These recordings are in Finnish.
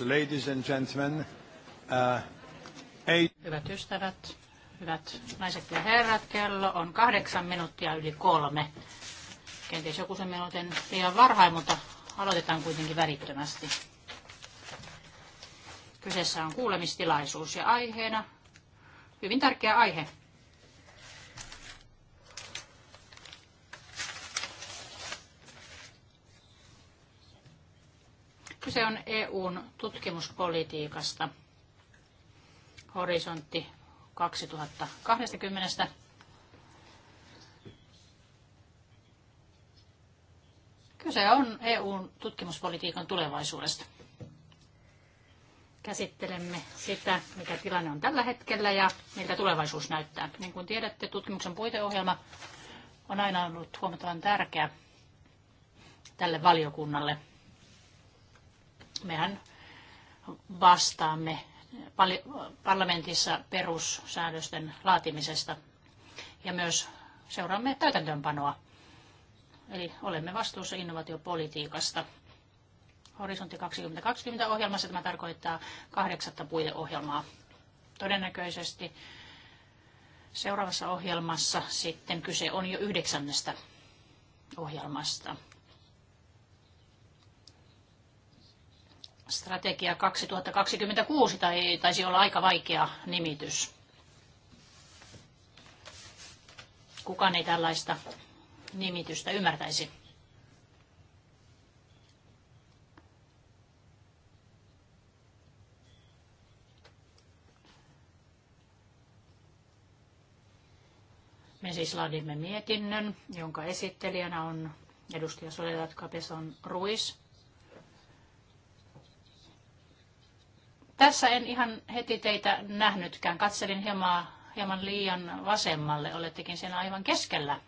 Ladies and gentlemen, uh, Hyvät ystävät, hyvät naiset ja herrat, kello on kahdeksan minuuttia yli kolme. Kenties joku sen minuutin liian varhain, mutta aloitetaan kuitenkin välittömästi. Kyseessä on kuulemistilaisuus ja aiheena hyvin tärkeä aihe, Kyse on EUn tutkimuspolitiikasta. Horisontti 2020. Kyse on EUn tutkimuspolitiikan tulevaisuudesta. Käsittelemme sitä, mikä tilanne on tällä hetkellä ja miltä tulevaisuus näyttää. Niin kuin tiedätte, tutkimuksen puiteohjelma on aina ollut huomattavan tärkeä tälle valiokunnalle – Mehän vastaamme parlamentissa perussäädösten laatimisesta ja myös seuraamme täytäntöönpanoa. Eli olemme vastuussa innovaatiopolitiikasta. Horisontti 2020 ohjelmassa tämä tarkoittaa kahdeksatta puiteohjelmaa. Todennäköisesti seuraavassa ohjelmassa sitten kyse on jo yhdeksännestä ohjelmasta. Strategia 2026 tai, taisi olla aika vaikea nimitys. Kukaan ei tällaista nimitystä ymmärtäisi. Me siis laadimme mietinnön, jonka esittelijänä on edustaja Soledad Capeson Ruiz. Tässä en ihan heti teitä nähnytkään. Katselin hieman, hieman liian vasemmalle. Olettekin siellä aivan keskellä.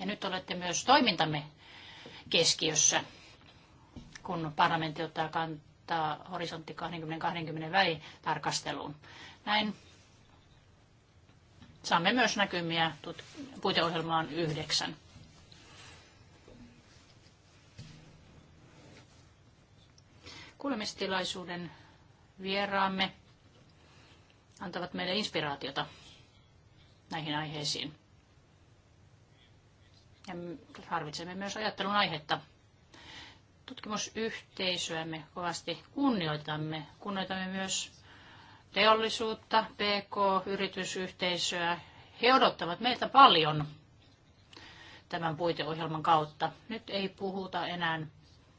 Ja nyt olette myös toimintamme keskiössä, kun parlamentti ottaa kantaa horisontti 20-20 välitarkasteluun. Näin saamme myös näkymiä puiteohjelmaan yhdeksän. Kuulemistilaisuuden vieraamme antavat meille inspiraatiota näihin aiheisiin. Ja tarvitsemme myös ajattelun aihetta. Tutkimusyhteisöämme kovasti kunnioitamme. Kunnioitamme myös teollisuutta, PK-yritysyhteisöä. He odottavat meiltä paljon tämän puiteohjelman kautta. Nyt ei puhuta enää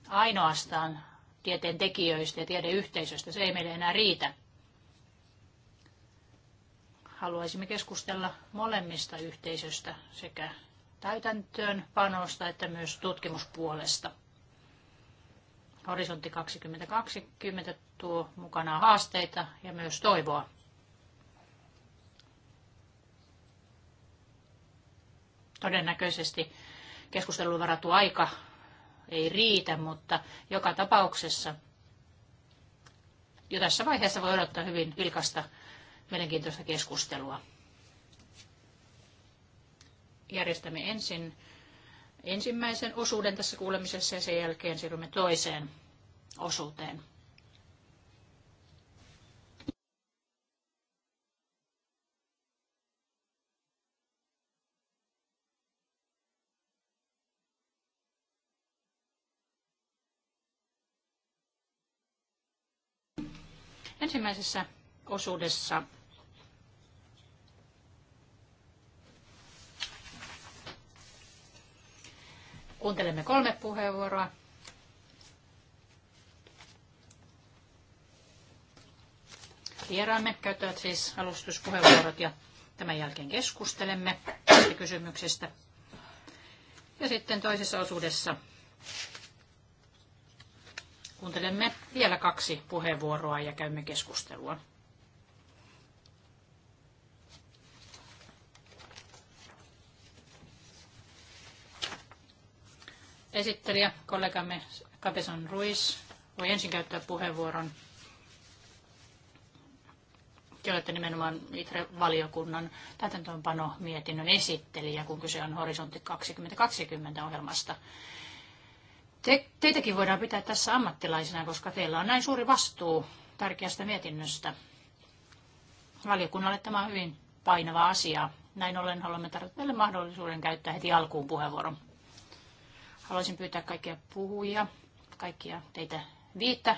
ainoastaan tieteen tekijöistä ja tiedeyhteisöstä. Se ei meille enää riitä. Haluaisimme keskustella molemmista yhteisöstä sekä täytäntöön panosta että myös tutkimuspuolesta. Horisontti 2020 tuo mukanaan haasteita ja myös toivoa. Todennäköisesti keskusteluun varattu aika ei riitä, mutta joka tapauksessa jo tässä vaiheessa voi odottaa hyvin vilkasta, mielenkiintoista keskustelua. Järjestämme ensin ensimmäisen osuuden tässä kuulemisessa ja sen jälkeen siirrymme toiseen osuuteen. Ensimmäisessä osuudessa kuuntelemme kolme puheenvuoroa. Vieraamme käyttävät siis alustuspuheenvuorot ja tämän jälkeen keskustelemme näistä kysymyksistä. Ja sitten toisessa osuudessa Kuuntelemme vielä kaksi puheenvuoroa ja käymme keskustelua. Esittelijä, kollegamme Capeson Ruiz voi ensin käyttää puheenvuoron. Te olette nimenomaan ITRE-valiokunnan täytäntöönpano mietinnön esittelijä, kun kyse on Horisontti 2020 ohjelmasta. Te, teitäkin voidaan pitää tässä ammattilaisena, koska teillä on näin suuri vastuu tärkeästä mietinnöstä. Valiokunnalle tämä on hyvin painava asia. Näin ollen haluamme tarjota teille mahdollisuuden käyttää heti alkuun puheenvuoron. Haluaisin pyytää kaikkia puhujia, kaikkia teitä viittä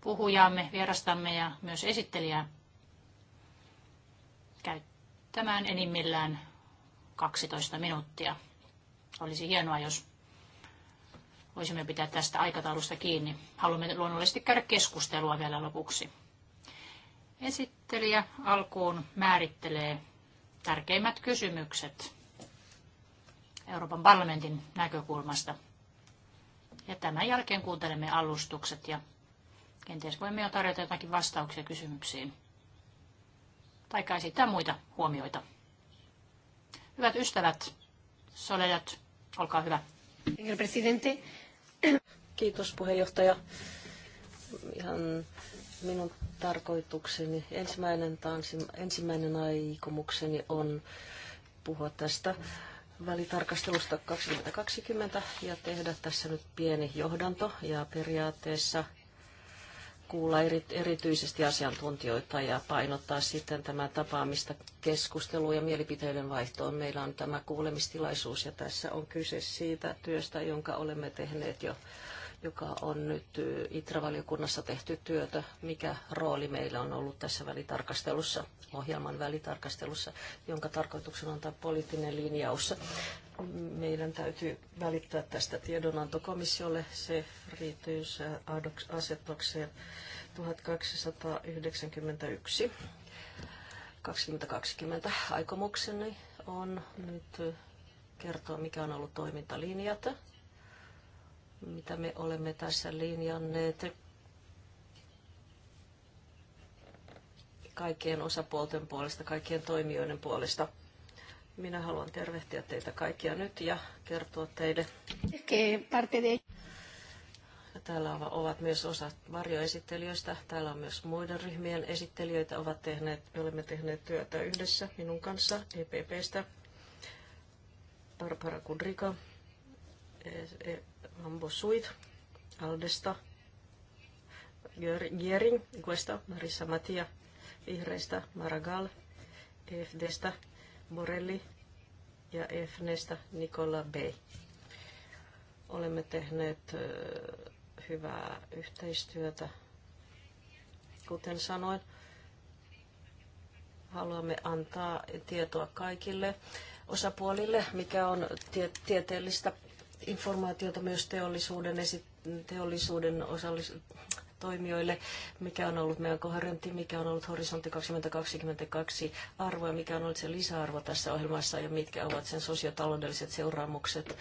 puhujaamme, vierastamme ja myös esittelijää käyttämään enimmillään 12 minuuttia. Olisi hienoa, jos voisimme pitää tästä aikataulusta kiinni. Haluamme luonnollisesti käydä keskustelua vielä lopuksi. Esittelijä alkuun määrittelee tärkeimmät kysymykset Euroopan parlamentin näkökulmasta. Ja tämän jälkeen kuuntelemme alustukset ja kenties voimme jo tarjota jotakin vastauksia kysymyksiin. Tai esittää muita huomioita. Hyvät ystävät, soledat, olkaa hyvä. Kiitos puheenjohtaja. Ihan minun tarkoitukseni, ensimmäinen, tansi, ensimmäinen aikomukseni on puhua tästä välitarkastelusta 2020 ja tehdä tässä nyt pieni johdanto ja periaatteessa kuulla eri, erityisesti asiantuntijoita ja painottaa sitten tämä tapaamista keskustelua ja mielipiteiden vaihtoon. Meillä on tämä kuulemistilaisuus ja tässä on kyse siitä työstä, jonka olemme tehneet jo joka on nyt ITRA-valiokunnassa tehty työtä. Mikä rooli meillä on ollut tässä välitarkastelussa, ohjelman välitarkastelussa, jonka tarkoituksena on tämä poliittinen linjaus. Meidän täytyy välittää tästä tiedonantokomissiolle se asetukseen 1291. 2020 aikomukseni on nyt kertoa, mikä on ollut toimintalinjat mitä me olemme tässä linjanneet kaikkien osapuolten puolesta, kaikkien toimijoiden puolesta. Minä haluan tervehtiä teitä kaikkia nyt ja kertoa teille. Täällä ovat myös osa varjoesittelijöistä. Täällä on myös muiden ryhmien esittelijöitä. Ovat tehneet, me olemme tehneet työtä yhdessä minun kanssa EPPstä. Barbara Kudrika, e- e- Ambosuit, Aldesta, Gering, Guesta, Marissa Matia, Vihreistä, Maragall, EFDstä, Borelli ja EFNestä Nikola B. Olemme tehneet hyvää yhteistyötä. Kuten sanoin, haluamme antaa tietoa kaikille osapuolille, mikä on tie- tieteellistä informaatiota myös teollisuuden, esi- teollisuuden osallis- toimijoille, mikä on ollut meidän koherentti, mikä on ollut horisontti 2022 arvo ja mikä on ollut se lisäarvo tässä ohjelmassa ja mitkä ovat sen sosiotaloudelliset seuraamukset,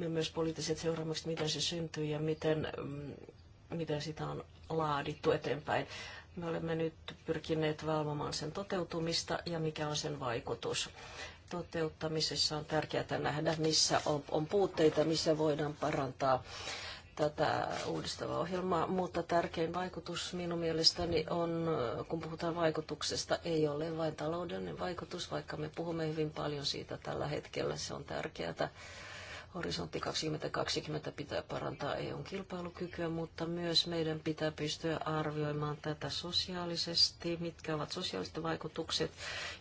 ja myös poliittiset seuraamukset, miten se syntyy ja miten, mm, miten sitä on laadittu eteenpäin. Me olemme nyt pyrkineet valvomaan sen toteutumista ja mikä on sen vaikutus toteuttamisessa on tärkeää nähdä, missä on, on puutteita, missä voidaan parantaa tätä uudistavaa ohjelmaa, mutta tärkein vaikutus minun mielestäni on, kun puhutaan vaikutuksesta, ei ole vain taloudellinen vaikutus, vaikka me puhumme hyvin paljon siitä tällä hetkellä, se on tärkeää. Horisontti 2020 pitää parantaa EUn kilpailukykyä, mutta myös meidän pitää pystyä arvioimaan tätä sosiaalisesti, mitkä ovat sosiaaliset vaikutukset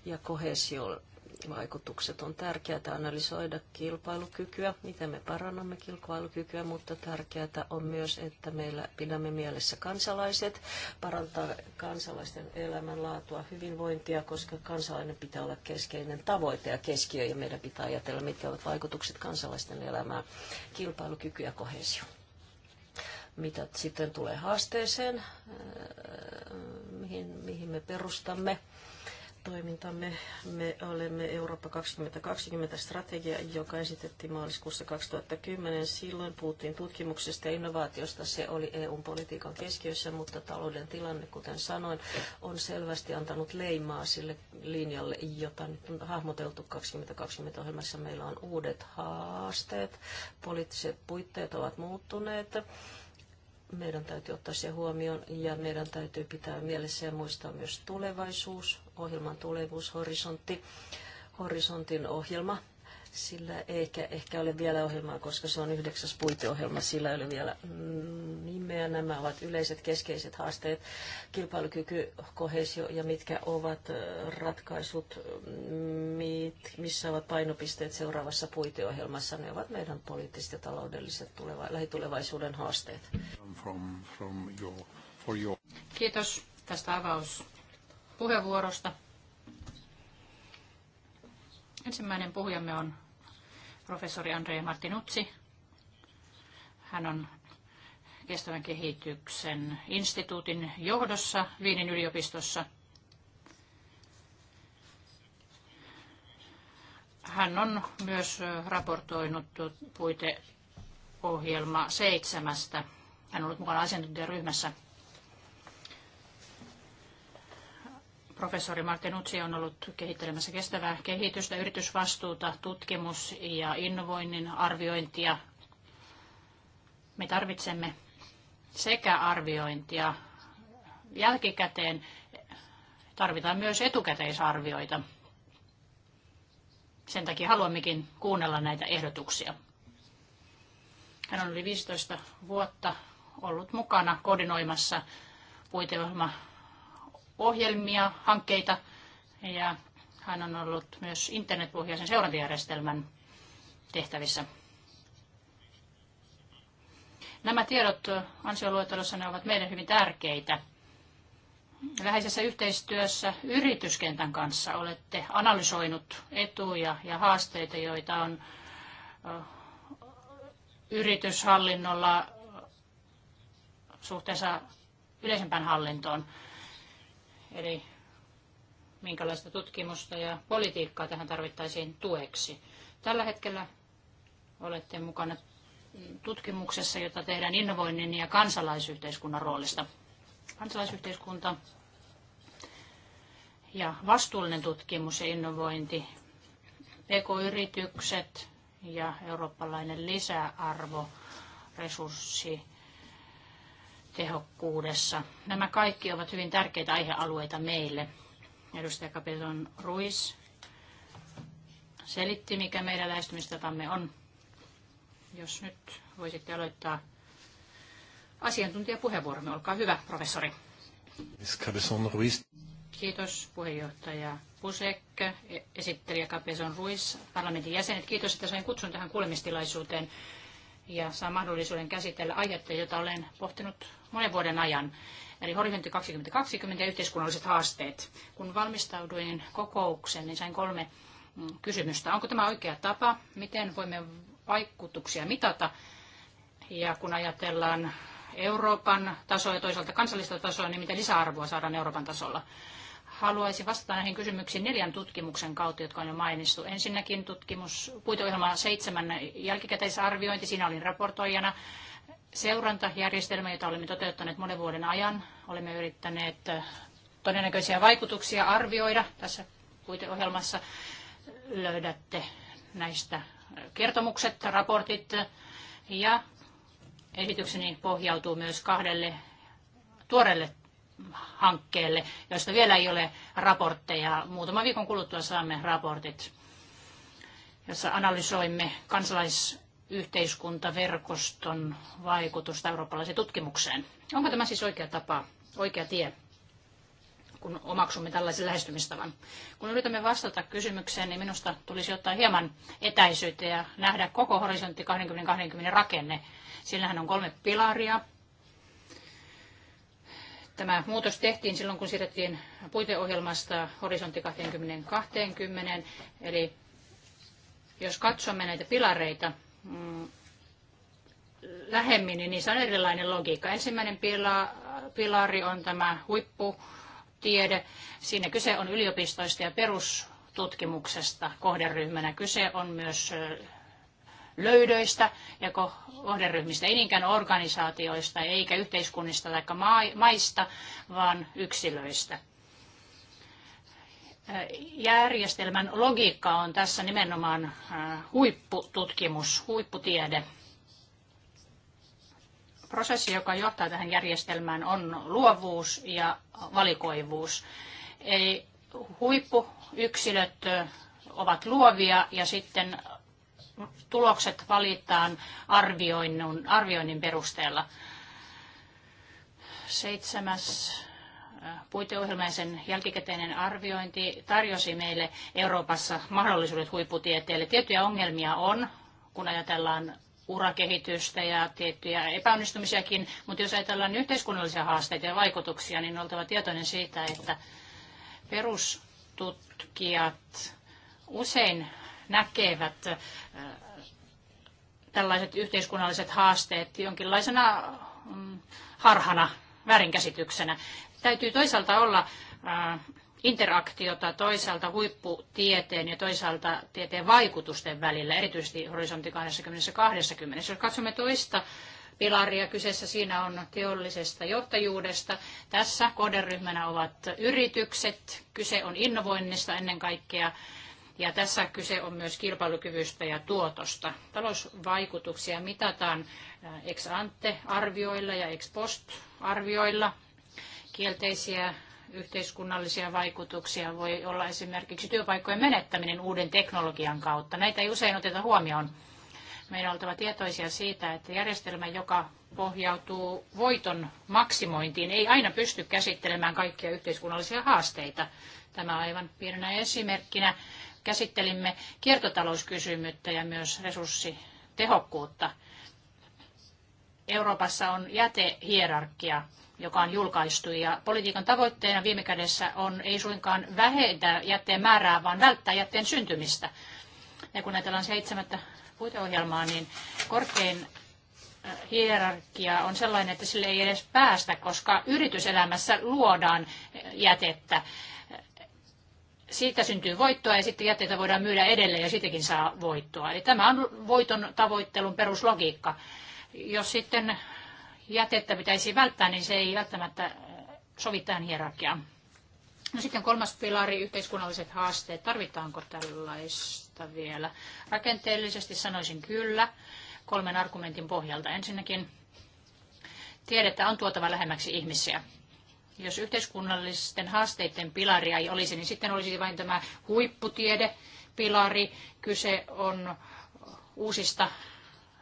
ja kohesio, vaikutukset. On tärkeää analysoida kilpailukykyä, miten me parannamme kilpailukykyä, mutta tärkeää on myös, että meillä pidämme mielessä kansalaiset, parantaa kansalaisten elämänlaatua, hyvinvointia, koska kansalainen pitää olla keskeinen tavoite ja keskiö, ja meidän pitää ajatella, mitkä ovat vaikutukset kansalaisten elämään, kilpailukyky ja kohesio mitä sitten tulee haasteeseen, mihin, mihin me perustamme toimintamme. Me olemme Eurooppa 2020 strategia, joka esitettiin maaliskuussa 2010. Silloin puhuttiin tutkimuksesta ja innovaatiosta. Se oli EUn politiikan keskiössä, mutta talouden tilanne, kuten sanoin, on selvästi antanut leimaa sille linjalle, jota nyt on hahmoteltu 2020 ohjelmassa. Meillä on uudet haasteet, poliittiset puitteet ovat muuttuneet meidän täytyy ottaa se huomioon ja meidän täytyy pitää mielessä ja muistaa myös tulevaisuus, ohjelman tulevuushorisontti, horisontin ohjelma, sillä eikä ehkä ole vielä ohjelmaa, koska se on yhdeksäs puiteohjelma, sillä ei ole vielä mm, nimeä. Nämä ovat yleiset keskeiset haasteet, kilpailukyky, kohesio ja mitkä ovat ratkaisut, mm, mit, missä ovat painopisteet seuraavassa puiteohjelmassa. Ne ovat meidän poliittiset ja taloudelliset tuleva, lähitulevaisuuden haasteet. From, from your, for your... Kiitos tästä avauspuheenvuorosta. Ensimmäinen puhujamme on professori Andre Martinutsi. Hän on kestävän kehityksen instituutin johdossa Viinin yliopistossa. Hän on myös raportoinut puiteohjelma seitsemästä. Hän on ollut mukana asiantuntijaryhmässä Professori Martin Utsi on ollut kehittelemässä kestävää kehitystä, yritysvastuuta, tutkimus- ja innovoinnin arviointia. Me tarvitsemme sekä arviointia jälkikäteen, tarvitaan myös etukäteisarvioita. Sen takia haluammekin kuunnella näitä ehdotuksia. Hän on yli 15 vuotta ollut mukana koordinoimassa puiteohjelma ohjelmia, hankkeita ja hän on ollut myös internetpohjaisen seurantajärjestelmän tehtävissä. Nämä tiedot ansioluettelossa ne ovat meille hyvin tärkeitä. Läheisessä yhteistyössä yrityskentän kanssa olette analysoinut etuja ja haasteita, joita on yrityshallinnolla suhteessa yleisempään hallintoon. Eli minkälaista tutkimusta ja politiikkaa tähän tarvittaisiin tueksi. Tällä hetkellä olette mukana tutkimuksessa, jota tehdään innovoinnin ja kansalaisyhteiskunnan roolista. Kansalaisyhteiskunta ja vastuullinen tutkimus ja innovointi, pk-yritykset ja eurooppalainen lisäarvo, resurssi tehokkuudessa. Nämä kaikki ovat hyvin tärkeitä aihealueita meille. Edustaja Kapeton Ruiz selitti, mikä meidän lähestymistapamme on. Jos nyt voisitte aloittaa asiantuntijapuheenvuoromme. Olkaa hyvä, professori. Kiitos puheenjohtaja Pusek, esittelijä Cabezon Ruiz, parlamentin jäsenet. Kiitos, että sain kutsun tähän kuulemistilaisuuteen ja saan mahdollisuuden käsitellä aihetta, jota olen pohtinut monen vuoden ajan. Eli Horisontti 2020 ja yhteiskunnalliset haasteet. Kun valmistauduin kokoukseen, niin sain kolme mm, kysymystä. Onko tämä oikea tapa? Miten voimme vaikutuksia mitata? Ja kun ajatellaan Euroopan tasoa ja toisaalta kansallista tasoa, niin miten lisäarvoa saadaan Euroopan tasolla? Haluaisin vastata näihin kysymyksiin neljän tutkimuksen kautta, jotka on jo mainittu. Ensinnäkin tutkimus, puiteohjelma seitsemän jälkikäteisarviointi, siinä olin raportoijana seurantajärjestelmä, jota olemme toteuttaneet monen vuoden ajan. Olemme yrittäneet todennäköisiä vaikutuksia arvioida tässä puiteohjelmassa. Löydätte näistä kertomukset, raportit ja esitykseni pohjautuu myös kahdelle tuorelle hankkeelle, joista vielä ei ole raportteja. Muutaman viikon kuluttua saamme raportit, jossa analysoimme kansalais yhteiskuntaverkoston vaikutusta eurooppalaiseen tutkimukseen. Onko tämä siis oikea tapa, oikea tie, kun omaksumme tällaisen lähestymistavan? Kun yritämme vastata kysymykseen, niin minusta tulisi ottaa hieman etäisyyttä ja nähdä koko horisontti 2020 rakenne. Sillähän on kolme pilaria. Tämä muutos tehtiin silloin, kun siirrettiin puiteohjelmasta horisontti 2020, eli jos katsomme näitä pilareita, Mm. lähemmin, niin niissä on erilainen logiikka. Ensimmäinen pila, pilari on tämä huipputiede. Siinä kyse on yliopistoista ja perustutkimuksesta kohderyhmänä. Kyse on myös löydöistä ja kohderyhmistä, ei niinkään organisaatioista eikä yhteiskunnista tai maista, vaan yksilöistä järjestelmän logiikka on tässä nimenomaan äh, huippututkimus, huipputiede. Prosessi, joka johtaa tähän järjestelmään, on luovuus ja valikoivuus. Eli huippuyksilöt äh, ovat luovia ja sitten tulokset valitaan arvioinnin, arvioinnin perusteella. Seitsemäs puiteohjelma ja sen jälkikäteinen arviointi tarjosi meille Euroopassa mahdollisuudet huipputieteelle. Tiettyjä ongelmia on, kun ajatellaan urakehitystä ja tiettyjä epäonnistumisiakin, mutta jos ajatellaan yhteiskunnallisia haasteita ja vaikutuksia, niin on oltava tietoinen siitä, että perustutkijat usein näkevät tällaiset yhteiskunnalliset haasteet jonkinlaisena mm, harhana, väärinkäsityksenä. Täytyy toisaalta olla interaktiota toisaalta huipputieteen ja toisaalta tieteen vaikutusten välillä, erityisesti horisontti 2020. Jos katsomme toista pilaria, kyseessä siinä on teollisesta johtajuudesta. Tässä kohderyhmänä ovat yritykset, kyse on innovoinnista ennen kaikkea, ja tässä kyse on myös kilpailukyvystä ja tuotosta. Talousvaikutuksia mitataan ex ante arvioilla ja ex post arvioilla Kielteisiä yhteiskunnallisia vaikutuksia voi olla esimerkiksi työpaikkojen menettäminen uuden teknologian kautta. Näitä ei usein oteta huomioon. Meidän on oltava tietoisia siitä, että järjestelmä, joka pohjautuu voiton maksimointiin, ei aina pysty käsittelemään kaikkia yhteiskunnallisia haasteita. Tämä aivan pienenä esimerkkinä käsittelimme kiertotalouskysymyttä ja myös resurssitehokkuutta. Euroopassa on jätehierarkia joka on julkaistu. Ja politiikan tavoitteena viime kädessä on ei suinkaan vähentää jätteen määrää, vaan välttää jätteen syntymistä. Ja kun ajatellaan seitsemättä puiteohjelmaa, niin korkein äh, hierarkia on sellainen, että sille ei edes päästä, koska yrityselämässä luodaan äh, jätettä. Siitä syntyy voittoa ja sitten jätteitä voidaan myydä edelleen ja siitäkin saa voittoa. Eli tämä on voiton tavoittelun peruslogiikka. Jos sitten jätettä pitäisi välttää, niin se ei välttämättä äh, sovi tähän hierarkiaan. No sitten kolmas pilari, yhteiskunnalliset haasteet. Tarvitaanko tällaista vielä? Rakenteellisesti sanoisin kyllä kolmen argumentin pohjalta. Ensinnäkin tiedettä on tuotava lähemmäksi ihmisiä. Jos yhteiskunnallisten haasteiden pilaria ei olisi, niin sitten olisi vain tämä huipputiedepilari. Kyse on uusista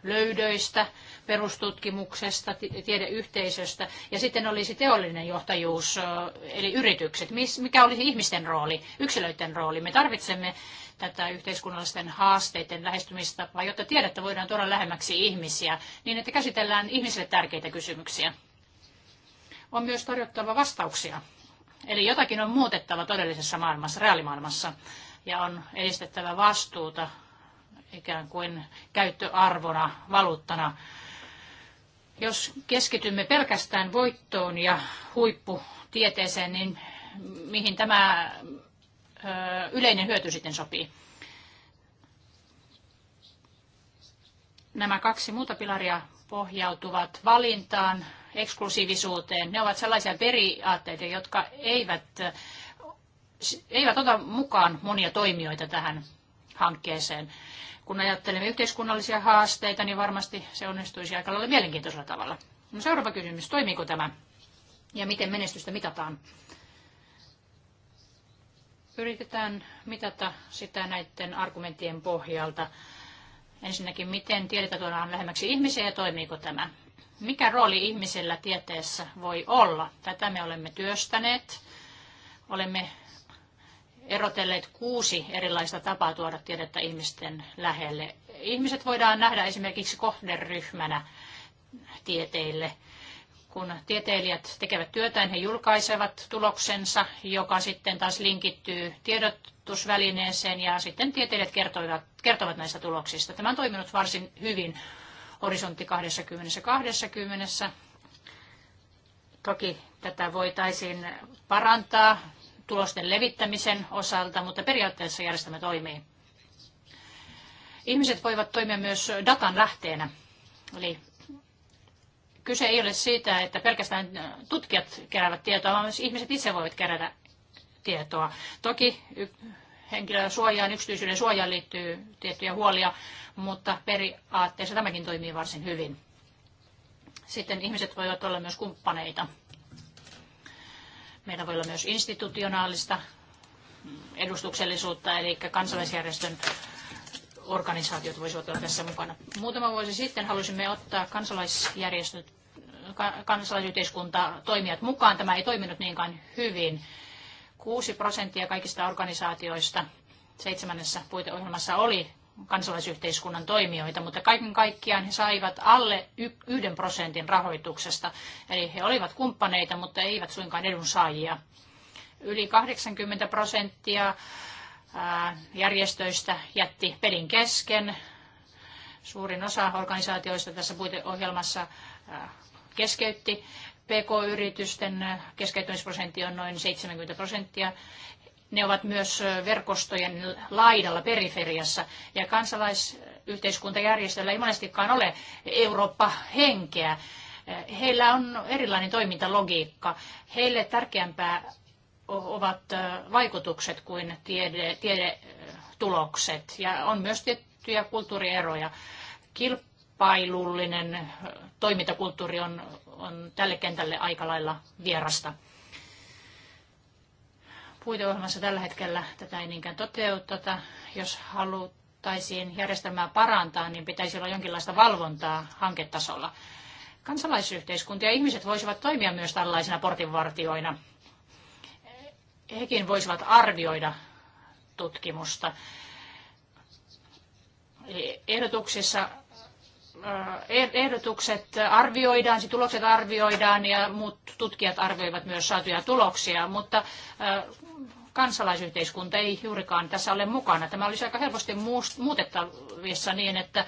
löydöistä, perustutkimuksesta, tiedeyhteisöstä ja sitten olisi teollinen johtajuus, eli yritykset. Mikä olisi ihmisten rooli, yksilöiden rooli? Me tarvitsemme tätä yhteiskunnallisten haasteiden lähestymistapaa, jotta tiedettä voidaan tuoda lähemmäksi ihmisiä, niin että käsitellään ihmisille tärkeitä kysymyksiä. On myös tarjottava vastauksia. Eli jotakin on muutettava todellisessa maailmassa, reaalimaailmassa, ja on edistettävä vastuuta ikään kuin käyttöarvona, valuuttana jos keskitymme pelkästään voittoon ja huipputieteeseen, niin mihin tämä yleinen hyöty sitten sopii? Nämä kaksi muuta pilaria pohjautuvat valintaan, eksklusiivisuuteen. Ne ovat sellaisia periaatteita, jotka eivät, eivät ota mukaan monia toimijoita tähän hankkeeseen kun ajattelemme yhteiskunnallisia haasteita, niin varmasti se onnistuisi aika lailla mielenkiintoisella tavalla. No seuraava kysymys, toimiiko tämä ja miten menestystä mitataan? Yritetään mitata sitä näiden argumenttien pohjalta. Ensinnäkin, miten tiedetään lähemmäksi ihmisiä ja toimiiko tämä? Mikä rooli ihmisellä tieteessä voi olla? Tätä me olemme työstäneet. Olemme erotelleet kuusi erilaista tapaa tuoda tiedettä ihmisten lähelle. Ihmiset voidaan nähdä esimerkiksi kohderyhmänä tieteille. Kun tieteilijät tekevät työtään, niin he julkaisevat tuloksensa, joka sitten taas linkittyy tiedotusvälineeseen ja sitten tieteilijät kertovat, kertovat näistä tuloksista. Tämä on toiminut varsin hyvin horisontti 2020. Toki tätä voitaisiin parantaa tulosten levittämisen osalta, mutta periaatteessa järjestelmä toimii. Ihmiset voivat toimia myös datan lähteenä. Eli kyse ei ole siitä, että pelkästään tutkijat keräävät tietoa, vaan myös ihmiset itse voivat kerätä tietoa. Toki henkilön suojaan, yksityisyyden suojaan liittyy tiettyjä huolia, mutta periaatteessa tämäkin toimii varsin hyvin. Sitten ihmiset voivat olla myös kumppaneita. Meillä voi olla myös institutionaalista edustuksellisuutta, eli kansalaisjärjestön organisaatiot voisivat olla tässä mukana. Muutama vuosi sitten halusimme ottaa kansalaisjärjestöt, kansalaisyhteiskunta toimijat mukaan. Tämä ei toiminut niinkään hyvin. 6 prosenttia kaikista organisaatioista seitsemännessä puiteohjelmassa oli kansalaisyhteiskunnan toimijoita, mutta kaiken kaikkiaan he saivat alle yhden prosentin rahoituksesta. Eli he olivat kumppaneita, mutta eivät suinkaan edunsaajia. Yli 80 prosenttia järjestöistä jätti pelin kesken. Suurin osa organisaatioista tässä puiteohjelmassa keskeytti. PK-yritysten keskeyttämisprosentti on noin 70 prosenttia ne ovat myös verkostojen laidalla periferiassa ja kansalaisyhteiskuntajärjestöillä ei monestikaan ole Eurooppa-henkeä. Heillä on erilainen toimintalogiikka. Heille tärkeämpää ovat vaikutukset kuin tiede, tiedetulokset ja on myös tiettyjä kulttuurieroja. Kilpailullinen toimintakulttuuri on, on tälle kentälle aika lailla vierasta puiteohjelmassa tällä hetkellä tätä ei niinkään toteuteta. Jos haluttaisiin järjestelmää parantaa, niin pitäisi olla jonkinlaista valvontaa hanketasolla. Kansalaisyhteiskunta ja ihmiset voisivat toimia myös tällaisina portinvartioina. Hekin voisivat arvioida tutkimusta. Ehdotuksissa Eh, ehdotukset arvioidaan, siis tulokset arvioidaan ja muut tutkijat arvioivat myös saatuja tuloksia, mutta kansalaisyhteiskunta ei juurikaan tässä ole mukana. Tämä olisi aika helposti muutettavissa niin, että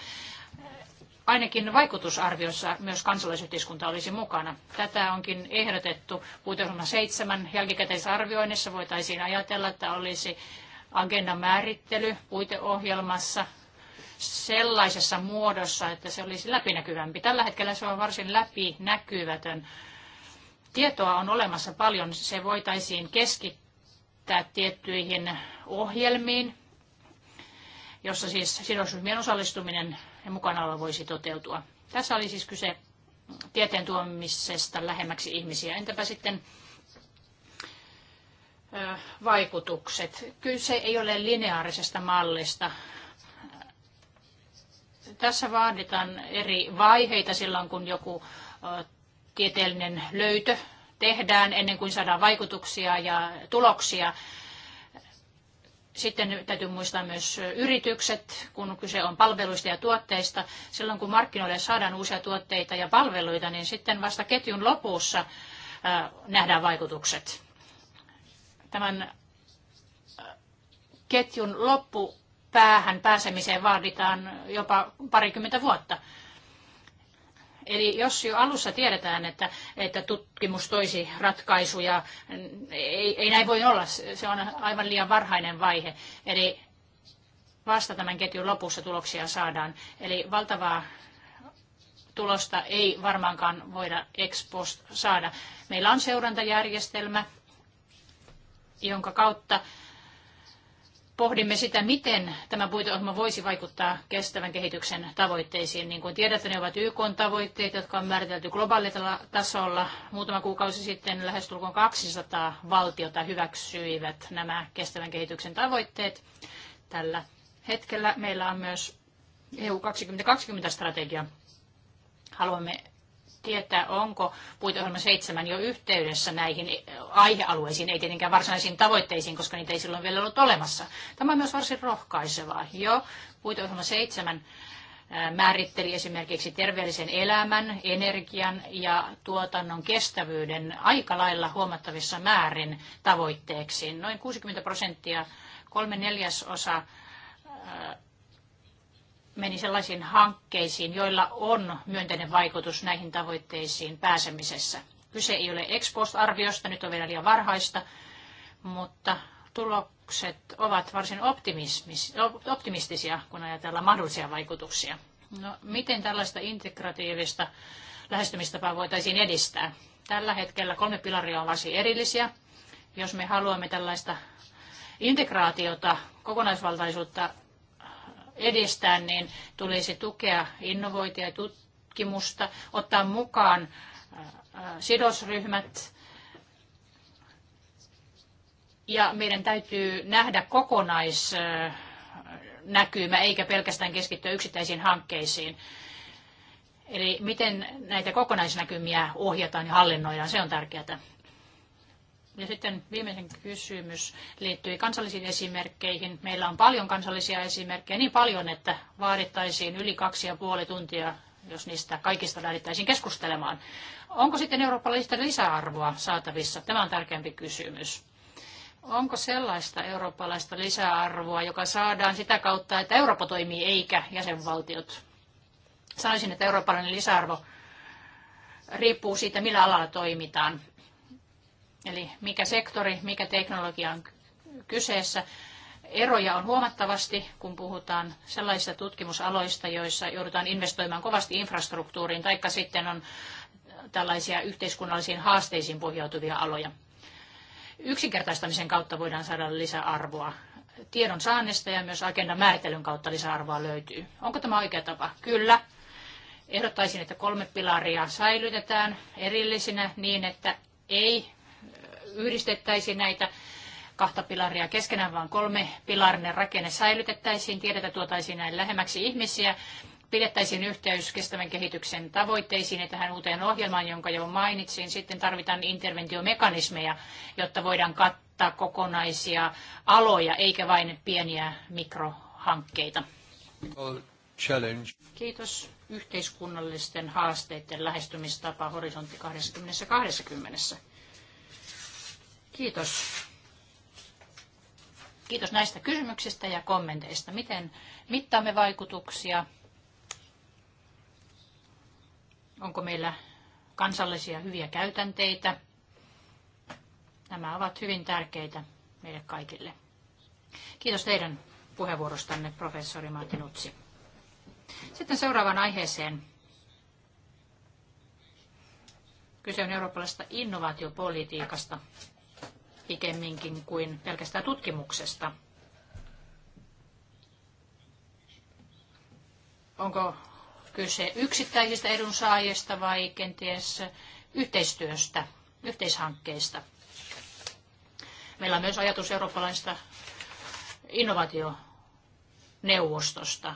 ainakin vaikutusarviossa myös kansalaisyhteiskunta olisi mukana. Tätä onkin ehdotettu puiteohjelma seitsemän jälkikäteisarvioinnissa. Voitaisiin ajatella, että olisi agendamäärittely määrittely puiteohjelmassa sellaisessa muodossa, että se olisi läpinäkyvämpi. Tällä hetkellä se on varsin läpinäkyvätön. Tietoa on olemassa paljon. Se voitaisiin keskittää tiettyihin ohjelmiin, jossa siis sidosryhmien osallistuminen ja mukanaolo voisi toteutua. Tässä oli siis kyse tieteen tuomisesta lähemmäksi ihmisiä. Entäpä sitten vaikutukset. Kyse ei ole lineaarisesta mallista, tässä vaaditaan eri vaiheita silloin, kun joku tieteellinen löytö tehdään ennen kuin saadaan vaikutuksia ja tuloksia. Sitten täytyy muistaa myös yritykset, kun kyse on palveluista ja tuotteista. Silloin kun markkinoille saadaan uusia tuotteita ja palveluita, niin sitten vasta ketjun lopussa nähdään vaikutukset. Tämän ketjun loppu päähän pääsemiseen vaaditaan jopa parikymmentä vuotta. Eli jos jo alussa tiedetään, että, että tutkimus toisi ratkaisuja, ei, ei näin voi olla. Se on aivan liian varhainen vaihe. Eli vasta tämän ketjun lopussa tuloksia saadaan. Eli valtavaa tulosta ei varmaankaan voida ex post saada. Meillä on seurantajärjestelmä, jonka kautta pohdimme sitä, miten tämä puiteohjelma voisi vaikuttaa kestävän kehityksen tavoitteisiin. Niin kuin tiedätte, ne ovat YK-tavoitteet, jotka on määritelty globaalilla tasolla. Muutama kuukausi sitten lähestulkoon 200 valtiota hyväksyivät nämä kestävän kehityksen tavoitteet. Tällä hetkellä meillä on myös EU 2020-strategia. Haluamme tietää, onko puitohjelma seitsemän jo yhteydessä näihin aihealueisiin, ei tietenkään varsinaisiin tavoitteisiin, koska niitä ei silloin vielä ollut olemassa. Tämä on myös varsin rohkaisevaa. Jo puitohjelma seitsemän määritteli esimerkiksi terveellisen elämän, energian ja tuotannon kestävyyden aika lailla huomattavissa määrin tavoitteeksi. Noin 60 prosenttia, kolme neljäsosa meni sellaisiin hankkeisiin, joilla on myönteinen vaikutus näihin tavoitteisiin pääsemisessä. Kyse ei ole ex arviosta nyt on vielä liian varhaista, mutta tulokset ovat varsin optimistisia, kun ajatellaan mahdollisia vaikutuksia. No, miten tällaista integratiivista lähestymistapaa voitaisiin edistää? Tällä hetkellä kolme pilaria on varsin erillisiä. Jos me haluamme tällaista integraatiota, kokonaisvaltaisuutta edistää, niin tulisi tukea innovointia ja tutkimusta, ottaa mukaan äh, äh, sidosryhmät. Ja meidän täytyy nähdä kokonaisnäkymä, eikä pelkästään keskittyä yksittäisiin hankkeisiin. Eli miten näitä kokonaisnäkymiä ohjataan ja hallinnoidaan, se on tärkeää. Ja sitten viimeisen kysymys liittyy kansallisiin esimerkkeihin. Meillä on paljon kansallisia esimerkkejä, niin paljon, että vaadittaisiin yli kaksi ja puoli tuntia, jos niistä kaikista lähdettäisiin keskustelemaan. Onko sitten eurooppalaisista lisäarvoa saatavissa? Tämä on tärkeämpi kysymys. Onko sellaista eurooppalaista lisäarvoa, joka saadaan sitä kautta, että Eurooppa toimii eikä jäsenvaltiot? Sanoisin, että eurooppalainen lisäarvo riippuu siitä, millä alalla toimitaan. Eli mikä sektori, mikä teknologia on kyseessä. Eroja on huomattavasti, kun puhutaan sellaisista tutkimusaloista, joissa joudutaan investoimaan kovasti infrastruktuuriin, taikka sitten on tällaisia yhteiskunnallisiin haasteisiin pohjautuvia aloja. Yksinkertaistamisen kautta voidaan saada lisäarvoa. Tiedon saannesta ja myös agendan määrittelyn kautta lisäarvoa löytyy. Onko tämä oikea tapa? Kyllä. Ehdottaisin, että kolme pilaria säilytetään erillisinä niin, että ei yhdistettäisi näitä kahta pilaria keskenään, vaan kolme pilarinen rakenne säilytettäisiin, tiedettä tuotaisiin näin lähemmäksi ihmisiä, pidettäisiin yhteys kestävän kehityksen tavoitteisiin ja tähän uuteen ohjelmaan, jonka jo mainitsin. Sitten tarvitaan interventiomekanismeja, jotta voidaan kattaa kokonaisia aloja, eikä vain pieniä mikrohankkeita. Challenge. Kiitos yhteiskunnallisten haasteiden lähestymistapa horisontti 2020. Kiitos. Kiitos näistä kysymyksistä ja kommenteista. Miten mittaamme vaikutuksia? Onko meillä kansallisia hyviä käytänteitä? Nämä ovat hyvin tärkeitä meille kaikille. Kiitos teidän puheenvuorostanne, professori Martin Utsi. Sitten seuraavaan aiheeseen. Kyse on eurooppalaisesta innovaatiopolitiikasta pikemminkin kuin pelkästään tutkimuksesta. Onko kyse yksittäisistä edunsaajista vai kenties yhteistyöstä, yhteishankkeista? Meillä on myös ajatus eurooppalaista innovaationeuvostosta.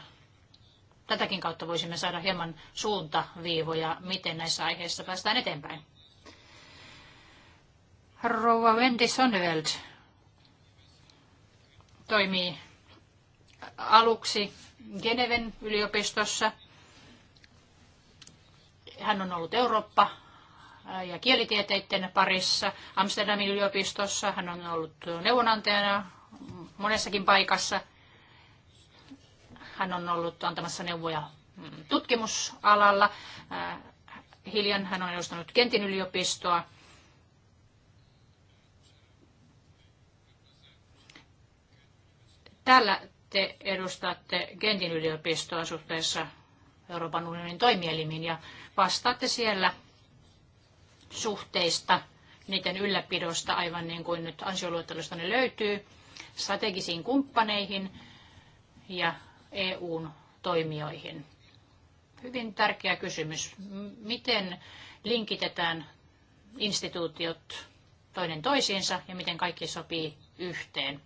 Tätäkin kautta voisimme saada hieman suuntaviivoja, miten näissä aiheissa päästään eteenpäin. Rouva Wendy Sonneveld toimii aluksi Geneven yliopistossa. Hän on ollut Eurooppa ja kielitieteiden parissa. Amsterdamin yliopistossa hän on ollut neuvonantajana monessakin paikassa. Hän on ollut antamassa neuvoja tutkimusalalla. Hiljan hän on edustanut Kentin yliopistoa Täällä te edustatte Gentin yliopistoa suhteessa Euroopan unionin toimielimiin ja vastaatte siellä suhteista, niiden ylläpidosta, aivan niin kuin nyt ansioluettelosta ne löytyy, strategisiin kumppaneihin ja EUn toimijoihin. Hyvin tärkeä kysymys. Miten linkitetään instituutiot toinen toisiinsa ja miten kaikki sopii yhteen?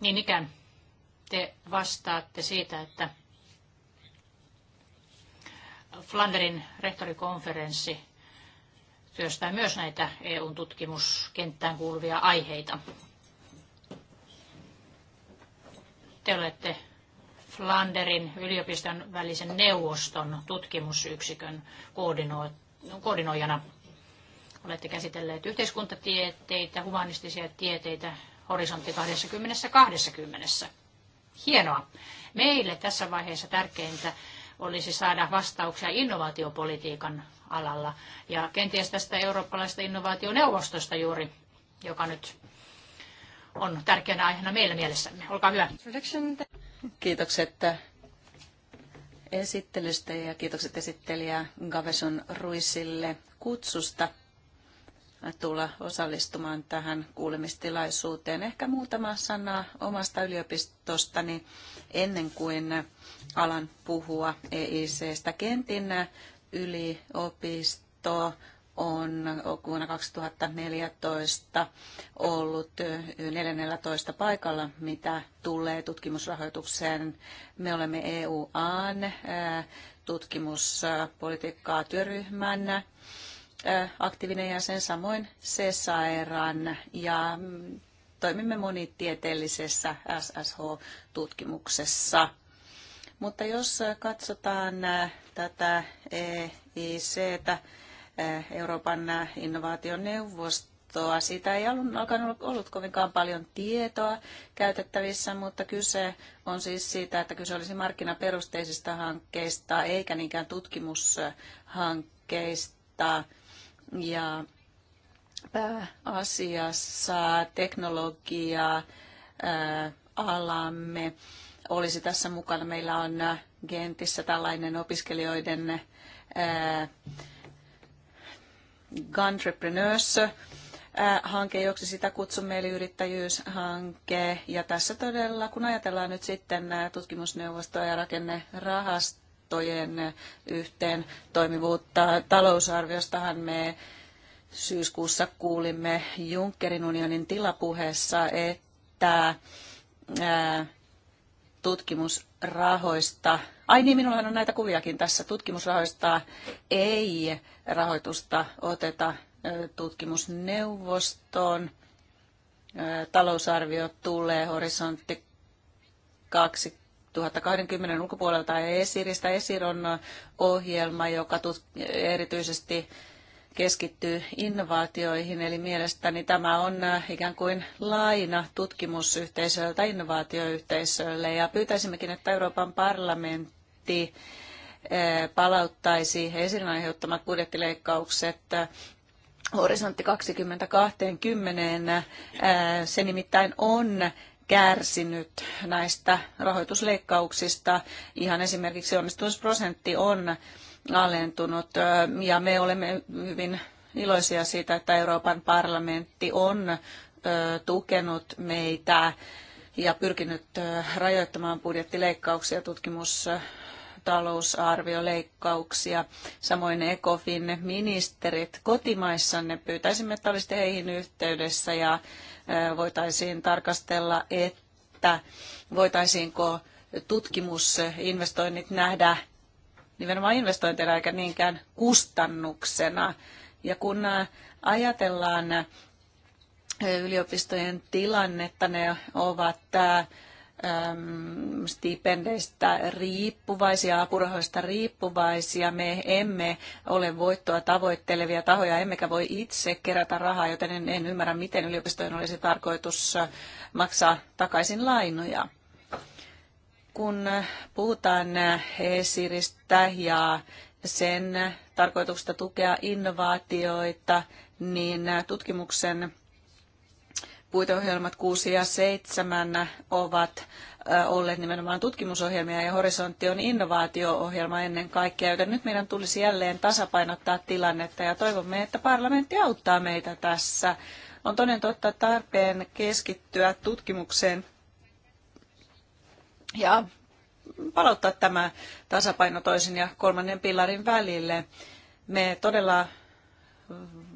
Niin ikään te vastaatte siitä, että Flanderin rehtorikonferenssi työstää myös näitä eu tutkimuskenttään kuuluvia aiheita. Te olette Flanderin yliopiston välisen neuvoston tutkimusyksikön koordinoijana. Olette käsitelleet yhteiskuntatieteitä, humanistisia tieteitä, horisontti 2020. Hienoa. Meille tässä vaiheessa tärkeintä olisi saada vastauksia innovaatiopolitiikan alalla ja kenties tästä eurooppalaista innovaationeuvostosta juuri, joka nyt on tärkeänä aiheena meillä mielessämme. Olkaa hyvä. Kiitokset esittelystä ja kiitokset esittelijä Gaveson Ruisille kutsusta tulla osallistumaan tähän kuulemistilaisuuteen. Ehkä muutama sana omasta yliopistostani ennen kuin alan puhua EICstä. Kentin yliopisto on vuonna 2014 ollut 14 paikalla, mitä tulee tutkimusrahoitukseen. Me olemme EUAn tutkimuspolitiikkaa työryhmänä aktiivinen jäsen, samoin CSAERAN ja mm, toimimme monitieteellisessä SSH-tutkimuksessa. Mutta jos katsotaan tätä EIC, Euroopan innovaationeuvostoa, siitä ei alun alkaen ollut, ollut kovinkaan paljon tietoa käytettävissä, mutta kyse on siis siitä, että kyse olisi markkinaperusteisista hankkeista eikä niinkään tutkimushankkeista ja pääasiassa teknologia äh, alamme olisi tässä mukana. Meillä on Gentissä tällainen opiskelijoiden Guntrepreneurs äh, äh, hanke, joksi sitä kutsumme, eli yrittäjyyshanke. Ja tässä todella, kun ajatellaan nyt sitten tutkimusneuvostoa ja rakennerahastoa, tietojen yhteen toimivuutta. Talousarviostahan me syyskuussa kuulimme Junckerin unionin tilapuheessa, että tutkimusrahoista, ai niin, minullahan on näitä kuviakin tässä, tutkimusrahoista ei rahoitusta oteta tutkimusneuvostoon. Talousarvio tulee horisontti 20 2020 ulkopuolelta ESIRistä. ESIR on ohjelma, joka erityisesti keskittyy innovaatioihin, eli mielestäni tämä on ikään kuin laina tutkimusyhteisöltä innovaatioyhteisölle, ja pyytäisimmekin, että Euroopan parlamentti palauttaisi esirin aiheuttamat budjettileikkaukset Horisontti 2020. Se nimittäin on kärsinyt näistä rahoitusleikkauksista. Ihan esimerkiksi onnistumisprosentti on alentunut ja me olemme hyvin iloisia siitä, että Euroopan parlamentti on tukenut meitä ja pyrkinyt rajoittamaan budjettileikkauksia, tutkimus talousarvioleikkauksia, samoin ECOFIN ministerit kotimaissanne. Pyytäisimme, että olisitte heihin yhteydessä ja voitaisiin tarkastella, että voitaisiinko tutkimusinvestoinnit nähdä nimenomaan investointeina eikä niinkään kustannuksena. Ja kun ajatellaan yliopistojen tilannetta, ne ovat Ähm, stipendeistä riippuvaisia, apurahoista riippuvaisia. Me emme ole voittoa tavoittelevia tahoja, emmekä voi itse kerätä rahaa, joten en, en ymmärrä, miten yliopistojen olisi tarkoitus äh, maksaa takaisin lainoja. Kun äh, puhutaan äh, esiristä ja sen tarkoituksesta tukea innovaatioita, niin tutkimuksen puiteohjelmat 6 ja 7 ovat olleet nimenomaan tutkimusohjelmia ja horisontti on innovaatio-ohjelma ennen kaikkea, joten nyt meidän tulisi jälleen tasapainottaa tilannetta ja toivomme, että parlamentti auttaa meitä tässä. On toden totta tarpeen keskittyä tutkimukseen ja palauttaa tämä tasapaino toisen ja kolmannen pilarin välille. Me todella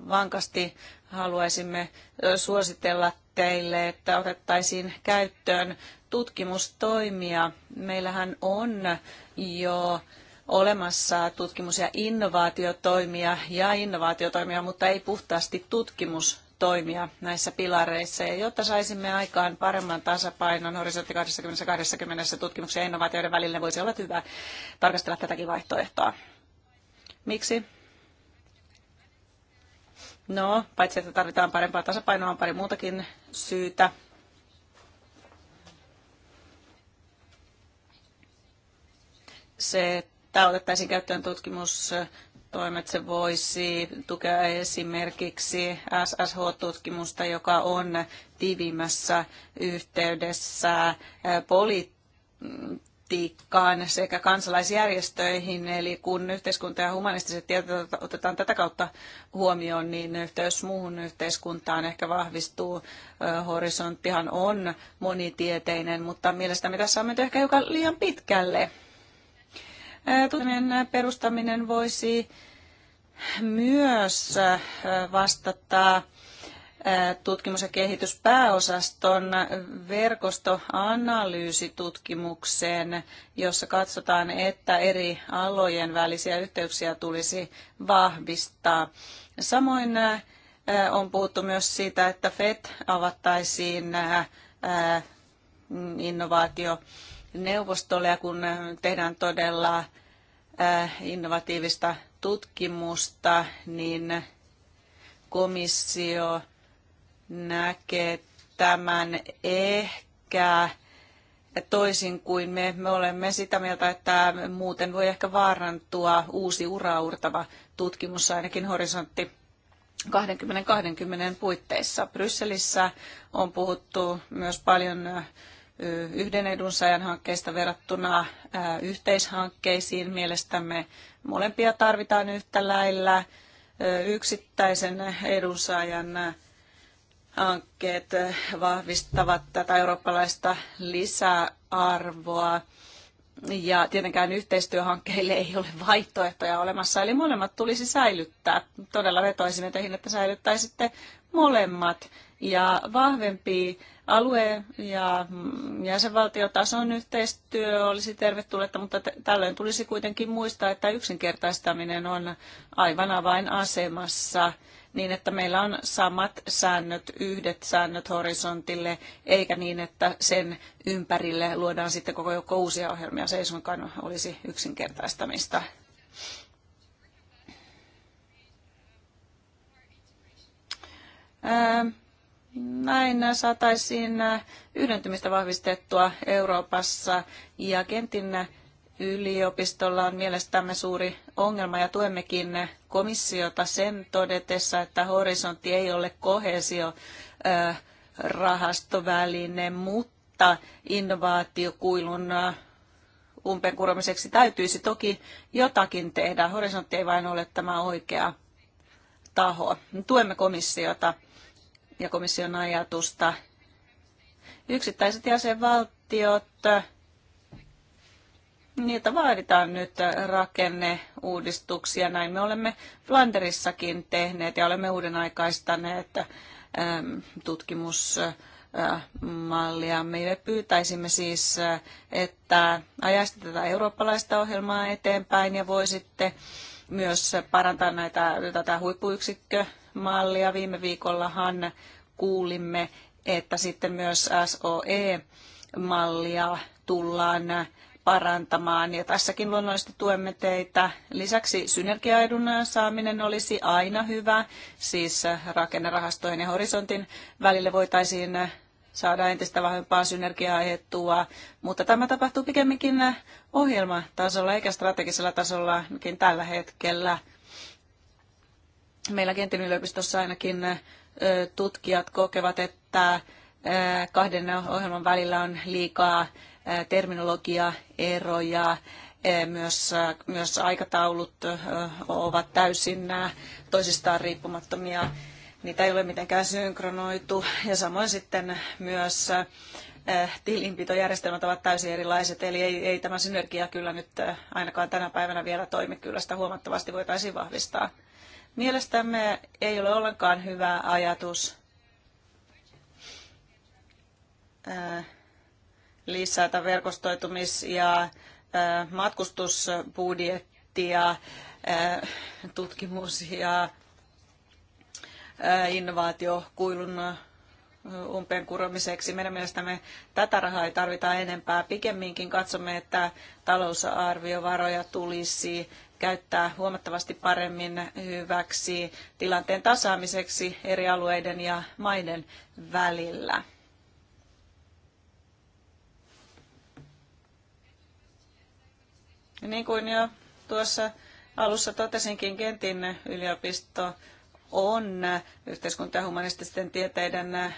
vankasti haluaisimme suositella teille, että otettaisiin käyttöön tutkimustoimia. Meillähän on jo olemassa tutkimus- ja innovaatiotoimia ja innovaatiotoimia, mutta ei puhtaasti tutkimus toimia näissä pilareissa. Ja jotta saisimme aikaan paremman tasapainon horisontti 2020 tutkimuksen ja innovaatioiden välillä, voisi olla hyvä tarkastella tätäkin vaihtoehtoa. Miksi? No, paitsi että tarvitaan parempaa tasapainoa, on pari muutakin syytä. Se, että otettaisiin käyttöön tutkimustoimet, se voisi tukea esimerkiksi SSH-tutkimusta, joka on tiivimmässä yhteydessä poliittisessa politiikkaan sekä kansalaisjärjestöihin. Eli kun yhteiskunta ja humanistiset tiedot otetaan tätä kautta huomioon, niin yhteys muuhun yhteiskuntaan ehkä vahvistuu. Horisonttihan on monitieteinen, mutta mielestäni tässä on menty ehkä hiukan liian pitkälle. Tutkimuksen perustaminen voisi myös vastata tutkimus- ja kehityspääosaston verkostoanalyysitutkimukseen, jossa katsotaan, että eri alojen välisiä yhteyksiä tulisi vahvistaa. Samoin on puhuttu myös siitä, että FED avattaisiin innovaationeuvostolle ja kun tehdään todella innovatiivista tutkimusta, niin komissio näkee tämän ehkä toisin kuin me. Me olemme sitä mieltä, että muuten voi ehkä vaarantua uusi uraurtava tutkimus, ainakin horisontti 20-20 puitteissa. Brysselissä on puhuttu myös paljon yhden edunsaajan hankkeista verrattuna yhteishankkeisiin. Mielestämme molempia tarvitaan yhtä lailla. Yksittäisen edunsaajan hankkeet vahvistavat tätä eurooppalaista lisäarvoa. Ja tietenkään yhteistyöhankkeille ei ole vaihtoehtoja olemassa, eli molemmat tulisi säilyttää. Todella vetoisimme teihin, että säilyttäisitte molemmat. Ja vahvempi alue- ja jäsenvaltiotason yhteistyö olisi tervetullutta, mutta tällöin tulisi kuitenkin muistaa, että yksinkertaistaminen on aivan avainasemassa asemassa niin, että meillä on samat säännöt, yhdet säännöt horisontille, eikä niin, että sen ympärille luodaan sitten koko joukko uusia ohjelmia. Se ei suinkaan olisi yksinkertaistamista. Näin saataisiin yhdentymistä vahvistettua Euroopassa ja kentin yliopistolla on mielestämme suuri ongelma ja tuemmekin komissiota sen todetessa, että horisontti ei ole kohesio rahastoväline, mutta innovaatiokuilun umpeen kuromiseksi täytyisi toki jotakin tehdä. Horisontti ei vain ole tämä oikea taho. Tuemme komissiota ja komission ajatusta. Yksittäiset jäsenvaltiot Niitä vaaditaan nyt rakenneuudistuksia. Näin me olemme Flanderissakin tehneet ja olemme uuden aikaistaneet ähm, tutkimus mallia. Meille pyytäisimme siis, äh, että ajaisitte tätä eurooppalaista ohjelmaa eteenpäin ja voisitte myös parantaa näitä, tätä huippuyksikkömallia. Viime viikollahan kuulimme, että sitten myös SOE-mallia tullaan parantamaan ja tässäkin luonnollisesti tuemme teitä. Lisäksi synergiaedun saaminen olisi aina hyvä, siis rakennerahastojen ja horisontin välille voitaisiin saada entistä vahvempaa synergiaetua, mutta tämä tapahtuu pikemminkin ohjelmatasolla eikä strategisella tasolla tällä hetkellä. Meillä Kentin yliopistossa ainakin tutkijat kokevat, että kahden ohjelman välillä on liikaa terminologiaeroja, e, myös, myös aikataulut ovat täysin toisistaan riippumattomia. Niitä ei ole mitenkään synkronoitu ja samoin sitten myös tilinpitojärjestelmät ovat täysin erilaiset, eli ei, ei tämä synergia kyllä nyt ainakaan tänä päivänä vielä toimi. Kyllä sitä huomattavasti voitaisiin vahvistaa. Mielestämme ei ole ollenkaan hyvä ajatus lisätä verkostoitumis- ja matkustusbudjettia, tutkimus- ja innovaatiokuilun umpeen kuromiseksi. Meidän mielestämme tätä rahaa ei tarvita enempää. Pikemminkin katsomme, että talousarviovaroja tulisi käyttää huomattavasti paremmin hyväksi tilanteen tasaamiseksi eri alueiden ja maiden välillä. Niin kuin jo tuossa alussa totesinkin, Kentin yliopisto on yhteiskunta- ja humanististen tieteiden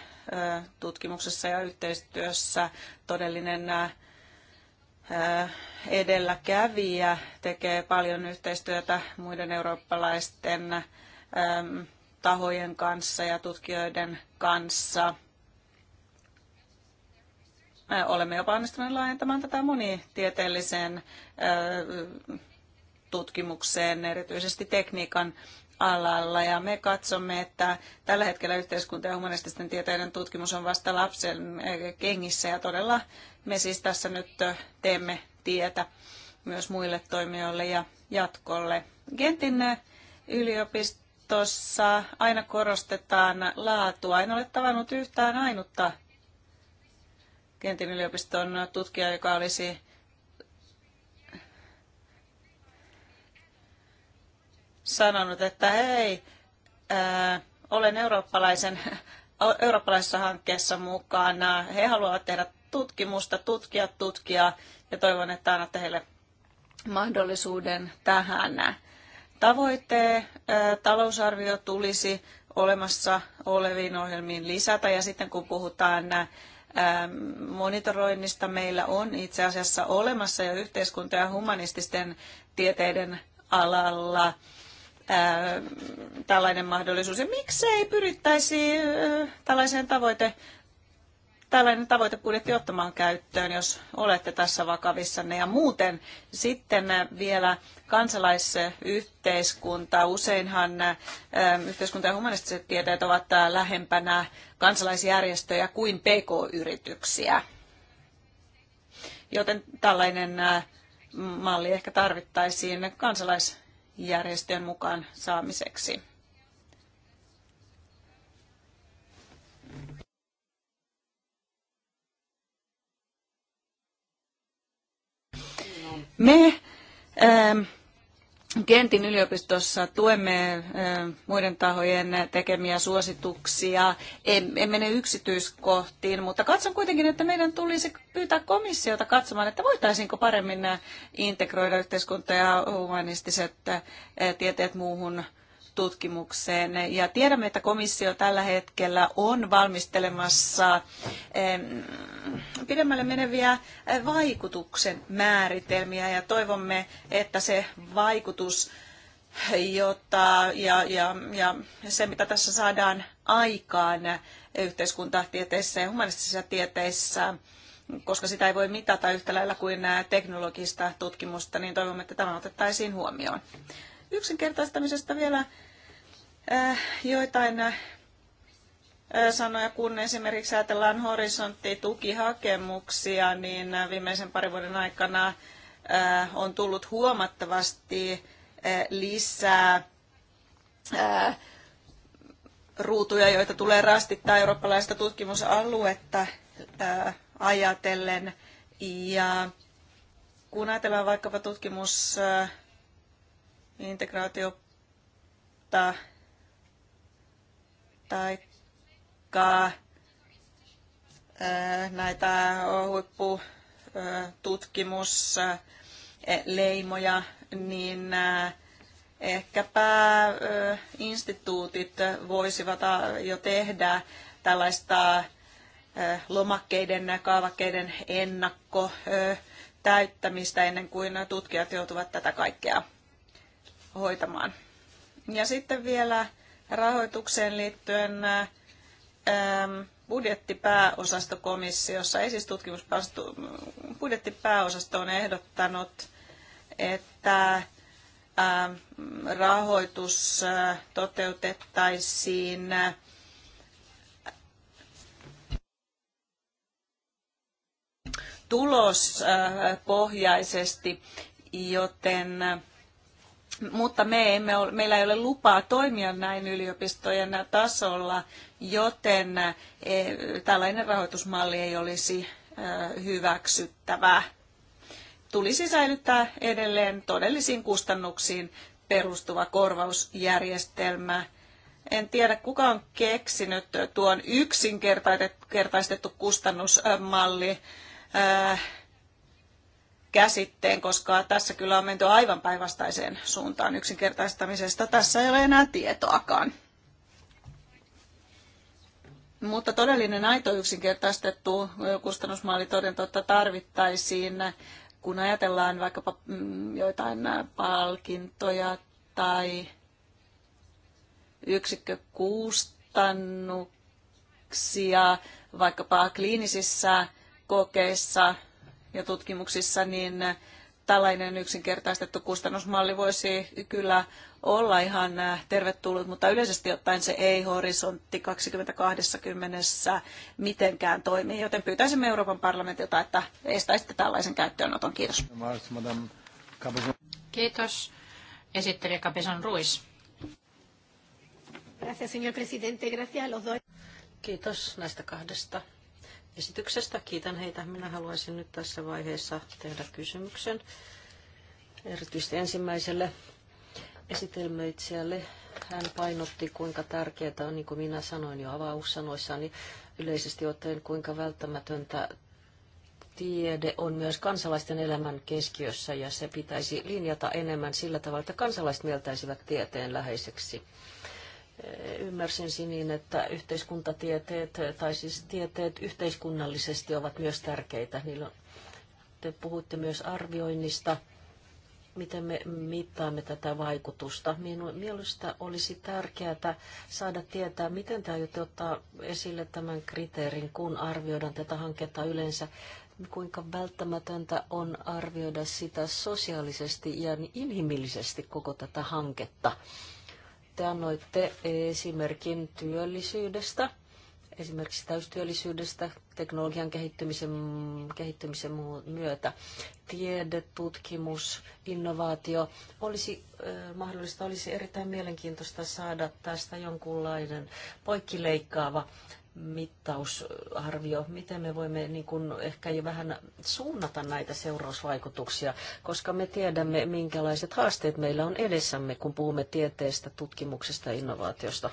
tutkimuksessa ja yhteistyössä todellinen edelläkävijä, tekee paljon yhteistyötä muiden eurooppalaisten tahojen kanssa ja tutkijoiden kanssa – olemme jopa onnistuneet laajentamaan tätä monitieteelliseen tutkimukseen, erityisesti tekniikan alalla. Ja me katsomme, että tällä hetkellä yhteiskunta- ja humanististen tieteiden tutkimus on vasta lapsen kengissä ja todella me siis tässä nyt teemme tietä myös muille toimijoille ja jatkolle. Gentin yliopistossa aina korostetaan laatua. En ole tavannut yhtään ainutta Kentin yliopiston tutkija, joka olisi sanonut, että hei, ää, olen eurooppalaisen, eurooppalaisessa hankkeessa mukana. He haluavat tehdä tutkimusta, tutkia, tutkia ja toivon, että annatte heille mahdollisuuden tähän. Tavoite, ää, talousarvio tulisi olemassa oleviin ohjelmiin lisätä ja sitten kun puhutaan Ähm, monitoroinnista meillä on itse asiassa olemassa jo yhteiskunta- ja humanististen tieteiden alalla ähm, tällainen mahdollisuus. Ja miksei pyrittäisi äh, tällaiseen tavoite tällainen tavoitebudjetti ottamaan käyttöön, jos olette tässä vakavissanne. Ja muuten sitten vielä kansalaisyhteiskunta. Useinhan ähm, yhteiskunta ja humanistiset tieteet ovat äh, lähempänä kansalaisjärjestöjä kuin PK-yrityksiä. Joten tällainen äh, malli ehkä tarvittaisiin kansalaisjärjestöjen mukaan saamiseksi. Me Kentin ähm, yliopistossa tuemme ähm, muiden tahojen tekemiä suosituksia. En mene yksityiskohtiin, mutta katson kuitenkin, että meidän tulisi pyytää komissiota katsomaan, että voitaisiinko paremmin integroida yhteiskunta ja humanistiset äh, tieteet muuhun tutkimukseen. Ja tiedämme, että komissio tällä hetkellä on valmistelemassa pidemmälle meneviä eh, vaikutuksen määritelmiä ja toivomme, että se vaikutus jota, ja, ja, ja se, mitä tässä saadaan aikaan yhteiskuntatieteissä ja humanistisissa tieteissä, koska sitä ei voi mitata yhtä lailla kuin teknologista tutkimusta, niin toivomme, että tämä otettaisiin huomioon. Yksinkertaistamisesta vielä äh, joitain äh, sanoja, kun esimerkiksi ajatellaan horisontti-tukihakemuksia, niin äh, viimeisen parin vuoden aikana on tullut huomattavasti lisää ruutuja, joita tulee rastittaa eurooppalaista tutkimusaluetta ajatellen. Ja kun ajatellaan vaikkapa tutkimus tai taikka äh, näitä huippututkimusleimoja, äh, niin äh, ehkäpä instituutit voisivat jo tehdä tällaista lomakkeiden, kaavakkeiden ennakko täyttämistä ennen kuin tutkijat joutuvat tätä kaikkea hoitamaan. Ja sitten vielä rahoitukseen liittyen ähm, budjettipääosastokomissiossa, ei siis tutkimuspääosasto, budjettipääosasto on ehdottanut, että ähm, rahoitus äh, toteutettaisiin äh, tulospohjaisesti, joten mutta me emme ole, meillä ei ole lupaa toimia näin yliopistojen tasolla, joten tällainen rahoitusmalli ei olisi hyväksyttävää. Tulisi säilyttää edelleen todellisiin kustannuksiin perustuva korvausjärjestelmä. En tiedä, kuka on keksinyt tuon yksinkertaistettu kustannusmalli äh, käsitteen, koska tässä kyllä on menty aivan päinvastaiseen suuntaan yksinkertaistamisesta. Tässä ei ole enää tietoakaan. Mutta todellinen aito yksinkertaistettu kustannusmaali toden totta tarvittaisiin, kun ajatellaan vaikkapa mm, joitain palkintoja tai yksikkökustannuksia vaikkapa kliinisissä kokeissa – ja tutkimuksissa, niin tällainen yksinkertaistettu kustannusmalli voisi kyllä olla ihan äh, tervetullut, mutta yleisesti ottaen se ei horisontti 2020 mitenkään toimi, joten pyytäisimme Euroopan parlamentilta, että estäisitte tällaisen käyttöönoton. Kiitos. Kiitos. Esittelijä Capison Ruiz. Kiitos näistä kahdesta esityksestä. Kiitän heitä. Minä haluaisin nyt tässä vaiheessa tehdä kysymyksen erityisesti ensimmäiselle esitelmöitsijälle. Hän painotti, kuinka tärkeää on, niin kuin minä sanoin jo avaussanoissani, yleisesti ottaen, kuinka välttämätöntä tiede on myös kansalaisten elämän keskiössä ja se pitäisi linjata enemmän sillä tavalla, että kansalaiset mieltäisivät tieteen läheiseksi ymmärsin niin, että yhteiskuntatieteet, tai siis tieteet yhteiskunnallisesti ovat myös tärkeitä. Niillä te puhutte myös arvioinnista, miten me mittaamme tätä vaikutusta. Minun mielestä olisi tärkeää saada tietää, miten te aiotte ottaa esille tämän kriteerin, kun arvioidaan tätä hanketta yleensä kuinka välttämätöntä on arvioida sitä sosiaalisesti ja inhimillisesti koko tätä hanketta. Te annoitte esimerkin työllisyydestä, esimerkiksi täystyöllisyydestä teknologian kehittymisen, kehittymisen myötä. Tiede, tutkimus, innovaatio. Olisi eh, mahdollista, olisi erittäin mielenkiintoista saada tästä jonkunlainen poikkileikkaava mittausarvio, miten me voimme niin kuin ehkä jo vähän suunnata näitä seurausvaikutuksia, koska me tiedämme, minkälaiset haasteet meillä on edessämme, kun puhumme tieteestä, tutkimuksesta ja innovaatiosta.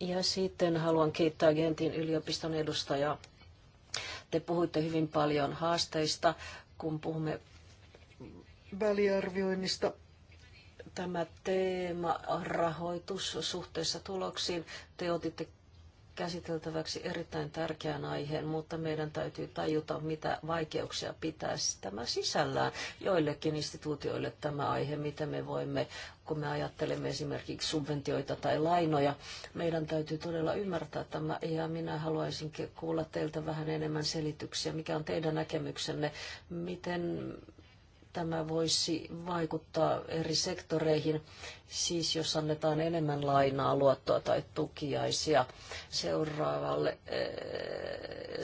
Ja sitten haluan kiittää Gentin yliopiston edustajaa. Te puhuitte hyvin paljon haasteista, kun puhumme väliarvioinnista tämä teema rahoitus suhteessa tuloksiin. Te otitte käsiteltäväksi erittäin tärkeän aiheen, mutta meidän täytyy tajuta, mitä vaikeuksia pitää siis tämä sisällään. Joillekin instituutioille tämä aihe, mitä me voimme, kun me ajattelemme esimerkiksi subventioita tai lainoja, meidän täytyy todella ymmärtää tämä. Ja minä haluaisin kuulla teiltä vähän enemmän selityksiä, mikä on teidän näkemyksenne, miten tämä voisi vaikuttaa eri sektoreihin, siis jos annetaan enemmän lainaa, luottoa tai tukiaisia seuraavalle, eh,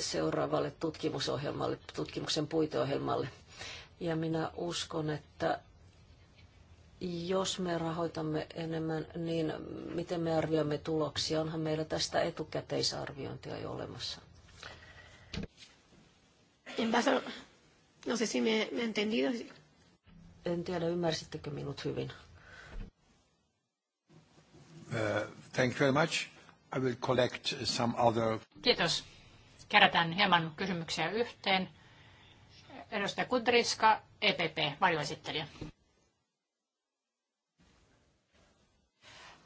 seuraavalle tutkimusohjelmalle, tutkimuksen puiteohjelmalle. Ja minä uskon, että jos me rahoitamme enemmän, niin miten me arvioimme tuloksia? Onhan meillä tästä etukäteisarviointia jo olemassa. En no sé si me, me he entendido. En tiedä, ymmärsittekö minut hyvin. Uh, thank you very much. I will collect some other... Kiitos. Kerätään hieman kysymyksiä yhteen. Edustaja Kudriska, EPP, varjoesittelijä.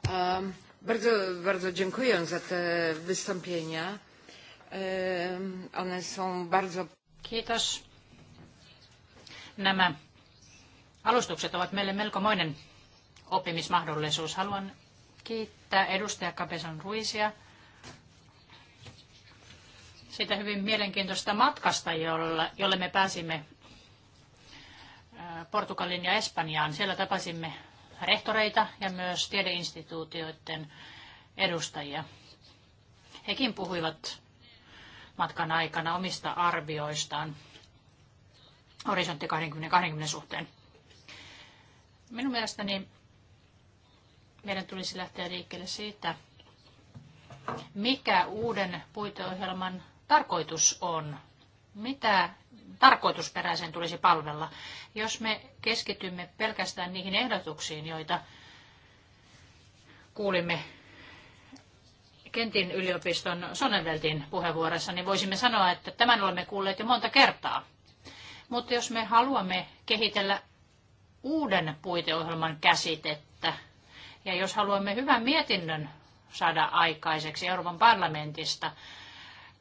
Um, bardzo, bardzo dziękuję za te wystąpienia. Um, one są bardzo... Kiitos. Nämä Alustukset ovat meille melkomoinen oppimismahdollisuus. Haluan kiittää edustaja Kapesan Ruisia siitä hyvin mielenkiintoista matkasta, jolle me pääsimme äh, Portugalin ja Espanjaan. Siellä tapasimme rehtoreita ja myös tiedeinstituutioiden edustajia. Hekin puhuivat matkan aikana omista arvioistaan horisontti 2020 suhteen. Minun mielestäni meidän tulisi lähteä liikkeelle siitä, mikä uuden puiteohjelman tarkoitus on. Mitä tarkoitusperäisen tulisi palvella? Jos me keskitymme pelkästään niihin ehdotuksiin, joita kuulimme Kentin yliopiston Sonneveltin puheenvuorossa, niin voisimme sanoa, että tämän olemme kuulleet jo monta kertaa. Mutta jos me haluamme kehitellä uuden puiteohjelman käsitettä. Ja jos haluamme hyvän mietinnön saada aikaiseksi Euroopan parlamentista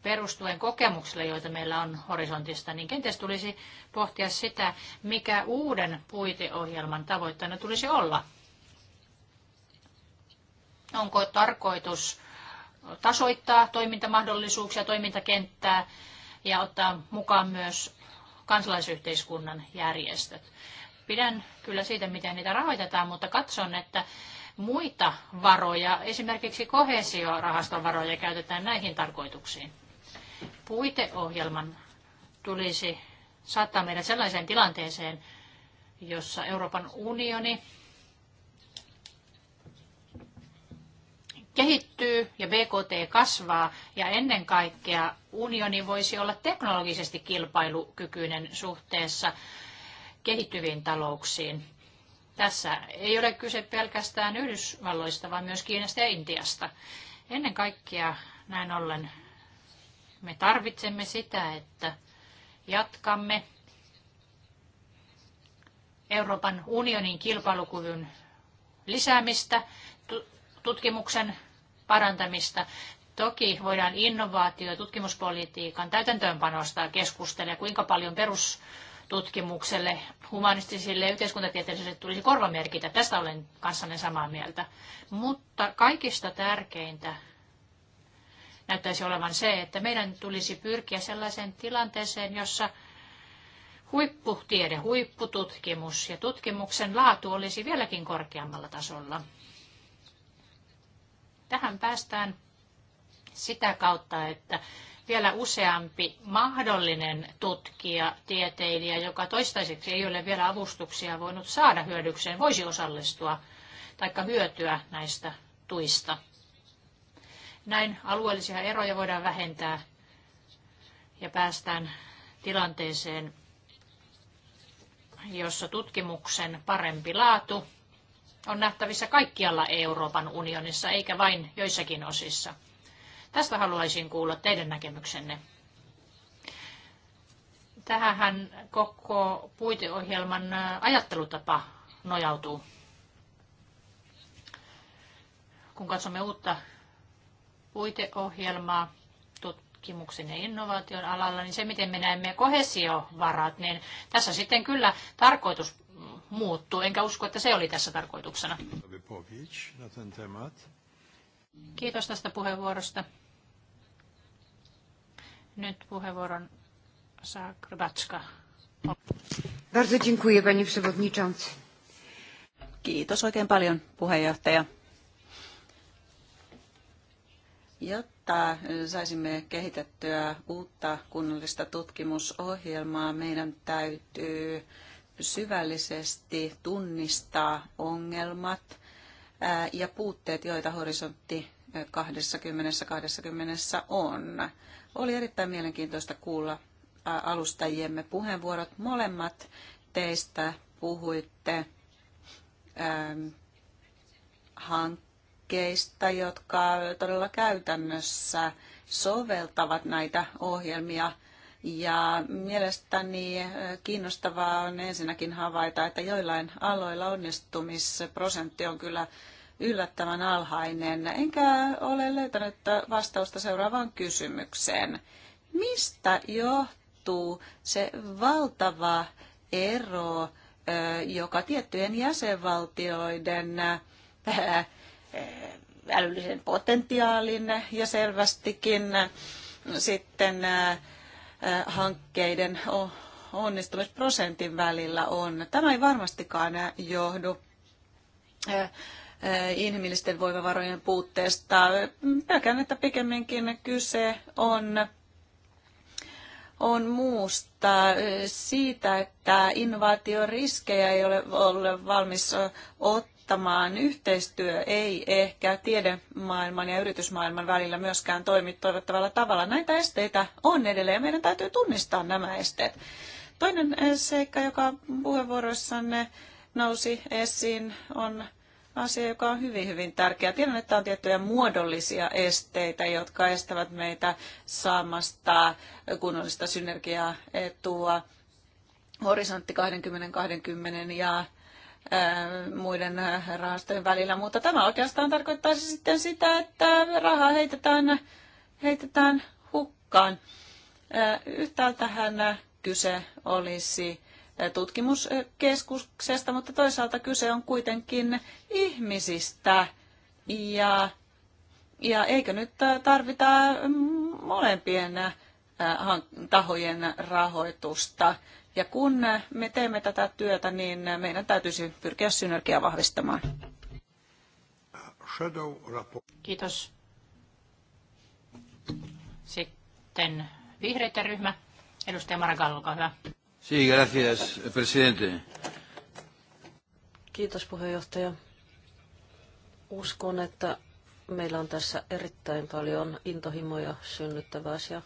perustuen kokemuksille, joita meillä on horisontista, niin kenties tulisi pohtia sitä, mikä uuden puiteohjelman tavoitteena tulisi olla. Onko tarkoitus tasoittaa toimintamahdollisuuksia, toimintakenttää ja ottaa mukaan myös kansalaisyhteiskunnan järjestöt. Pidän kyllä siitä, miten niitä rahoitetaan, mutta katson, että muita varoja, esimerkiksi kohesiorahaston varoja, käytetään näihin tarkoituksiin. Puiteohjelman tulisi saattaa meidän sellaiseen tilanteeseen, jossa Euroopan unioni kehittyy ja BKT kasvaa ja ennen kaikkea unioni voisi olla teknologisesti kilpailukykyinen suhteessa kehittyviin talouksiin. Tässä ei ole kyse pelkästään Yhdysvalloista, vaan myös Kiinasta ja Intiasta. Ennen kaikkea näin ollen me tarvitsemme sitä, että jatkamme Euroopan unionin kilpailukyvyn lisäämistä, tutkimuksen parantamista. Toki voidaan innovaatio- ja tutkimuspolitiikan täytäntöönpanosta keskustella, kuinka paljon perus tutkimukselle, humanistisille ja yhteiskuntatieteelliselle tulisi korvamerkitä. Tästä olen kanssanne samaa mieltä. Mutta kaikista tärkeintä näyttäisi olevan se, että meidän tulisi pyrkiä sellaiseen tilanteeseen, jossa huipputiede, huippututkimus ja tutkimuksen laatu olisi vieläkin korkeammalla tasolla. Tähän päästään sitä kautta, että vielä useampi mahdollinen tutkija, tieteilijä, joka toistaiseksi ei ole vielä avustuksia voinut saada hyödykseen, voisi osallistua tai hyötyä näistä tuista. Näin alueellisia eroja voidaan vähentää ja päästään tilanteeseen, jossa tutkimuksen parempi laatu on nähtävissä kaikkialla Euroopan unionissa, eikä vain joissakin osissa. Tästä haluaisin kuulla teidän näkemyksenne. Tähän koko puiteohjelman ajattelutapa nojautuu. Kun katsomme uutta puiteohjelmaa tutkimuksen ja innovaation alalla, niin se miten me näemme kohesiovarat, niin tässä sitten kyllä tarkoitus muuttuu. Enkä usko, että se oli tässä tarkoituksena. Kiitos tästä puheenvuorosta. Nyt puheenvuoron saa Krabatska. Bardzo dziękuję, panie przewodniczący. Kiitos oikein paljon, puheenjohtaja. Jotta saisimme kehitettyä uutta kunnallista tutkimusohjelmaa, meidän täytyy syvällisesti tunnistaa ongelmat ja puutteet, joita horisontti 2020 -20 on. Oli erittäin mielenkiintoista kuulla alustajiemme puheenvuorot. Molemmat teistä puhuitte hankkeista, jotka todella käytännössä soveltavat näitä ohjelmia. Ja mielestäni kiinnostavaa on ensinnäkin havaita, että joillain aloilla onnistumisprosentti on kyllä yllättävän alhainen, enkä ole löytänyt vastausta seuraavaan kysymykseen. Mistä johtuu se valtava ero, joka tiettyjen jäsenvaltioiden älyllisen potentiaalin ja selvästikin sitten hankkeiden onnistumisprosentin välillä on. Tämä ei varmastikaan johdu Eh, inhimillisten voimavarojen puutteesta. Pelkään, että pikemminkin kyse on on muusta siitä, että innovaatioriskejä ei ole, ollut valmis ottamaan. Yhteistyö ei ehkä tiedemaailman ja yritysmaailman välillä myöskään toimi toivottavalla tavalla. Näitä esteitä on edelleen ja meidän täytyy tunnistaa nämä esteet. Toinen eh, seikka, joka puheenvuorossanne nousi esiin, on asia, joka on hyvin, hyvin tärkeä. Tiedän, että on tiettyjä muodollisia esteitä, jotka estävät meitä saamasta kunnollista synergiaetua horisontti 20-20 ja äh, muiden äh, rahastojen välillä, mutta tämä oikeastaan tarkoittaisi sitten sitä, että rahaa heitetään, heitetään hukkaan. Äh, yhtäältähän kyse olisi tutkimuskeskuksesta, mutta toisaalta kyse on kuitenkin ihmisistä. Ja, ja eikö nyt tarvita molempien äh, tahojen rahoitusta? Ja kun me teemme tätä työtä, niin meidän täytyisi pyrkiä synergiaa vahvistamaan. Kiitos. Sitten vihreiden ryhmä. Edustaja Maragall, olkaa hyvä gracias, presidente. Kiitos puheenjohtaja. Uskon, että meillä on tässä erittäin paljon intohimoja synnyttävä asia,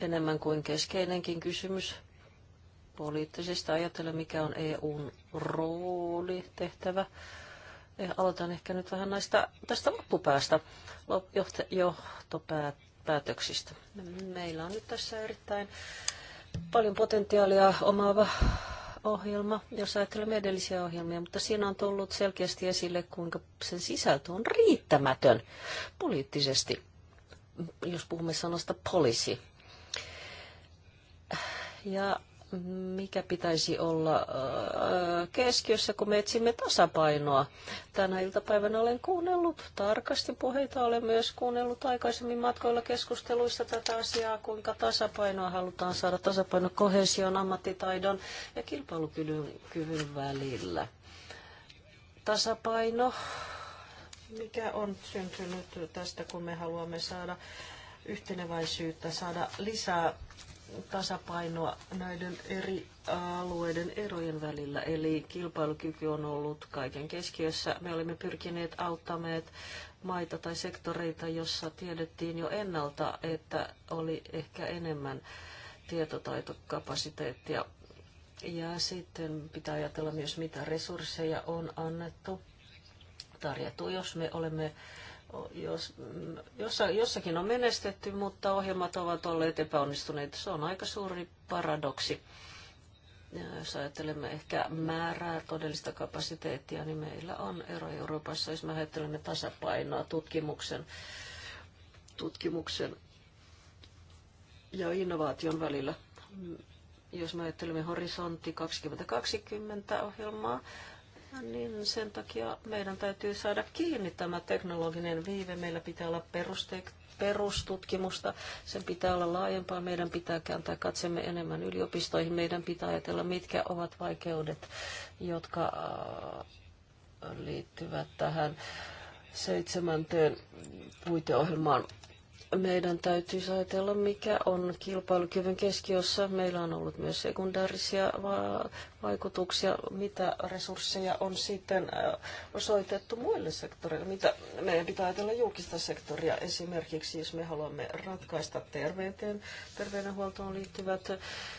enemmän kuin keskeinenkin kysymys poliittisista ajatella, mikä on EUn rooli, tehtävä. Aloitan ehkä nyt vähän näistä, tästä loppupäästä, johtopäätöksistä. Meillä on nyt tässä erittäin paljon potentiaalia omaava ohjelma, jos ajattelemme edellisiä ohjelmia, mutta siinä on tullut selkeästi esille, kuinka sen sisältö on riittämätön poliittisesti, jos puhumme sanasta policy. Ja mikä pitäisi olla äh, keskiössä, kun me etsimme tasapainoa. Tänä iltapäivänä olen kuunnellut tarkasti puheita, olen myös kuunnellut aikaisemmin matkoilla keskusteluissa tätä asiaa, kuinka tasapainoa halutaan saada, tasapaino kohesion, ammattitaidon ja kilpailukyvyn välillä. Tasapaino, mikä on syntynyt tästä, kun me haluamme saada yhteneväisyyttä, saada lisää tasapainoa näiden eri alueiden erojen välillä. Eli kilpailukyky on ollut kaiken keskiössä. Me olimme pyrkineet auttamaan maita tai sektoreita, jossa tiedettiin jo ennalta, että oli ehkä enemmän tietotaitokapasiteettia. Ja sitten pitää ajatella myös, mitä resursseja on annettu, tarjottu, jos me olemme jos, jossa, jossakin on menestetty, mutta ohjelmat ovat olleet epäonnistuneita. Se on aika suuri paradoksi. Ja jos ajattelemme ehkä määrää todellista kapasiteettia, niin meillä on ero Euroopassa, jos me ajattelemme tasapainoa tutkimuksen, tutkimuksen ja innovaation välillä. Jos me ajattelemme horisontti 2020 ohjelmaa, niin sen takia meidän täytyy saada kiinni tämä teknologinen viive. Meillä pitää olla peruste- perustutkimusta, sen pitää olla laajempaa, meidän pitää kääntää katsemme enemmän yliopistoihin, meidän pitää ajatella, mitkä ovat vaikeudet, jotka äh, liittyvät tähän seitsemänteen puiteohjelmaan meidän täytyy ajatella, mikä on kilpailukyvyn keskiössä. Meillä on ollut myös sekundaarisia vaikutuksia, mitä resursseja on sitten osoitettu muille sektoreille. Mitä meidän pitää ajatella julkista sektoria esimerkiksi, jos me haluamme ratkaista terveyteen, terveydenhuoltoon liittyvät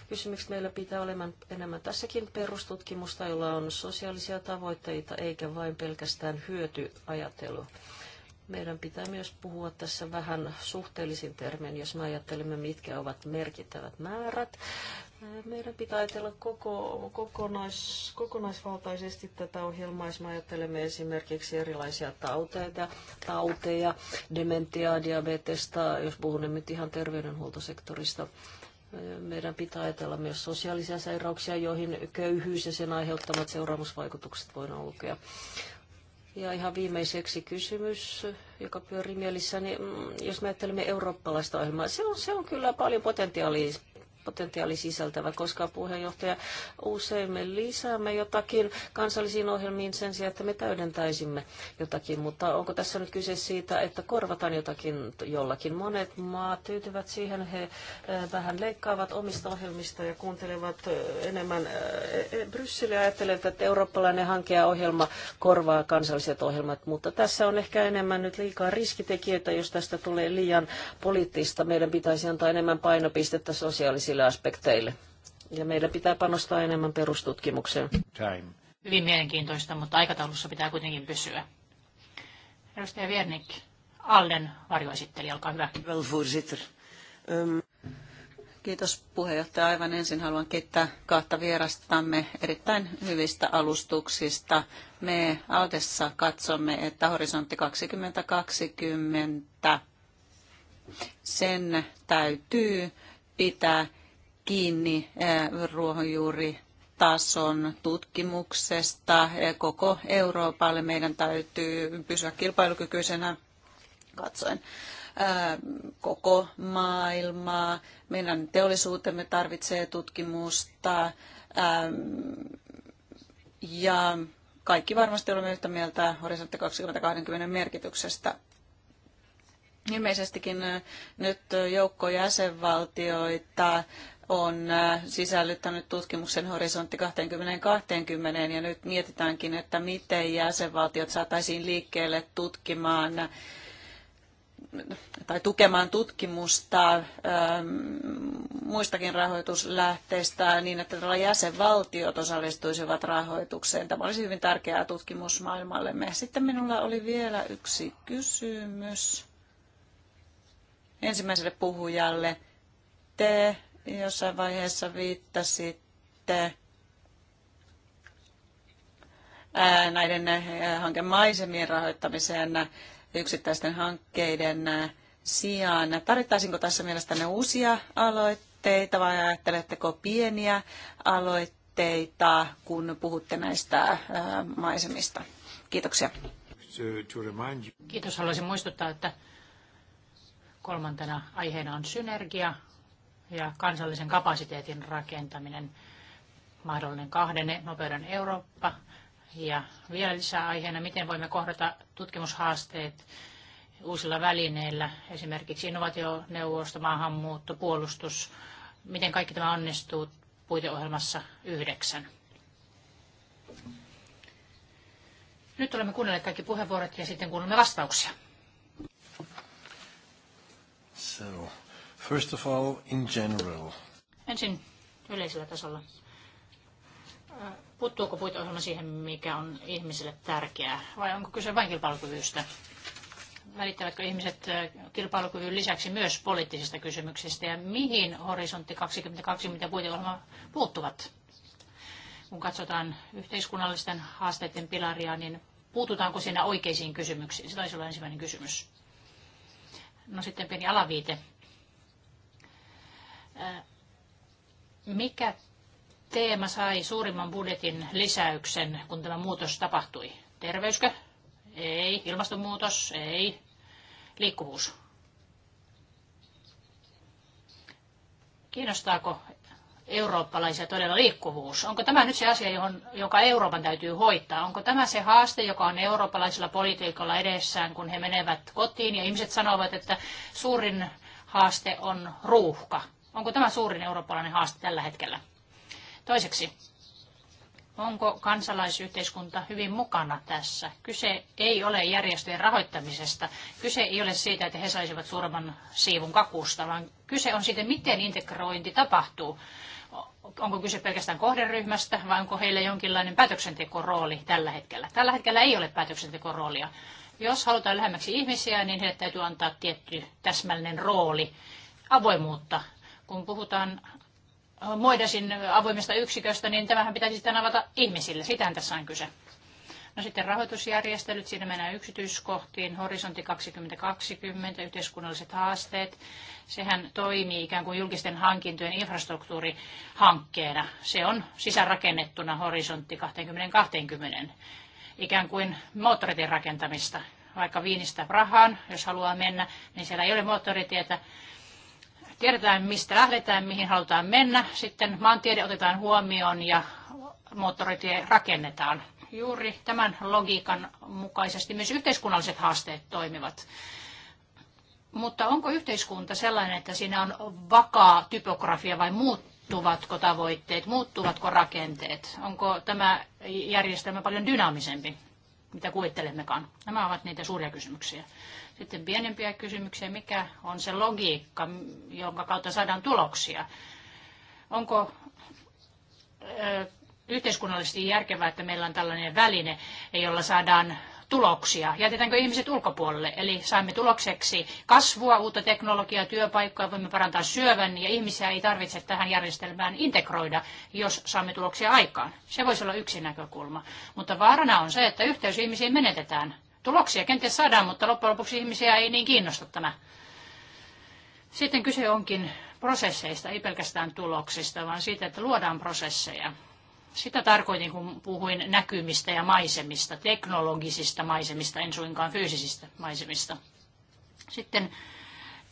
kysymykset. Meillä pitää olemaan enemmän tässäkin perustutkimusta, jolla on sosiaalisia tavoitteita eikä vain pelkästään hyötyajattelu meidän pitää myös puhua tässä vähän suhteellisin termein, jos me ajattelemme, mitkä ovat merkittävät määrät. Meidän pitää ajatella koko, kokonais, kokonaisvaltaisesti tätä ohjelmaa, jos me ajattelemme esimerkiksi erilaisia tauteja, tauteja dementiaa, diabetesta, jos puhun nyt ihan terveydenhuoltosektorista. Meidän pitää ajatella myös sosiaalisia sairauksia, joihin köyhyys ja sen aiheuttamat seuraamusvaikutukset voidaan lukea. Ja ihan viimeiseksi kysymys, joka pyörii mielessäni, mm, jos me ajattelemme eurooppalaista ohjelmaa, se on, se on kyllä paljon potentiaalia potentiaali sisältävä, koska puheenjohtaja usein me lisäämme jotakin kansallisiin ohjelmiin sen sijaan, että me täydentäisimme jotakin, mutta onko tässä nyt kyse siitä, että korvataan jotakin jollakin? Monet maat tyytyvät siihen, he eh, vähän leikkaavat omista ohjelmista ja kuuntelevat eh, enemmän eh, Brysseliä ajattelevat, että eurooppalainen hanke ja ohjelma korvaa kansalliset ohjelmat, mutta tässä on ehkä enemmän nyt liikaa riskitekijöitä, jos tästä tulee liian poliittista. Meidän pitäisi antaa enemmän painopistettä sosiaalisiin poliittisille aspekteille. Ja meillä pitää panostaa enemmän perustutkimukseen. Time. Hyvin mielenkiintoista, mutta aikataulussa pitää kuitenkin pysyä. Edustaja Viernik, Alden varjoesitteli, olkaa hyvä. Well, ehm, Kiitos puheenjohtaja. Aivan ensin haluan kiittää kahta vierastamme erittäin hyvistä alustuksista. Me Aldessa katsomme, että horisontti 2020 sen täytyy pitää kiinni ruohonjuuritason tutkimuksesta koko Euroopalle. Meidän täytyy pysyä kilpailukykyisenä katsoen koko maailmaa. Meidän teollisuutemme tarvitsee tutkimusta ja kaikki varmasti olemme yhtä mieltä Horisontti 2020 merkityksestä. Ilmeisestikin nyt joukko jäsenvaltioita on äh, sisällyttänyt tutkimuksen horisontti 2020 ja nyt mietitäänkin, että miten jäsenvaltiot saataisiin liikkeelle tutkimaan tai tukemaan tutkimusta ähm, muistakin rahoituslähteistä niin, että jäsenvaltiot osallistuisivat rahoitukseen. Tämä olisi hyvin tärkeää tutkimusmaailmallemme. Sitten minulla oli vielä yksi kysymys ensimmäiselle puhujalle. Te jossain vaiheessa viittasitte näiden hankemaisemien rahoittamiseen yksittäisten hankkeiden sijaan. Tarvittaisinko tässä mielestänne uusia aloitteita vai ajatteletteko pieniä aloitteita, kun puhutte näistä maisemista? Kiitoksia. Kiitos. Haluaisin muistuttaa, että kolmantena aiheena on synergia ja kansallisen kapasiteetin rakentaminen, mahdollinen kahden nopeuden Eurooppa ja vielä lisää aiheena, miten voimme kohdata tutkimushaasteet uusilla välineillä, esimerkiksi innovaationeuvosto, maahanmuutto, puolustus, miten kaikki tämä onnistuu puiteohjelmassa yhdeksän. Nyt olemme kuunnelleet kaikki puheenvuorot ja sitten kuulemme vastauksia. So, First of all, in general. Ensin yleisellä tasolla. Puuttuuko puiteohjelma siihen, mikä on ihmisille tärkeää, vai onko kyse vain kilpailukyvystä? Välittävätkö ihmiset kilpailukyvyn lisäksi myös poliittisista kysymyksistä, ja mihin horisontti 2020 puiteohjelma puuttuvat? Kun katsotaan yhteiskunnallisten haasteiden pilaria, niin puututaanko siinä oikeisiin kysymyksiin? Se taisi olla ensimmäinen kysymys. No sitten pieni alaviite mikä teema sai suurimman budjetin lisäyksen, kun tämä muutos tapahtui? Terveyskö? Ei. Ilmastonmuutos? Ei. Liikkuvuus? Kiinnostaako eurooppalaisia todella liikkuvuus? Onko tämä nyt se asia, johon, joka Euroopan täytyy hoitaa? Onko tämä se haaste, joka on eurooppalaisilla politiikalla edessään, kun he menevät kotiin ja ihmiset sanovat, että suurin haaste on ruuhka? Onko tämä suurin eurooppalainen haaste tällä hetkellä? Toiseksi, onko kansalaisyhteiskunta hyvin mukana tässä? Kyse ei ole järjestöjen rahoittamisesta. Kyse ei ole siitä, että he saisivat suuremman siivun kakusta, vaan kyse on siitä, miten integrointi tapahtuu. Onko kyse pelkästään kohderyhmästä vai onko heillä jonkinlainen päätöksentekorooli tällä hetkellä? Tällä hetkellä ei ole päätöksentekoroolia. Jos halutaan lähemmäksi ihmisiä, niin heille täytyy antaa tietty täsmällinen rooli avoimuutta kun puhutaan äh, Moidasin avoimesta yksiköstä, niin tämähän pitäisi sitten avata ihmisille. Sitähän tässä on kyse. No sitten rahoitusjärjestelyt, siinä mennään yksityiskohtiin, horisontti 2020, yhteiskunnalliset haasteet. Sehän toimii ikään kuin julkisten hankintojen infrastruktuurihankkeena. Se on sisärakennettuna horisontti 2020, ikään kuin moottoritien rakentamista. Vaikka Viinistä Prahaan, jos haluaa mennä, niin siellä ei ole moottoritietä, Tiedetään, mistä lähdetään, mihin halutaan mennä. Sitten maantiede otetaan huomioon ja moottoritie rakennetaan. Juuri tämän logiikan mukaisesti myös yhteiskunnalliset haasteet toimivat. Mutta onko yhteiskunta sellainen, että siinä on vakaa typografia vai muuttuvatko tavoitteet, muuttuvatko rakenteet? Onko tämä järjestelmä paljon dynaamisempi? mitä kuvittelemmekaan. Nämä ovat niitä suuria kysymyksiä. Sitten pienempiä kysymyksiä, mikä on se logiikka, jonka kautta saadaan tuloksia. Onko yhteiskunnallisesti järkevää, että meillä on tällainen väline, jolla saadaan tuloksia? Jätetäänkö ihmiset ulkopuolelle? Eli saamme tulokseksi kasvua, uutta teknologiaa, työpaikkoja, voimme parantaa syövän ja ihmisiä ei tarvitse tähän järjestelmään integroida, jos saamme tuloksia aikaan. Se voisi olla yksi näkökulma. Mutta vaarana on se, että yhteys ihmisiin menetetään. Tuloksia kenties saadaan, mutta loppujen lopuksi ihmisiä ei niin kiinnosta tämä. Sitten kyse onkin prosesseista, ei pelkästään tuloksista, vaan siitä, että luodaan prosesseja. Sitä tarkoitin, kun puhuin näkymistä ja maisemista, teknologisista maisemista, en suinkaan fyysisistä maisemista. Sitten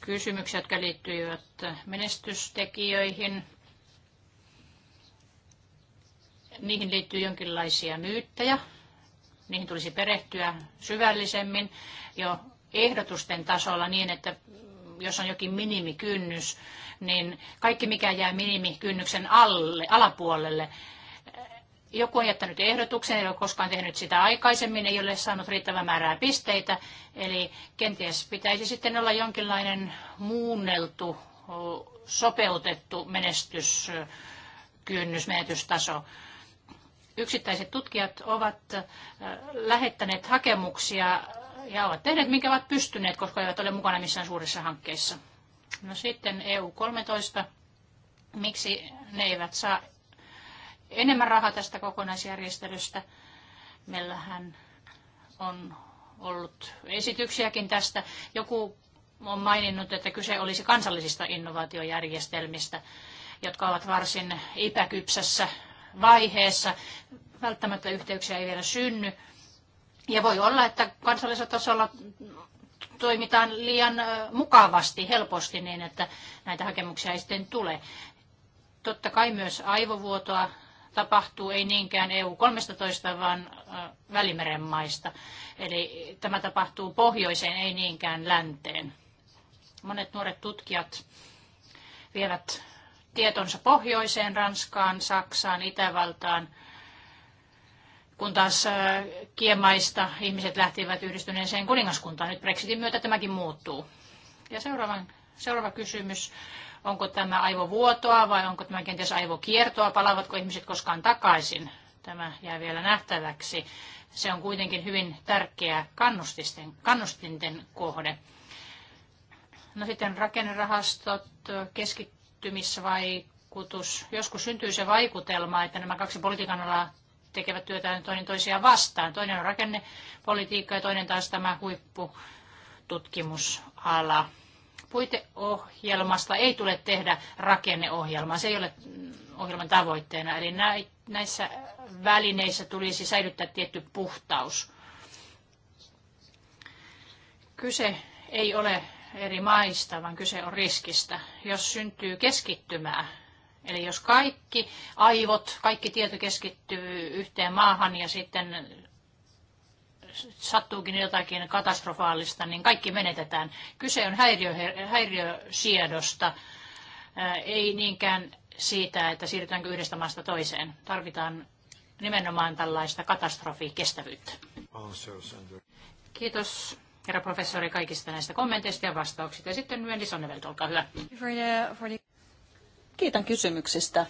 kysymyksiä, jotka liittyivät menestystekijöihin. Niihin liittyy jonkinlaisia myyttejä. Niihin tulisi perehtyä syvällisemmin jo ehdotusten tasolla niin, että jos on jokin minimikynnys, niin kaikki mikä jää minimikynnyksen alle, alapuolelle, joku on jättänyt ehdotuksen, ei ole koskaan tehnyt sitä aikaisemmin, ei ole saanut riittävää määrää pisteitä, eli kenties pitäisi sitten olla jonkinlainen muunneltu, sopeutettu menestyskynnys, menetystaso. Yksittäiset tutkijat ovat lähettäneet hakemuksia ja ovat tehneet, minkä ovat pystyneet, koska eivät ole mukana missään suurissa hankkeissa. No sitten EU-13. Miksi ne eivät saa enemmän rahaa tästä kokonaisjärjestelystä. Meillähän on ollut esityksiäkin tästä. Joku on maininnut, että kyse olisi kansallisista innovaatiojärjestelmistä, jotka ovat varsin ipäkypsässä vaiheessa. Välttämättä yhteyksiä ei vielä synny. Ja voi olla, että kansallisella tasolla toimitaan liian mukavasti, helposti niin, että näitä hakemuksia ei sitten tule. Totta kai myös aivovuotoa tapahtuu ei niinkään EU-13, vaan Välimeren maista. Eli tämä tapahtuu pohjoiseen, ei niinkään länteen. Monet nuoret tutkijat vievät tietonsa pohjoiseen, Ranskaan, Saksaan, Itävaltaan, kun taas kiemaista ihmiset lähtivät yhdistyneeseen kuningaskuntaan. Nyt Brexitin myötä tämäkin muuttuu. Ja seuraava kysymys Onko tämä aivovuotoa vai onko tämä kenties aivokiertoa? Palaavatko ihmiset koskaan takaisin? Tämä jää vielä nähtäväksi. Se on kuitenkin hyvin tärkeä kannustinten, kannustinten kohde. No sitten rakennerahastot, keskittymisvaikutus. Joskus syntyy se vaikutelma, että nämä kaksi politiikan alaa tekevät työtään toinen toisiaan vastaan. Toinen on rakennepolitiikka ja toinen taas tämä huippututkimusala puiteohjelmasta ei tule tehdä rakenneohjelmaa. Se ei ole mm, ohjelman tavoitteena. Eli näissä välineissä tulisi säilyttää tietty puhtaus. Kyse ei ole eri maista, vaan kyse on riskistä. Jos syntyy keskittymää, eli jos kaikki aivot, kaikki tieto keskittyy yhteen maahan ja sitten sattuukin jotakin katastrofaalista, niin kaikki menetetään. Kyse on häiriö, häiriösiedosta, äh, ei niinkään siitä, että siirrytäänkö yhdestä maasta toiseen. Tarvitaan nimenomaan tällaista katastrofikestävyyttä. Kiitos herra professori kaikista näistä kommenteista ja vastauksista. Ja sitten Wendy Sonnevelt, olkaa hyvä. Kiitän kysymyksistä.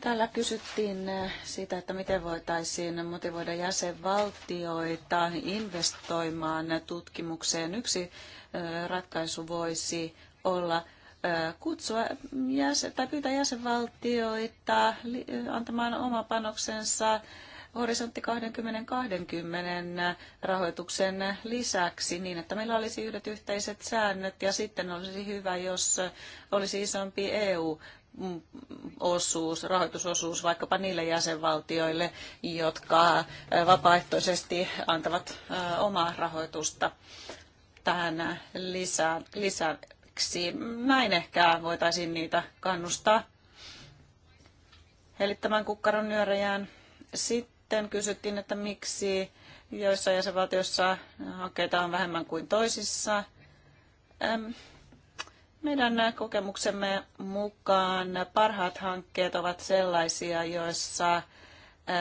Täällä kysyttiin eh, sitä, että miten voitaisiin motivoida jäsenvaltioita investoimaan tutkimukseen. Yksi eh, ratkaisu voisi olla eh, kutsua jäsen, tai pyytää jäsenvaltioita antamaan oma panoksensa Horisontti 2020 rahoituksen lisäksi niin, että meillä olisi yhdet yhteiset säännöt ja sitten olisi hyvä, jos olisi isompi EU osuus, rahoitusosuus vaikkapa niille jäsenvaltioille, jotka vapaaehtoisesti antavat omaa rahoitusta tähän lisään lisäksi. Näin ehkä voitaisiin niitä kannustaa helittämään kukkaron nyörejään. Sitten kysyttiin, että miksi joissa jäsenvaltioissa hankkeita on vähemmän kuin toisissa. Meidän kokemuksemme mukaan parhaat hankkeet ovat sellaisia, joissa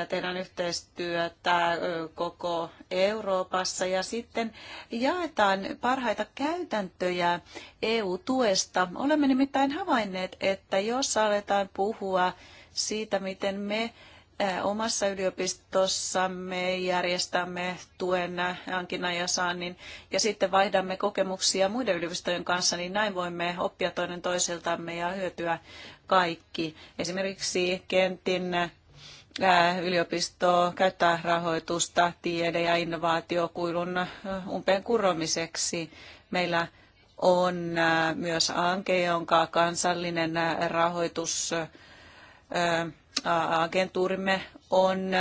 tehdään yhteistyötä koko Euroopassa ja sitten jaetaan parhaita käytäntöjä EU-tuesta. Olemme nimittäin havainneet, että jos aletaan puhua siitä, miten me omassa yliopistossamme järjestämme tuen hankinnan ja saannin ja sitten vaihdamme kokemuksia muiden yliopistojen kanssa, niin näin voimme oppia toinen toisiltamme ja hyötyä kaikki. Esimerkiksi Kentin yliopisto käyttää rahoitusta tiede- ja innovaatiokuilun umpeen kuromiseksi. Meillä on myös hanke, jonka kansallinen rahoitus agentuurimme on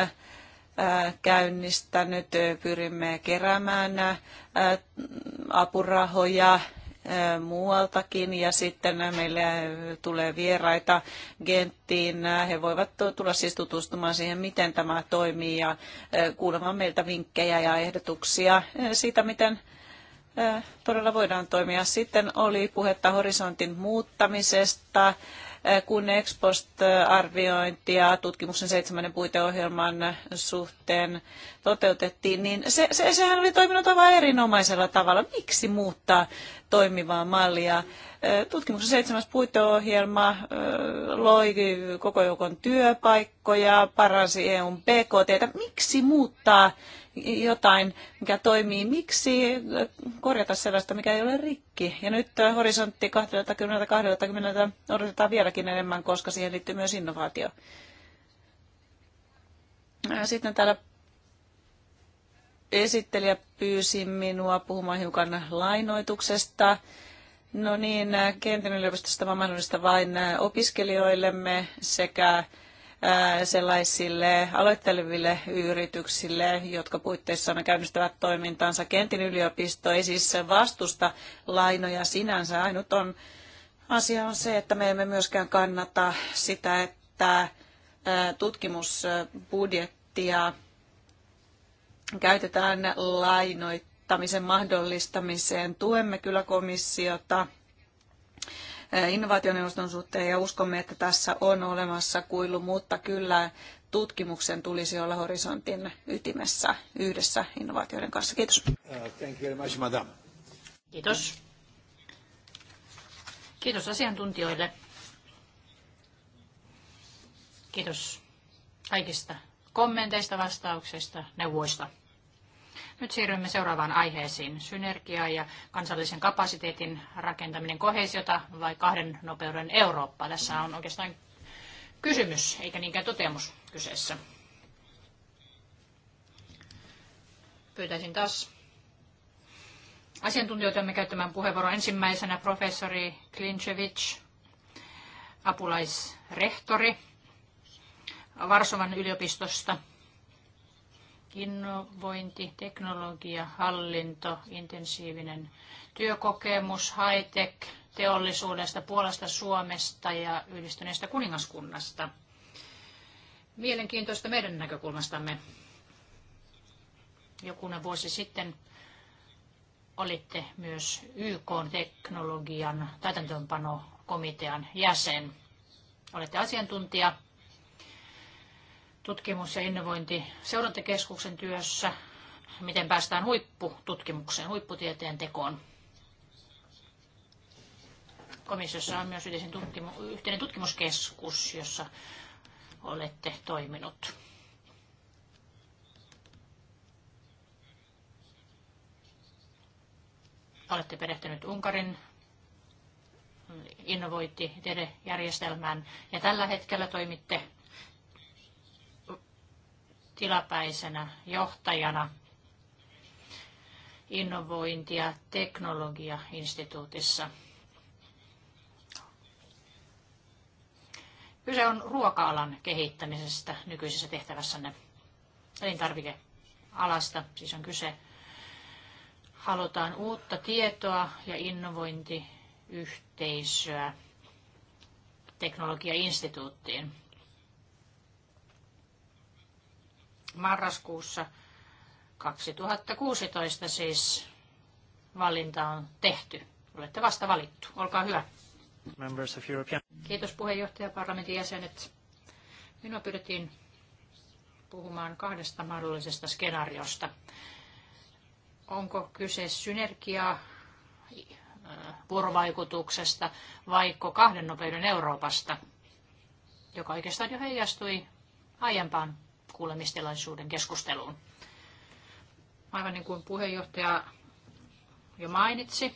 käynnistänyt. Pyrimme keräämään apurahoja muualtakin ja sitten meille tulee vieraita Genttiin. He voivat tulla siis tutustumaan siihen, miten tämä toimii ja kuulemaan meiltä vinkkejä ja ehdotuksia siitä, miten todella voidaan toimia. Sitten oli puhetta horisontin muuttamisesta kun expost ja tutkimuksen seitsemännen puiteohjelman suhteen toteutettiin, niin se, se, sehän oli toiminut aivan erinomaisella tavalla. Miksi muuttaa toimivaa mallia? Tutkimuksen seitsemäs puiteohjelma loi koko joukon työpaikkoja, paransi EUn BKT. Miksi muuttaa jotain, mikä toimii. Miksi korjata sellaista, mikä ei ole rikki? Ja nyt horisontti 2020 odotetaan vieläkin enemmän, koska siihen liittyy myös innovaatio. Sitten täällä esittelijä pyysi minua puhumaan hiukan lainoituksesta. No niin, Kentin yliopistosta on mahdollista vain opiskelijoillemme sekä sellaisille aloitteleville yrityksille, jotka puitteissa ne käynnistävät toimintansa. Kentin yliopisto ei siis vastusta lainoja sinänsä. Ainut on asia on se, että me emme myöskään kannata sitä, että tutkimusbudjettia käytetään lainoittamisen mahdollistamiseen. Tuemme kyllä komissiota Eh, innovaationeuvoston suhteen ja uskomme, että tässä on olemassa kuilu, mutta kyllä tutkimuksen tulisi olla horisontin ytimessä yhdessä innovaatioiden kanssa. Kiitos. Uh, thank you very much, madam. Kiitos. Kiitos asiantuntijoille. Kiitos kaikista kommenteista, vastauksista, neuvoista. Nyt siirrymme seuraavaan aiheeseen. Synergia ja kansallisen kapasiteetin rakentaminen kohesiota vai kahden nopeuden Eurooppa. Tässä on oikeastaan kysymys, eikä niinkään toteamus kyseessä. Pyytäisin taas asiantuntijoitamme käyttämään puheenvuoron. Ensimmäisenä professori Klinchevich, apulaisrehtori Varsovan yliopistosta – innovointi, teknologia, hallinto, intensiivinen työkokemus, high-tech, teollisuudesta, Puolasta, Suomesta ja yhdistyneestä kuningaskunnasta. Mielenkiintoista meidän näkökulmastamme. Jokunen vuosi sitten olitte myös YK-teknologian täytäntöönpanokomitean jäsen. Olette asiantuntija tutkimus- ja innovointiseurantakeskuksen työssä, miten päästään huippututkimukseen, huipputieteen tekoon. Komissiossa on myös yhteinen, tutkimu- yhteinen tutkimuskeskus, jossa olette toiminut. Olette perehtynyt Unkarin innovointiedejärjestelmään ja tällä hetkellä toimitte tilapäisenä johtajana innovointi- ja teknologiainstituutissa. Kyse on ruoka-alan kehittämisestä nykyisessä tehtävässänne. Elintarvikealasta siis on kyse. Halutaan uutta tietoa ja innovointiyhteisöä teknologiainstituuttiin. marraskuussa 2016 siis valinta on tehty. Olette vasta valittu. Olkaa hyvä. Members of European... Kiitos puheenjohtaja parlamentin jäsenet. Minua pyydettiin puhumaan kahdesta mahdollisesta skenaariosta. Onko kyse synergiaa äh, vuorovaikutuksesta vaikka kahden nopeuden Euroopasta, joka oikeastaan jo heijastui aiempaan kuulemistilaisuuden keskusteluun. Aivan niin kuin puheenjohtaja jo mainitsi,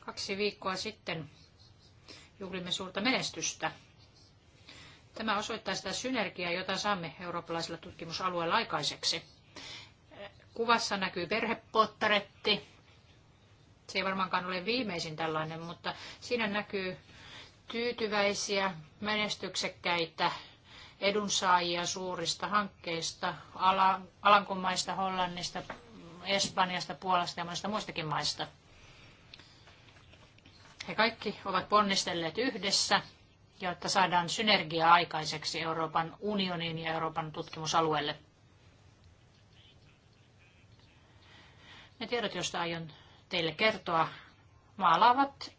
kaksi viikkoa sitten juhlimme suurta menestystä. Tämä osoittaa sitä synergiaa, jota saamme eurooppalaisella tutkimusalueella aikaiseksi. Kuvassa näkyy perhepottaretti. Se ei varmaankaan ole viimeisin tällainen, mutta siinä näkyy tyytyväisiä, menestyksekkäitä edunsaajia suurista hankkeista, Alankomaista, Hollannista, Espanjasta, Puolasta ja monista muistakin maista. He kaikki ovat ponnistelleet yhdessä, jotta saadaan synergiaa aikaiseksi Euroopan unionin ja Euroopan tutkimusalueelle. Ne tiedot, joista aion teille kertoa, maalaavat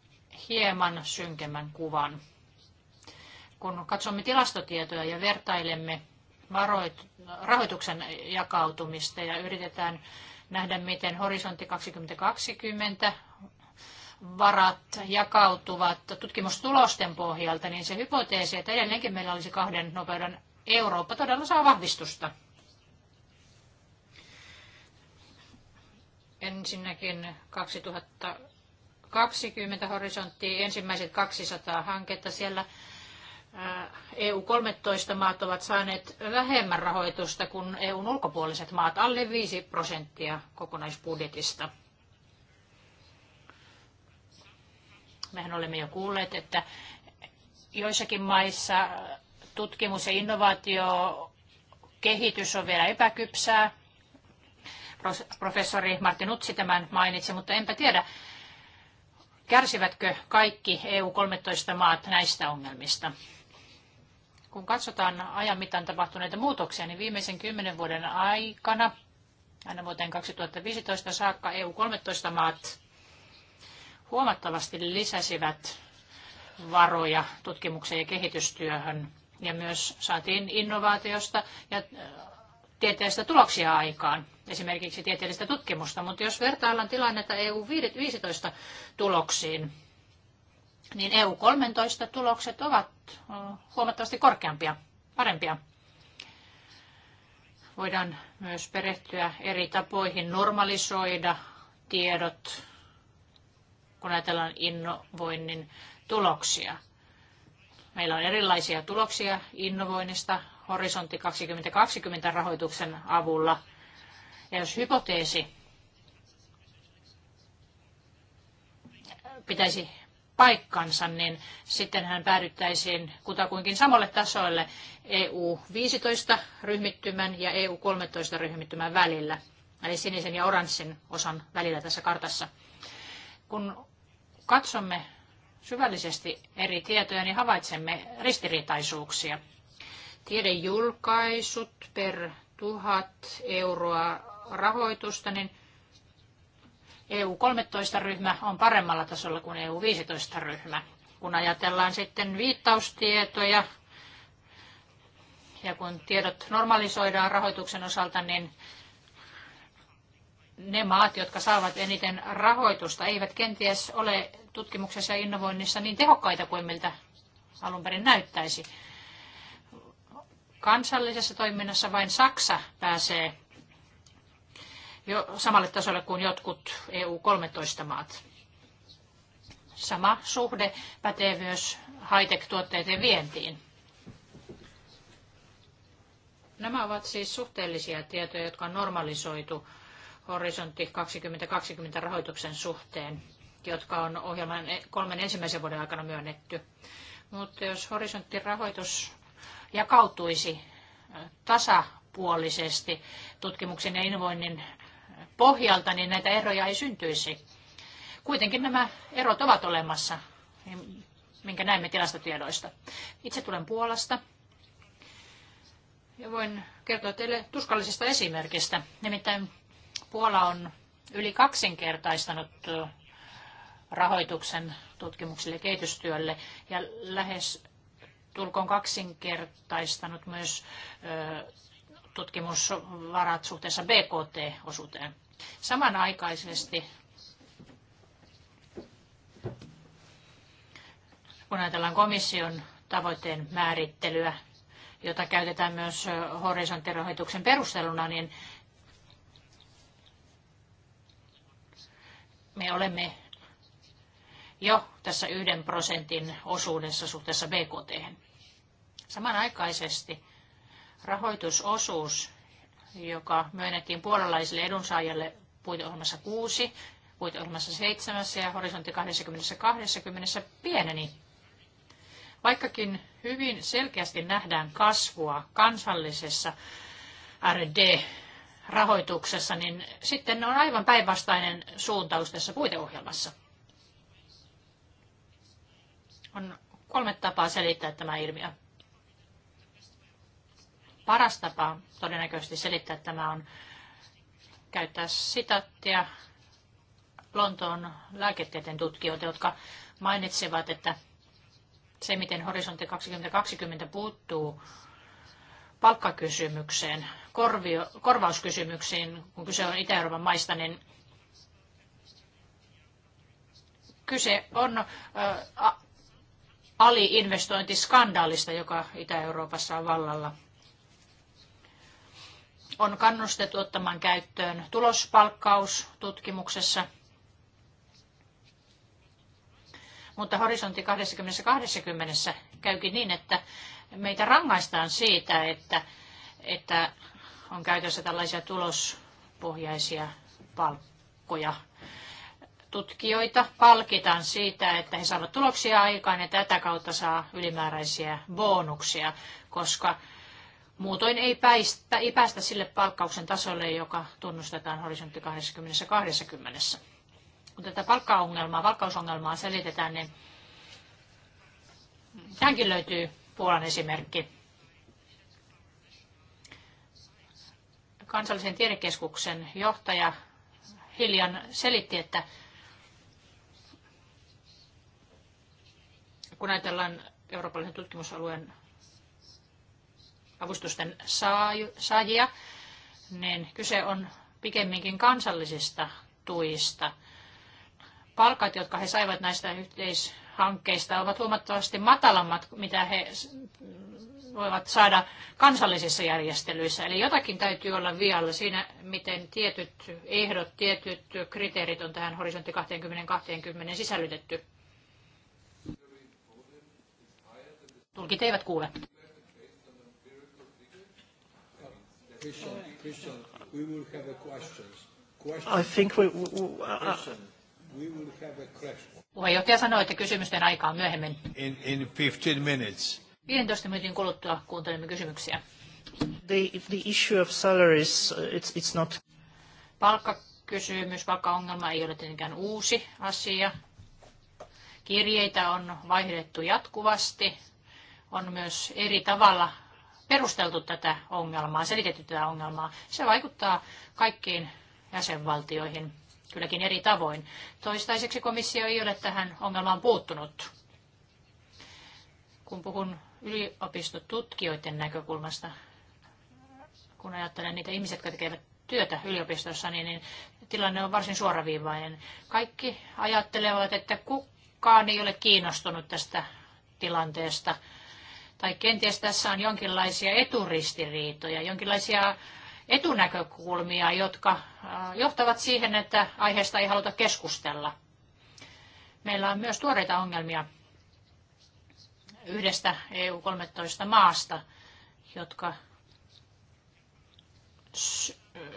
hieman synkemmän kuvan kun katsomme tilastotietoja ja vertailemme varoit, rahoituksen jakautumista ja yritetään nähdä, miten horisontti 2020 varat jakautuvat tutkimustulosten pohjalta, niin se hypoteesi, että edelleenkin meillä olisi kahden nopeuden Eurooppa todella saa vahvistusta. Ensinnäkin 2020 horisontti ensimmäiset 200 hanketta siellä EU-13 maat ovat saaneet vähemmän rahoitusta kuin EUn ulkopuoliset maat, alle 5 prosenttia kokonaisbudjetista. Mehän olemme jo kuulleet, että joissakin maissa tutkimus ja innovaatio kehitys on vielä epäkypsää. Professori Martin Utsi tämän mainitsi, mutta enpä tiedä, kärsivätkö kaikki EU-13 maat näistä ongelmista. Kun katsotaan ajan mittaan tapahtuneita muutoksia, niin viimeisen kymmenen vuoden aikana, aina vuoteen 2015 saakka, EU-13 maat huomattavasti lisäsivät varoja tutkimukseen ja kehitystyöhön. Ja myös saatiin innovaatiosta ja äh, tieteellistä tuloksia aikaan, esimerkiksi tieteellistä tutkimusta. Mutta jos vertaillaan tilannetta EU-15 tuloksiin, niin EU-13 tulokset ovat huomattavasti korkeampia, parempia. Voidaan myös perehtyä eri tapoihin normalisoida tiedot, kun ajatellaan innovoinnin tuloksia. Meillä on erilaisia tuloksia innovoinnista Horisontti 2020 rahoituksen avulla. Ja jos hypoteesi pitäisi paikkansa, niin sitten hän päädyttäisiin kutakuinkin samalle tasolle EU-15 ryhmittymän ja EU-13 ryhmittymän välillä, eli sinisen ja oranssin osan välillä tässä kartassa. Kun katsomme syvällisesti eri tietoja, niin havaitsemme ristiriitaisuuksia. Tiedejulkaisut per tuhat euroa rahoitusta, niin EU-13-ryhmä on paremmalla tasolla kuin EU-15-ryhmä. Kun ajatellaan sitten viittaustietoja ja kun tiedot normalisoidaan rahoituksen osalta, niin ne maat, jotka saavat eniten rahoitusta, eivät kenties ole tutkimuksessa ja innovoinnissa niin tehokkaita kuin miltä alun perin näyttäisi. Kansallisessa toiminnassa vain Saksa pääsee jo samalle tasolle kuin jotkut EU-13-maat. Sama suhde pätee myös high-tech-tuotteiden vientiin. Nämä ovat siis suhteellisia tietoja, jotka on normalisoitu horisontti 2020 rahoituksen suhteen, jotka on ohjelman e- kolmen ensimmäisen vuoden aikana myönnetty. Mutta jos rahoitus jakautuisi tasapuolisesti tutkimuksen ja innovoinnin pohjalta, niin näitä eroja ei syntyisi. Kuitenkin nämä erot ovat olemassa, minkä näemme tilastotiedoista. Itse tulen Puolasta ja voin kertoa teille tuskallisesta esimerkistä. Nimittäin Puola on yli kaksinkertaistanut rahoituksen tutkimukselle ja kehitystyölle ja lähes tulkoon kaksinkertaistanut myös tutkimusvarat suhteessa BKT-osuuteen. Samanaikaisesti, kun ajatellaan komission tavoitteen määrittelyä, jota käytetään myös horisonttirahoituksen perusteluna, niin me olemme jo tässä yhden prosentin osuudessa suhteessa BKT. Samanaikaisesti rahoitusosuus, joka myönnettiin puolalaisille edunsaajalle puiteohjelmassa 6, puiteohjelmassa 7 ja horisontti 20, 20 pieneni. Vaikkakin hyvin selkeästi nähdään kasvua kansallisessa RD-rahoituksessa, niin sitten on aivan päinvastainen suuntaus tässä puiteohjelmassa. On kolme tapaa selittää tämä ilmiö paras tapa todennäköisesti selittää tämä on käyttää sitaattia Lontoon lääketieteen tutkijoita, jotka mainitsevat, että se, miten horisontti 2020 puuttuu palkkakysymykseen, korvio, korvauskysymyksiin, kun kyse on Itä-Euroopan maista, niin kyse on aliinvestointiskandaalista, joka Itä-Euroopassa on vallalla on kannustettu ottamaan käyttöön tulospalkkaus tutkimuksessa. Mutta horisontti 2020 käykin niin, että meitä rangaistaan siitä, että, että on käytössä tällaisia tulospohjaisia palkkoja. Tutkijoita palkitaan siitä, että he saavat tuloksia aikaan ja tätä kautta saa ylimääräisiä bonuksia, koska Muutoin ei, päästä, ei päästä sille palkkauksen tasolle, joka tunnustetaan horisontti 2020. Kun tätä palkkaongelmaa, palkkausongelmaa selitetään, niin tähänkin löytyy Puolan esimerkki. Kansallisen tiedekeskuksen johtaja hiljan selitti, että kun ajatellaan eurooppalaisen tutkimusalueen avustusten saajia, niin kyse on pikemminkin kansallisista tuista. Palkat, jotka he saivat näistä yhteishankkeista, ovat huomattavasti matalammat, mitä he voivat saada kansallisissa järjestelyissä. Eli jotakin täytyy olla vialla siinä, miten tietyt ehdot, tietyt kriteerit on tähän horisontti 2020 sisällytetty. Tulkit eivät kuule. Christian, Christian, we will have a questions. Question. I think we, we, uh, uh, Christian, we will have a question. Puheenjohtaja sanoi, että kysymysten aika on myöhemmin. In, in 15 minutes. 15 minuutin kuluttua kuuntelemme kysymyksiä. The, the issue of salaries, uh, it's, it's not... Palkkakysymys, palkkaongelma ei ole tietenkään uusi asia. Kirjeitä on vaihdettu jatkuvasti. On myös eri tavalla perusteltu tätä ongelmaa, selitetty tätä ongelmaa. Se vaikuttaa kaikkiin jäsenvaltioihin kylläkin eri tavoin. Toistaiseksi komissio ei ole tähän ongelmaan puuttunut. Kun puhun yliopistotutkijoiden näkökulmasta, kun ajattelen niitä ihmisiä, jotka tekevät työtä yliopistossa, niin, niin tilanne on varsin suoraviivainen. Kaikki ajattelevat, että kukaan ei ole kiinnostunut tästä tilanteesta – tai kenties tässä on jonkinlaisia eturistiriitoja, jonkinlaisia etunäkökulmia, jotka äh, johtavat siihen, että aiheesta ei haluta keskustella. Meillä on myös tuoreita ongelmia yhdestä EU-13 maasta, jotka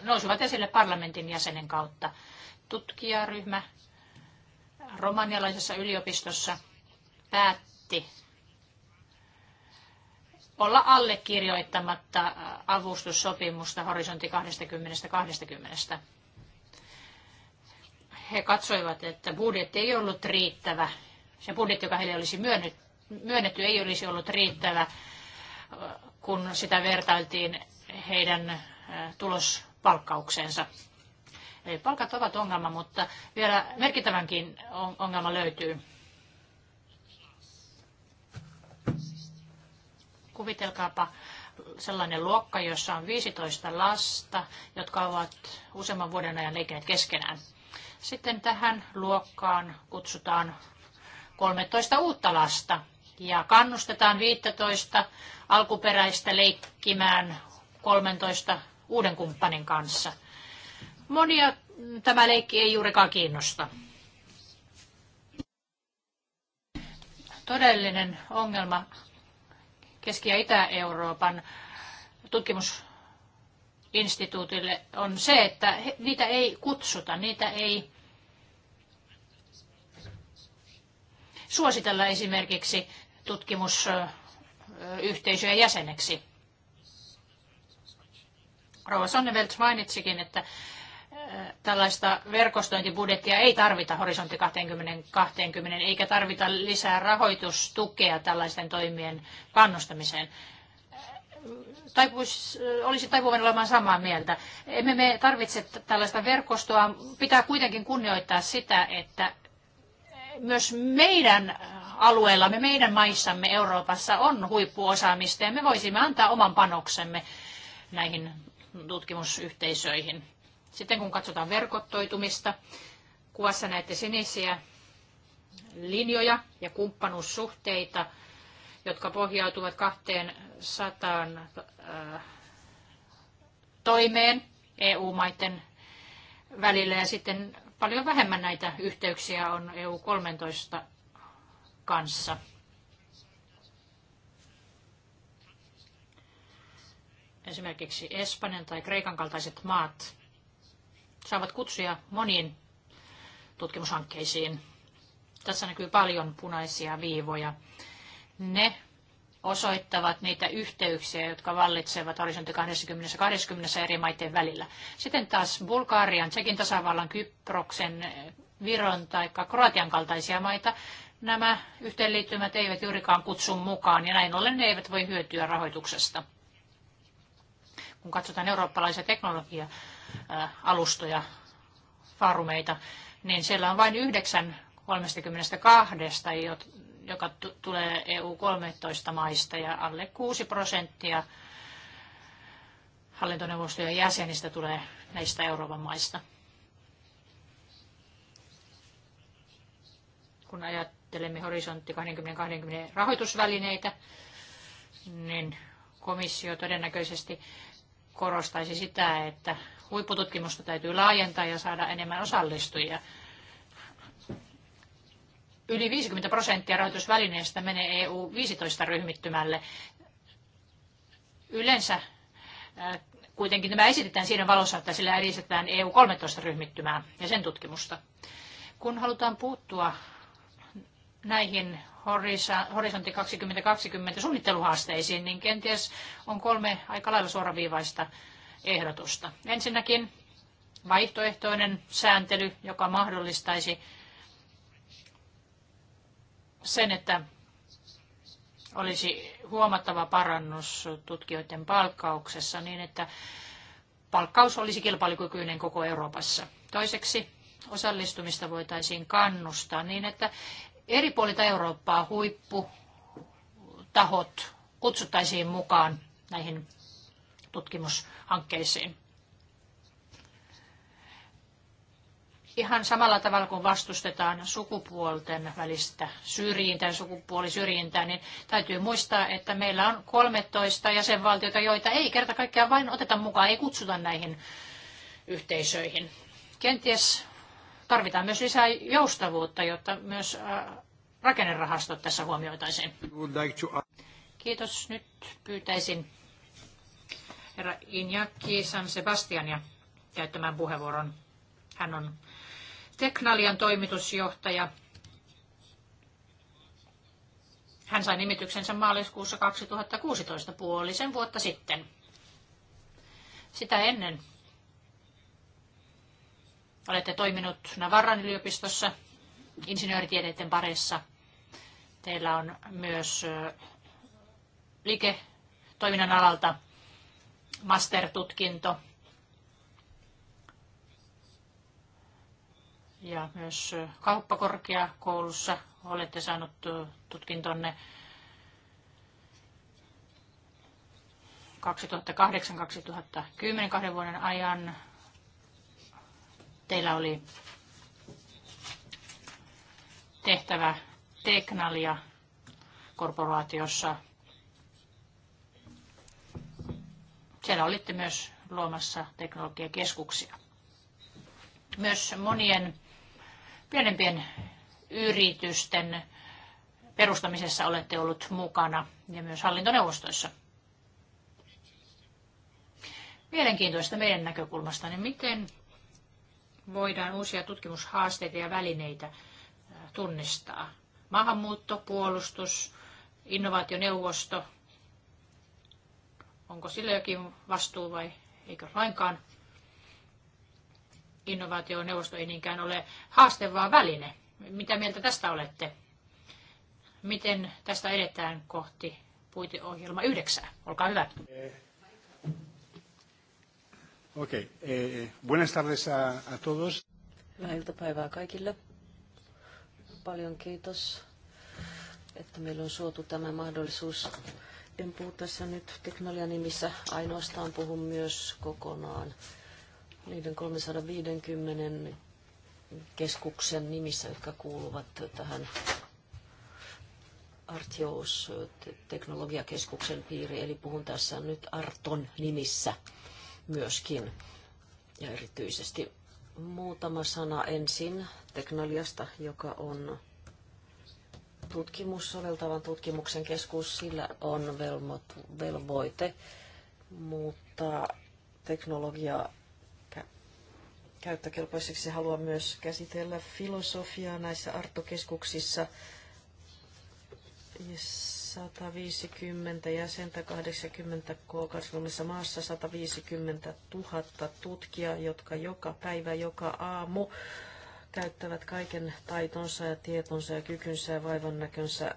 nousivat esille parlamentin jäsenen kautta. Tutkijaryhmä romanialaisessa yliopistossa päätti olla allekirjoittamatta äh, avustussopimusta horisontti 2020. He katsoivat, että budjetti ei ollut riittävä. Se budjetti, joka heille olisi myönnetty, ei olisi ollut riittävä, äh, kun sitä vertailtiin heidän äh, tulospalkkaukseensa. Eli palkat ovat ongelma, mutta vielä merkittävänkin ongelma löytyy. Kuvitelkaapa sellainen luokka, jossa on 15 lasta, jotka ovat useamman vuoden ajan leikineet keskenään. Sitten tähän luokkaan kutsutaan 13 uutta lasta ja kannustetaan 15 alkuperäistä leikkimään 13 uuden kumppanin kanssa. Monia tämä leikki ei juurikaan kiinnosta. Todellinen ongelma Keski- ja Itä-Euroopan tutkimusinstituutille on se, että niitä ei kutsuta, niitä ei suositella esimerkiksi tutkimusyhteisöjen jäseneksi. Rova Sonnevelt mainitsikin, että tällaista verkostointibudjettia ei tarvita horisontti 2020, eikä tarvita lisää rahoitustukea tällaisten toimien kannustamiseen. Taipuis, olisi taipuvainen olemaan samaa mieltä. Emme me tarvitse tällaista verkostoa. Pitää kuitenkin kunnioittaa sitä, että myös meidän alueellamme, meidän maissamme Euroopassa on huippuosaamista ja me voisimme antaa oman panoksemme näihin tutkimusyhteisöihin. Sitten kun katsotaan verkottoitumista, kuvassa näette sinisiä linjoja ja kumppanuussuhteita, jotka pohjautuvat 200 äh, toimeen EU-maiden välillä ja sitten paljon vähemmän näitä yhteyksiä on EU-13 kanssa. Esimerkiksi Espanjan tai Kreikan kaltaiset maat saavat kutsuja moniin tutkimushankkeisiin. Tässä näkyy paljon punaisia viivoja. Ne osoittavat niitä yhteyksiä, jotka vallitsevat horisontti 20 20 eri maiden välillä. Sitten taas Bulgarian, Tsekin tasavallan, Kyproksen, Viron tai Kroatian kaltaisia maita nämä yhteenliittymät eivät juurikaan kutsu mukaan ja näin ollen ne eivät voi hyötyä rahoituksesta. Kun katsotaan eurooppalaisia teknologiaa, alustoja, faarumeita, niin siellä on vain 9 32, joka tulee EU-13 maista ja alle 6 prosenttia hallintoneuvostojen jäsenistä tulee näistä Euroopan maista. Kun ajattelemme horisontti 2020 rahoitusvälineitä, niin komissio todennäköisesti korostaisi sitä, että Huippututkimusta täytyy laajentaa ja saada enemmän osallistujia. Yli 50 prosenttia rahoitusvälineestä menee EU-15-ryhmittymälle. Yleensä äh, kuitenkin tämä esitetään siinä valossa, että sillä edistetään EU-13-ryhmittymää ja sen tutkimusta. Kun halutaan puuttua näihin Horisontti 2020 suunnitteluhaasteisiin, niin kenties on kolme aika lailla suoraviivaista ehdotusta. Ensinnäkin vaihtoehtoinen sääntely, joka mahdollistaisi sen, että olisi huomattava parannus tutkijoiden palkkauksessa niin, että palkkaus olisi kilpailukykyinen koko Euroopassa. Toiseksi osallistumista voitaisiin kannustaa niin, että eri puolilta Eurooppaa huipputahot kutsuttaisiin mukaan näihin tutkimushankkeisiin. Ihan samalla tavalla kuin vastustetaan sukupuolten välistä syrjintää, sukupuolisyrjintää, niin täytyy muistaa, että meillä on 13 jäsenvaltiota, joita ei kerta kaikkiaan vain oteta mukaan, ei kutsuta näihin yhteisöihin. Kenties tarvitaan myös lisää joustavuutta, jotta myös äh, rakennerahastot tässä huomioitaisiin. Kiitos. Nyt pyytäisin herra Injaki San Sebastiania käyttämään puheenvuoron. Hän on Teknalian toimitusjohtaja. Hän sai nimityksensä maaliskuussa 2016 puolisen vuotta sitten. Sitä ennen olette toiminut Navarran yliopistossa insinööritieteiden parissa. Teillä on myös liiketoiminnan alalta mastertutkinto ja myös kauppakorkeakoulussa olette saanut tutkintonne 2008-2010 kahden vuoden ajan. Teillä oli tehtävä Teknalia korporaatiossa Siellä olitte myös luomassa teknologiakeskuksia. Myös monien pienempien yritysten perustamisessa olette ollut mukana ja myös hallintoneuvostoissa. Mielenkiintoista meidän näkökulmasta, niin miten voidaan uusia tutkimushaasteita ja välineitä äh, tunnistaa? Maahanmuutto, puolustus, innovaationeuvosto, Onko sillä jokin vastuu vai eikö lainkaan? Innovaationeuvosto ei niinkään ole haaste, vaan väline. Mitä mieltä tästä olette? Miten tästä edetään kohti puiteohjelma 9? Olkaa hyvä. Eh, okei. Okay. Eh, buenas tardes a, a todos. Hyvää iltapäivää kaikille. Paljon kiitos, että meillä on suotu tämä mahdollisuus en puhu tässä nyt teknologian nimissä, ainoastaan puhun myös kokonaan niiden 350 keskuksen nimissä, jotka kuuluvat tähän Artios teknologiakeskuksen piiri, eli puhun tässä nyt Arton nimissä myöskin ja erityisesti muutama sana ensin teknologiasta, joka on tutkimus, soveltavan tutkimuksen keskus, sillä on velvoite muuttaa teknologia käyttökelpoiseksi. haluaa myös käsitellä filosofiaa näissä artokeskuksissa. 150 jäsentä 80 maassa, 150 000 tutkijaa, jotka joka päivä, joka aamu käyttävät kaiken taitonsa ja tietonsa ja kykynsä ja vaivannäkönsä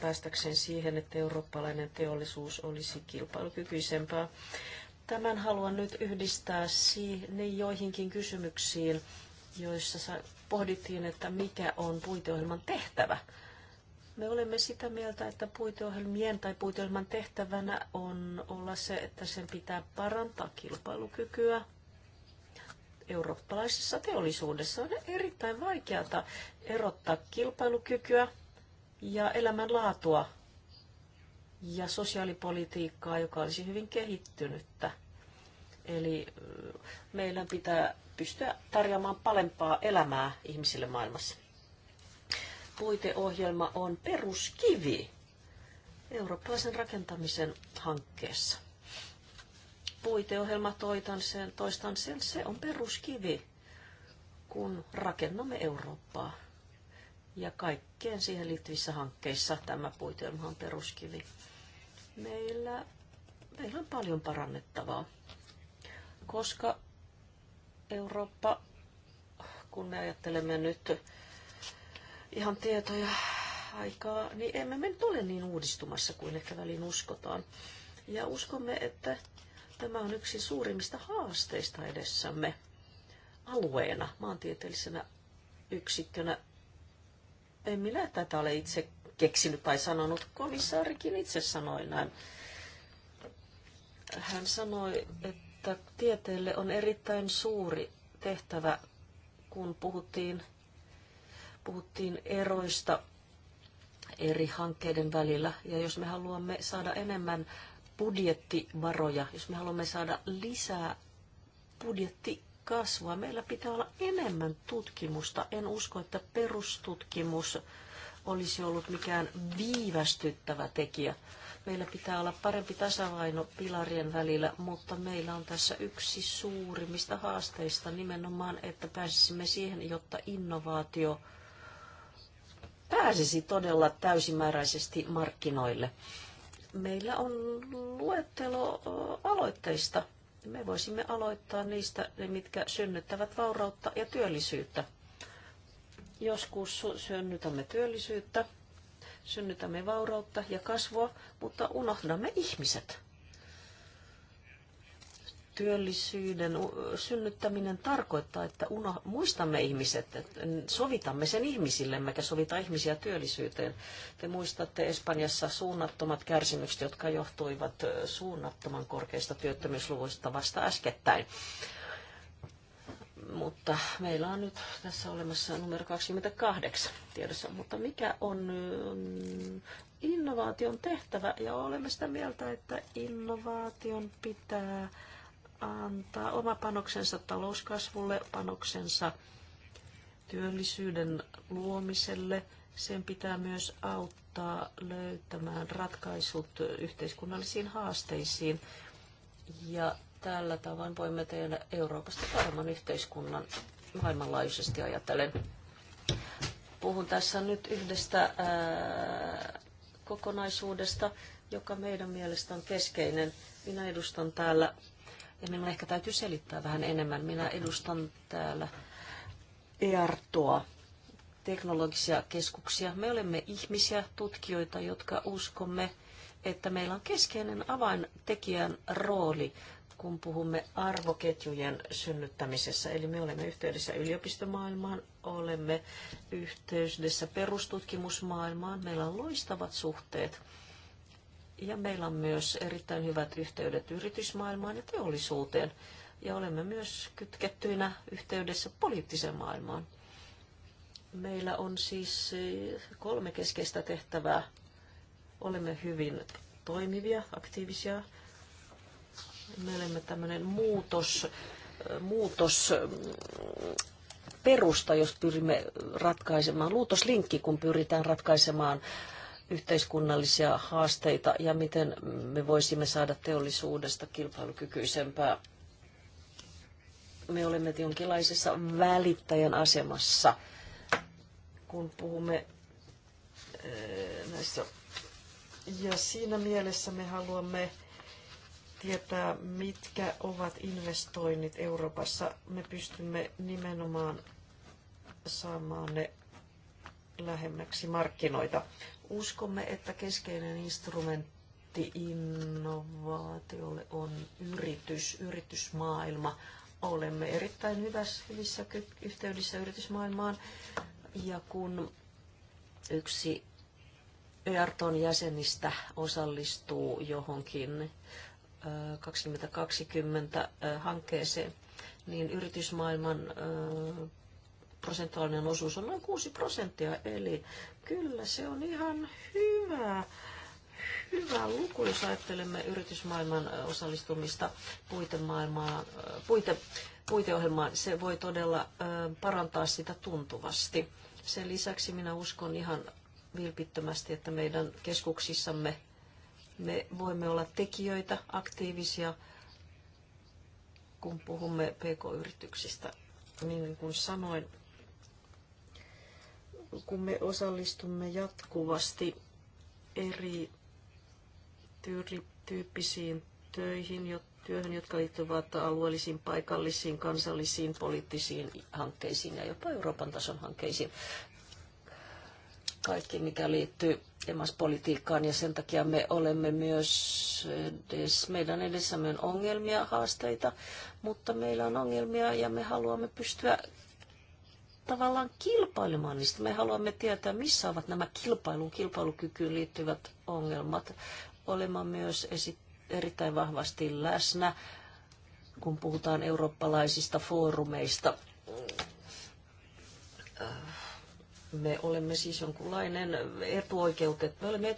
päästäkseen siihen, että eurooppalainen teollisuus olisi kilpailukykyisempää. Tämän haluan nyt yhdistää siihen joihinkin kysymyksiin, joissa pohdittiin, että mikä on puiteohjelman tehtävä. Me olemme sitä mieltä, että puiteohjelmien tai puiteohjelman tehtävänä on olla se, että sen pitää parantaa kilpailukykyä, eurooppalaisessa teollisuudessa. On erittäin vaikeata erottaa kilpailukykyä ja elämänlaatua ja sosiaalipolitiikkaa, joka olisi hyvin kehittynyttä. Eli meidän pitää pystyä tarjoamaan palempaa elämää ihmisille maailmassa. Puiteohjelma on peruskivi eurooppalaisen rakentamisen hankkeessa puiteohjelma, toitan sen, toistan sen, se on peruskivi, kun rakennamme Eurooppaa. Ja kaikkeen siihen liittyvissä hankkeissa tämä puiteohjelma on peruskivi. Meillä, meillä on paljon parannettavaa, koska Eurooppa, kun me ajattelemme nyt ihan tietoja aikaa, niin emme me nyt ole niin uudistumassa kuin ehkä väliin uskotaan. Ja uskomme, että Tämä on yksi suurimmista haasteista edessämme alueena, maantieteellisenä yksikkönä. En minä tätä ole itse keksinyt tai sanonut, komissaarikin itse sanoi näin. Hän sanoi, että tieteelle on erittäin suuri tehtävä, kun puhuttiin, puhuttiin eroista eri hankkeiden välillä. Ja jos me haluamme saada enemmän budjettivaroja, jos me haluamme saada lisää budjettikasvua, meillä pitää olla enemmän tutkimusta. En usko, että perustutkimus olisi ollut mikään viivästyttävä tekijä. Meillä pitää olla parempi tasavaino pilarien välillä, mutta meillä on tässä yksi suurimmista haasteista nimenomaan, että pääsisimme siihen, jotta innovaatio pääsisi todella täysimääräisesti markkinoille meillä on luettelo aloitteista. Me voisimme aloittaa niistä, mitkä synnyttävät vaurautta ja työllisyyttä. Joskus synnytämme työllisyyttä, synnytämme vaurautta ja kasvua, mutta unohdamme ihmiset työllisyyden synnyttäminen tarkoittaa, että uno, muistamme ihmiset, että sovitamme sen ihmisille, mekä sovita ihmisiä työllisyyteen. Te muistatte Espanjassa suunnattomat kärsimykset, jotka johtuivat suunnattoman korkeista työttömyysluvuista vasta äskettäin. Mutta meillä on nyt tässä olemassa numero 28 tiedossa. Mutta mikä on innovaation tehtävä? Ja olemme sitä mieltä, että innovaation pitää antaa oma panoksensa talouskasvulle, panoksensa työllisyyden luomiselle. Sen pitää myös auttaa löytämään ratkaisut yhteiskunnallisiin haasteisiin. Ja tällä tavoin voimme tehdä Euroopasta paremman yhteiskunnan maailmanlaajuisesti ajatellen. Puhun tässä nyt yhdestä ää, kokonaisuudesta, joka meidän mielestä on keskeinen. Minä edustan täällä ja minun ehkä täytyy selittää vähän enemmän. Minä edustan täällä EARTOa, teknologisia keskuksia. Me olemme ihmisiä, tutkijoita, jotka uskomme, että meillä on keskeinen avaintekijän rooli, kun puhumme arvoketjujen synnyttämisessä. Eli me olemme yhteydessä yliopistomaailmaan, olemme yhteydessä perustutkimusmaailmaan. Meillä on loistavat suhteet ja meillä on myös erittäin hyvät yhteydet yritysmaailmaan ja teollisuuteen. Ja olemme myös kytkettyinä yhteydessä poliittiseen maailmaan. Meillä on siis eh, kolme keskeistä tehtävää. Olemme hyvin toimivia, aktiivisia. Me olemme tämmöinen muutos, eh, muutos mm, perusta, jos pyrimme ratkaisemaan, luutoslinkki, kun pyritään ratkaisemaan yhteiskunnallisia haasteita ja miten me voisimme saada teollisuudesta kilpailukykyisempää. Me olemme jonkinlaisessa välittäjän asemassa, kun puhumme eh, näistä. Ja siinä mielessä me haluamme tietää, mitkä ovat investoinnit Euroopassa. Me pystymme nimenomaan saamaan ne lähemmäksi markkinoita. Uskomme, että keskeinen instrumentti innovaatiolle on yritys, yritysmaailma. Olemme erittäin hyvässä, hyvissä yhteydessä yritysmaailmaan. Ja kun yksi ERTOn jäsenistä osallistuu johonkin 2020 hankkeeseen, niin yritysmaailman prosentuaalinen osuus on noin 6 prosenttia, eli kyllä se on ihan hyvä hyvä luku, jos ajattelemme yritysmaailman osallistumista puitemaailmaan, puite, puiteohjelmaan. Se voi todella parantaa sitä tuntuvasti. Sen lisäksi minä uskon ihan vilpittömästi, että meidän keskuksissamme me voimme olla tekijöitä, aktiivisia, kun puhumme pk-yrityksistä. Niin kuin sanoin, kun me osallistumme jatkuvasti eri tyyppisiin töihin, työhön, jotka liittyvät alueellisiin, paikallisiin, kansallisiin, poliittisiin hankkeisiin ja jopa Euroopan tason hankkeisiin. Kaikki, mikä liittyy emaspolitiikkaan ja sen takia me olemme myös edes, meidän edessämme on ongelmia, haasteita, mutta meillä on ongelmia ja me haluamme pystyä tavallaan kilpailemaan niistä. Me haluamme tietää, missä ovat nämä kilpailuun, kilpailukykyyn liittyvät ongelmat. Olemme myös erittäin vahvasti läsnä, kun puhutaan eurooppalaisista foorumeista. Me olemme siis jonkunlainen etuoikeutettu, me olemme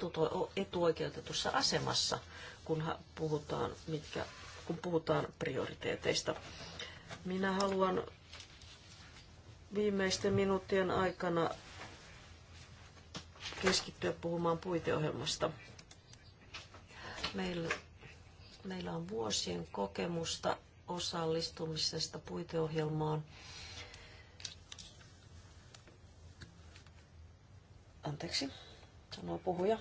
etuoikeutetussa asemassa, kun puhutaan, mitkä, kun puhutaan prioriteeteista. Minä haluan viimeisten minuuttien aikana keskittyä puhumaan puiteohjelmasta. Meillä, meillä on vuosien kokemusta osallistumisesta puiteohjelmaan. Anteeksi, sanoo puhuja.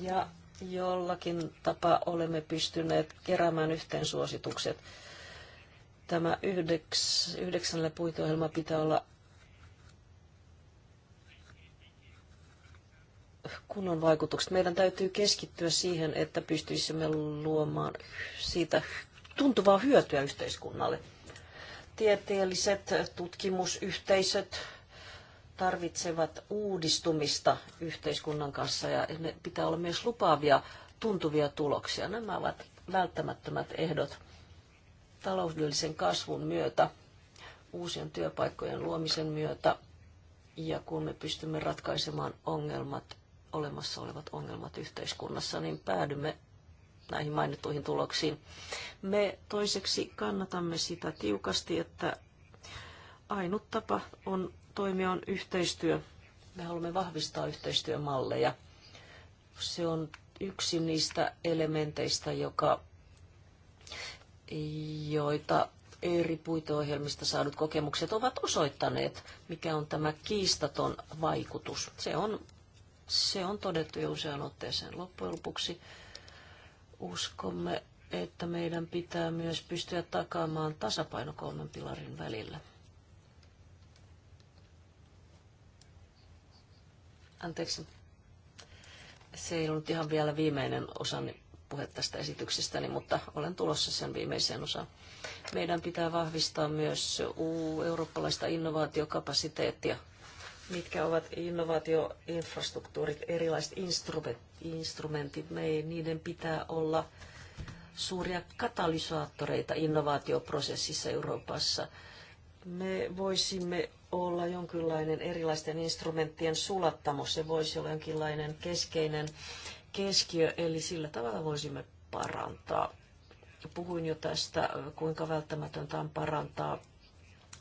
Ja jollakin tapaa olemme pystyneet keräämään yhteen suositukset Tämä yhdeks, yhdeksännellä puiteohjelma pitää olla kunnon vaikutukset. Meidän täytyy keskittyä siihen, että pystyisimme luomaan siitä tuntuvaa hyötyä yhteiskunnalle. Tieteelliset tutkimusyhteisöt tarvitsevat uudistumista yhteiskunnan kanssa ja ne pitää olla myös lupaavia, tuntuvia tuloksia. Nämä ovat välttämättömät ehdot taloudellisen kasvun myötä, uusien työpaikkojen luomisen myötä ja kun me pystymme ratkaisemaan ongelmat, olemassa olevat ongelmat yhteiskunnassa, niin päädymme näihin mainittuihin tuloksiin. Me toiseksi kannatamme sitä tiukasti, että ainut tapa on toimia on yhteistyö. Me haluamme vahvistaa yhteistyömalleja. Se on yksi niistä elementeistä, joka joita eri puiteohjelmista saadut kokemukset ovat osoittaneet, mikä on tämä kiistaton vaikutus. Se on, se on todettu jo usean otteeseen loppujen lopuksi. Uskomme, että meidän pitää myös pystyä takaamaan tasapaino kolmen pilarin välillä. Anteeksi, se ei ollut ihan vielä viimeinen osani puhe tästä esityksestäni, mutta olen tulossa sen viimeiseen osaan. Meidän pitää vahvistaa myös eurooppalaista innovaatiokapasiteettia. Mitkä ovat innovaatioinfrastruktuurit, erilaiset instrumentit? Me, niiden pitää olla suuria katalysaattoreita innovaatioprosessissa Euroopassa. Me voisimme olla jonkinlainen erilaisten instrumenttien sulattamo. Se voisi olla jonkinlainen keskeinen keskiö, eli sillä tavalla voisimme parantaa. Puhuin jo tästä, kuinka välttämätöntä on parantaa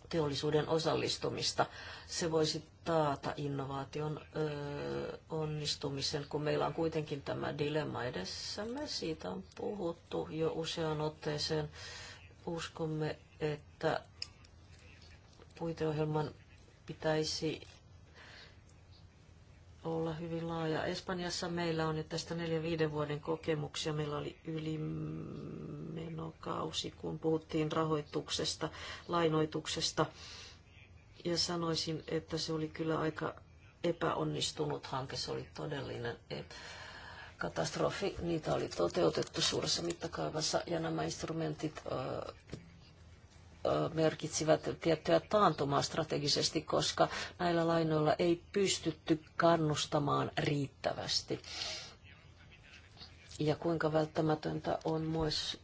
teollisuuden osallistumista. Se voisi taata innovaation onnistumisen, kun meillä on kuitenkin tämä dilemma edessämme. Siitä on puhuttu jo useaan otteeseen. Uskomme, että puiteohjelman pitäisi olla hyvin laaja. Espanjassa meillä on nyt tästä 4-5 vuoden kokemuksia. Meillä oli ylimenokausi, kun puhuttiin rahoituksesta, lainoituksesta. Ja sanoisin, että se oli kyllä aika epäonnistunut hanke. Se oli todellinen katastrofi. Niitä oli toteutettu suuressa mittakaavassa ja nämä instrumentit merkitsivät tiettyä taantumaa strategisesti, koska näillä lainoilla ei pystytty kannustamaan riittävästi. Ja kuinka välttämätöntä on myös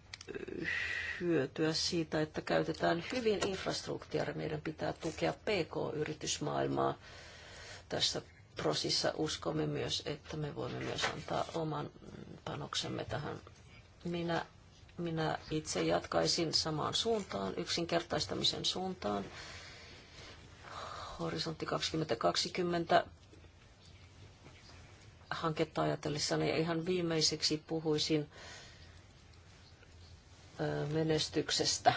hyötyä siitä, että käytetään hyvin infrastruktuuria. Meidän pitää tukea PK-yritysmaailmaa tässä prosissa. Uskomme myös, että me voimme myös antaa oman panoksemme tähän. Minä minä itse jatkaisin samaan suuntaan, yksinkertaistamisen suuntaan. Horisontti 2020 hanketta ajatellessani ja ihan viimeiseksi puhuisin menestyksestä.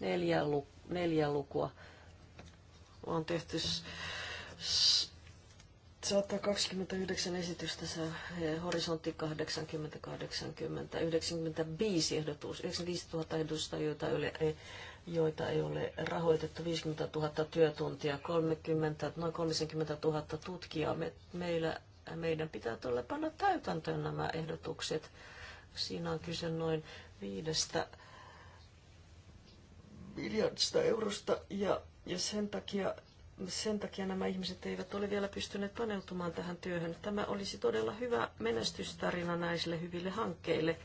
Neljä, lu, neljä lukua on tehty se ottaa 29 esitystä, se horisontti 80, 80, 95 ehdotus, 95 000 ehdotusta, joita ei joita ei ole rahoitettu, 50 000 työtuntia, 30, noin 30 000 tutkijaa. Me, meillä, meidän pitää tulla panna täytäntöön nämä ehdotukset. Siinä on kyse noin viidestä miljardista eurosta ja, ja sen takia sen takia nämä ihmiset eivät ole vielä pystyneet paneutumaan tähän työhön. Tämä olisi todella hyvä menestystarina näisille hyville hankkeille,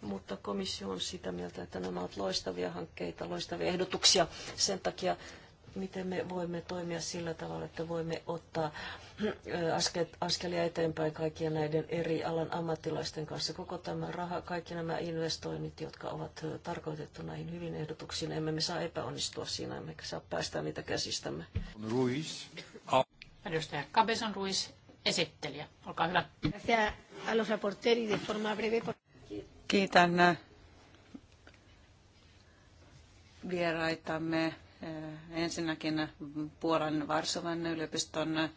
mutta komissio on sitä mieltä, että nämä ovat loistavia hankkeita, loistavia ehdotuksia. Sen takia miten me voimme toimia sillä tavalla, että voimme ottaa askelia eteenpäin kaikkien näiden eri alan ammattilaisten kanssa. Koko tämä raha, kaikki nämä investoinnit, jotka ovat tarkoitettu näihin hyvin ehdotuksiin, emme me saa epäonnistua siinä, emmekä saa päästä niitä käsistämme. Ruiz. Edustaja Cabezon Ruiz, esittelijä. Olkaa hyvä. Kiitän vieraitamme Ensinnäkin Puolan Varsovan yliopiston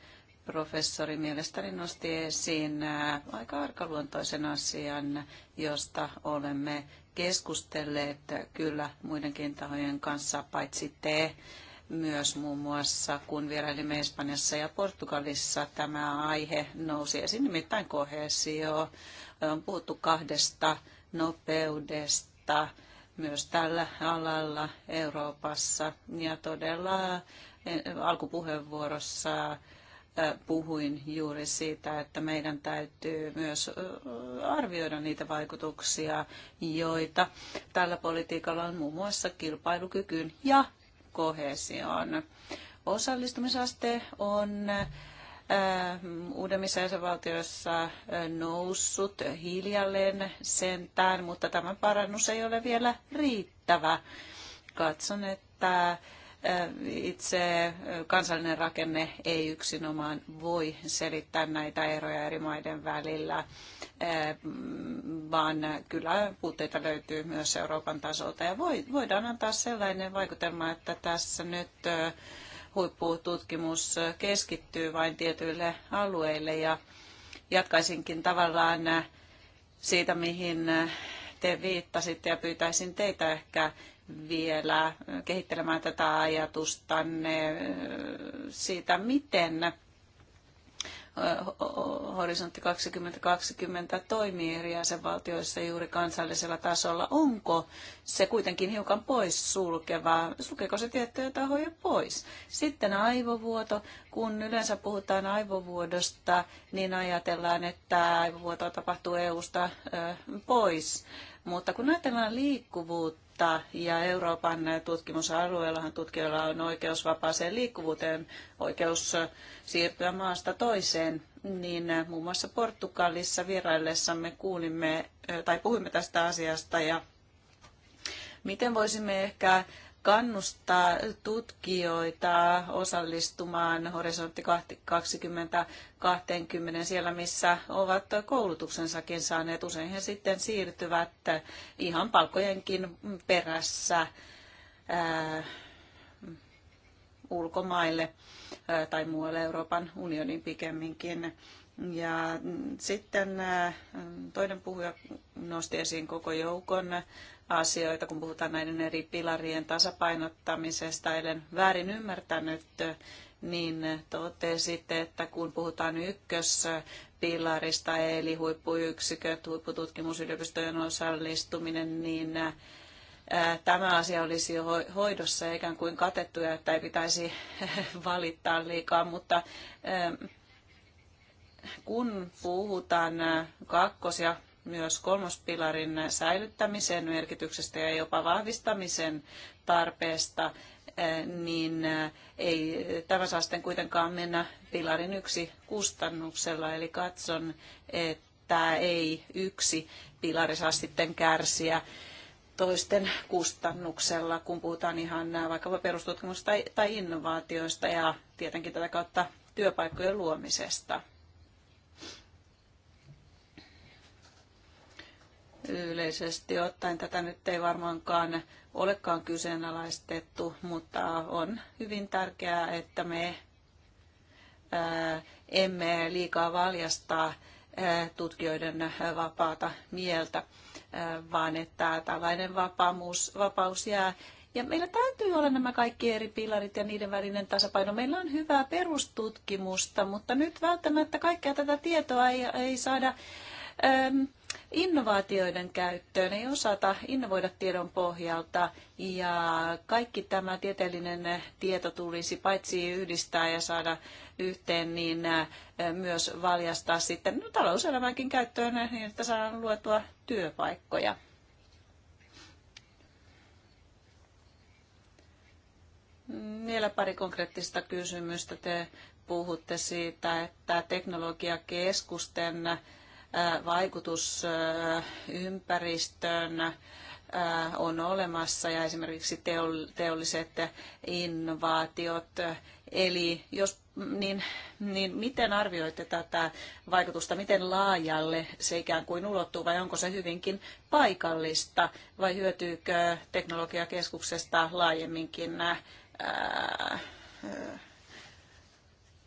professori mielestäni nosti esiin aika arkaluontoisen asian, josta olemme keskustelleet kyllä muidenkin tahojen kanssa, paitsi te myös muun muassa, kun vierailimme Espanjassa ja Portugalissa tämä aihe nousi esiin, nimittäin kohesio. On puhuttu kahdesta nopeudesta, myös tällä alalla Euroopassa. Ja todella eh, alkupuheenvuorossa eh, puhuin juuri siitä, että meidän täytyy myös eh, arvioida niitä vaikutuksia, joita tällä politiikalla on muun muassa kilpailukykyyn ja kohesioon. Osallistumisaste on Äh, uudemmissa jäsenvaltioissa äh, noussut hiljalleen sentään, mutta tämä parannus ei ole vielä riittävä. Katson, että äh, itse kansallinen rakenne ei yksinomaan voi selittää näitä eroja eri maiden välillä, vaan kyllä puutteita löytyy myös Euroopan tasolta. Ja voidaan antaa sellainen vaikutelma, että tässä nyt huippututkimus keskittyy vain tietyille alueille ja jatkaisinkin tavallaan siitä, mihin te viittasitte ja pyytäisin teitä ehkä vielä kehittelemään tätä ajatustanne siitä, miten Horisontti 2020 toimii eri jäsenvaltioissa juuri kansallisella tasolla. Onko se kuitenkin hiukan pois sulkevaa? Sulkeeko se tiettyjä tahoja pois? Sitten aivovuoto. Kun yleensä puhutaan aivovuodosta, niin ajatellaan, että aivovuoto tapahtuu EU-sta pois. Mutta kun ajatellaan liikkuvuutta, mutta ja Euroopan tutkimusalueellahan tutkijoilla on oikeus vapaaseen liikkuvuuteen, oikeus siirtyä maasta toiseen, niin äh, muun muassa Portugalissa vieraillessamme kuulimme äh, tai puhuimme tästä asiasta ja miten voisimme ehkä kannustaa tutkijoita osallistumaan Horisontti 2020 siellä, missä ovat koulutuksensakin saaneet. Usein he sitten siirtyvät ihan palkojenkin perässä ää, ulkomaille ää, tai muualle Euroopan unionin pikemminkin. Ja sitten toinen puhuja nosti esiin koko joukon asioita, kun puhutaan näiden eri pilarien tasapainottamisesta. Eilen väärin ymmärtänyt, niin totesitte, että kun puhutaan ykköspilarista, eli huippuyksiköt, huippututkimusyliopistojen osallistuminen, niin tämä asia olisi jo hoidossa ikään kuin katettu ja että ei pitäisi valittaa liikaa, mutta kun puhutaan kakkos- ja myös kolmospilarin säilyttämisen merkityksestä ja jopa vahvistamisen tarpeesta, eh, niin eh, ei tämä saa sitten kuitenkaan mennä pilarin yksi kustannuksella. Eli katson, että ei yksi pilari saa sitten kärsiä toisten kustannuksella, kun puhutaan ihan vaikkapa perustutkimusta tai innovaatioista ja tietenkin tätä kautta työpaikkojen luomisesta. yleisesti ottaen. Tätä nyt ei varmaankaan olekaan kyseenalaistettu, mutta on hyvin tärkeää, että me emme liikaa valjastaa tutkijoiden vapaata mieltä, vaan että tällainen vapaus, vapaus jää. Ja meillä täytyy olla nämä kaikki eri pilarit ja niiden välinen tasapaino. Meillä on hyvää perustutkimusta, mutta nyt välttämättä kaikkea tätä tietoa ei, ei saada äm, innovaatioiden käyttöön, ei osata innovoida tiedon pohjalta ja kaikki tämä tieteellinen tieto tulisi paitsi yhdistää ja saada yhteen, niin myös valjastaa sitten no, talouselämäkin käyttöön niin, että saadaan luotua työpaikkoja. Vielä pari konkreettista kysymystä. Te puhutte siitä, että teknologiakeskusten vaikutus ympäristöön on olemassa ja esimerkiksi teolliset innovaatiot. Eli jos, niin, niin miten arvioitte tätä vaikutusta, miten laajalle se ikään kuin ulottuu vai onko se hyvinkin paikallista vai hyötyykö teknologiakeskuksesta laajemminkin ää, ää,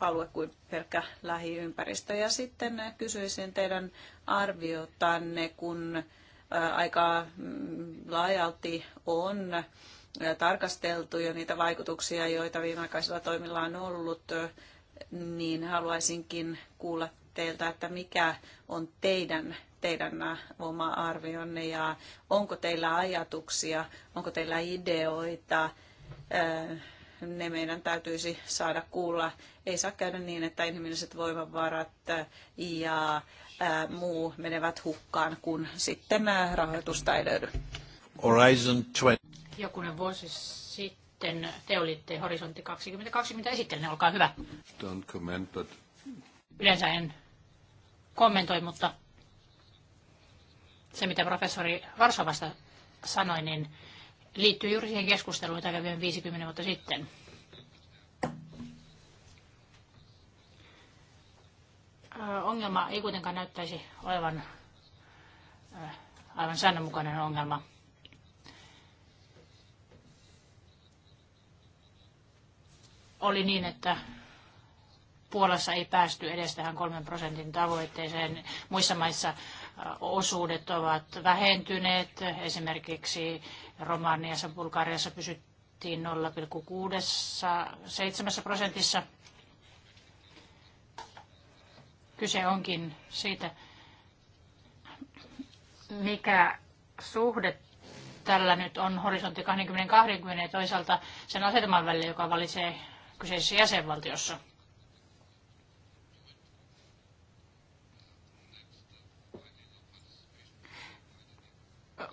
alue kuin pelkkä lähiympäristö. Ja sitten kysyisin teidän arviotanne, kun aika mm, laajalti on tarkasteltu jo niitä vaikutuksia, joita viimeaikaisilla toimilla on ollut, niin haluaisinkin kuulla teiltä, että mikä on teidän, teidän oma arvionne ja onko teillä ajatuksia, onko teillä ideoita, ne meidän täytyisi saada kuulla. Ei saa käydä niin, että inhimilliset voimavarat äh, ja äh, muu menevät hukkaan, kun sitten äh, rahoitusta ei löydy. Horizon 20. Jokunen vuosi sitten te olitte Horisontti 2020 esittelen, olkaa hyvä. Don't comment, but... Yleensä en kommentoi, mutta se mitä professori Varsovasta sanoi, niin liittyy juuri siihen keskusteluun, jota kävimme 50 vuotta sitten. Äh, ongelma ei kuitenkaan näyttäisi olevan äh, aivan säännönmukainen ongelma. Oli niin, että Puolassa ei päästy edes tähän kolmen prosentin tavoitteeseen. Muissa maissa osuudet ovat vähentyneet. Esimerkiksi Romaniassa ja Bulgariassa pysyttiin 0,67 prosentissa. Kyse onkin siitä, mikä suhde tällä nyt on horisontti 2020 ja toisaalta sen asetelman välillä, joka valitsee kyseisessä jäsenvaltiossa.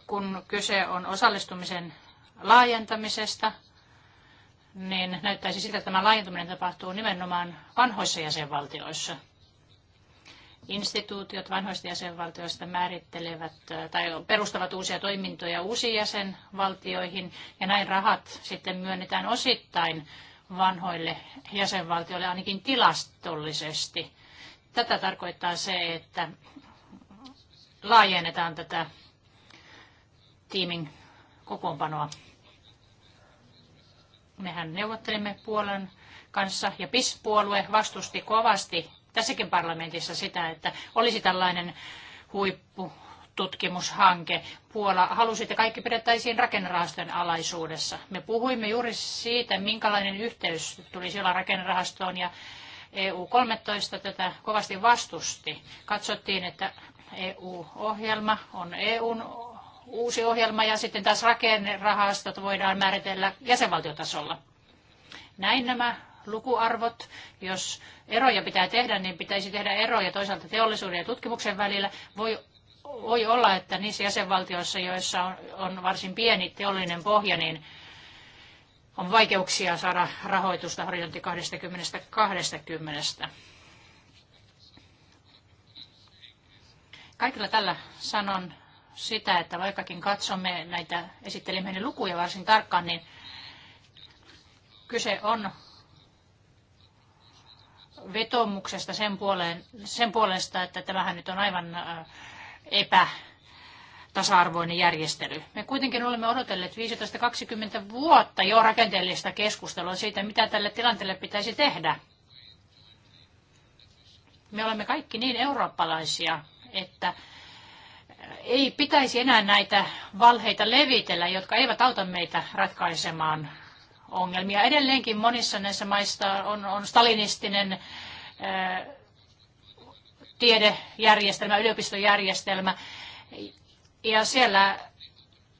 kun kyse on osallistumisen laajentamisesta, niin näyttäisi siltä, että tämä laajentuminen tapahtuu nimenomaan vanhoissa jäsenvaltioissa. Instituutiot vanhoista jäsenvaltioista määrittelevät tai perustavat uusia toimintoja uusiin jäsenvaltioihin, ja näin rahat sitten myönnetään osittain vanhoille jäsenvaltioille ainakin tilastollisesti. Tätä tarkoittaa se, että laajennetaan tätä tiimin kokoonpanoa. Mehän neuvottelimme Puolan kanssa ja PIS-puolue vastusti kovasti tässäkin parlamentissa sitä, että olisi tällainen huippu tutkimushanke. Puola halusi, että kaikki pidettäisiin rakennerahastojen alaisuudessa. Me puhuimme juuri siitä, minkälainen yhteys tulisi olla rakennerahastoon ja EU-13 tätä kovasti vastusti. Katsottiin, että EU-ohjelma on EUn uusi ohjelma ja sitten taas rakennerahastot voidaan määritellä jäsenvaltiotasolla. Näin nämä lukuarvot. Jos eroja pitää tehdä, niin pitäisi tehdä eroja toisaalta teollisuuden ja tutkimuksen välillä. Voi, voi olla, että niissä jäsenvaltioissa, joissa on, on varsin pieni teollinen pohja, niin on vaikeuksia saada rahoitusta horisontti 20-20. Kaikilla tällä sanon, sitä, että vaikkakin katsomme näitä esittelemäni lukuja varsin tarkkaan, niin kyse on vetomuksesta sen, puoleen, sen puolesta, että tämähän nyt on aivan äh, epätasa-arvoinen järjestely. Me kuitenkin olemme odotelleet 15-20 vuotta jo rakenteellista keskustelua siitä, mitä tälle tilanteelle pitäisi tehdä. Me olemme kaikki niin eurooppalaisia, että ei pitäisi enää näitä valheita levitellä, jotka eivät auta meitä ratkaisemaan ongelmia. Edelleenkin monissa näissä maissa on, on stalinistinen ää, tiedejärjestelmä, yliopistojärjestelmä, ja siellä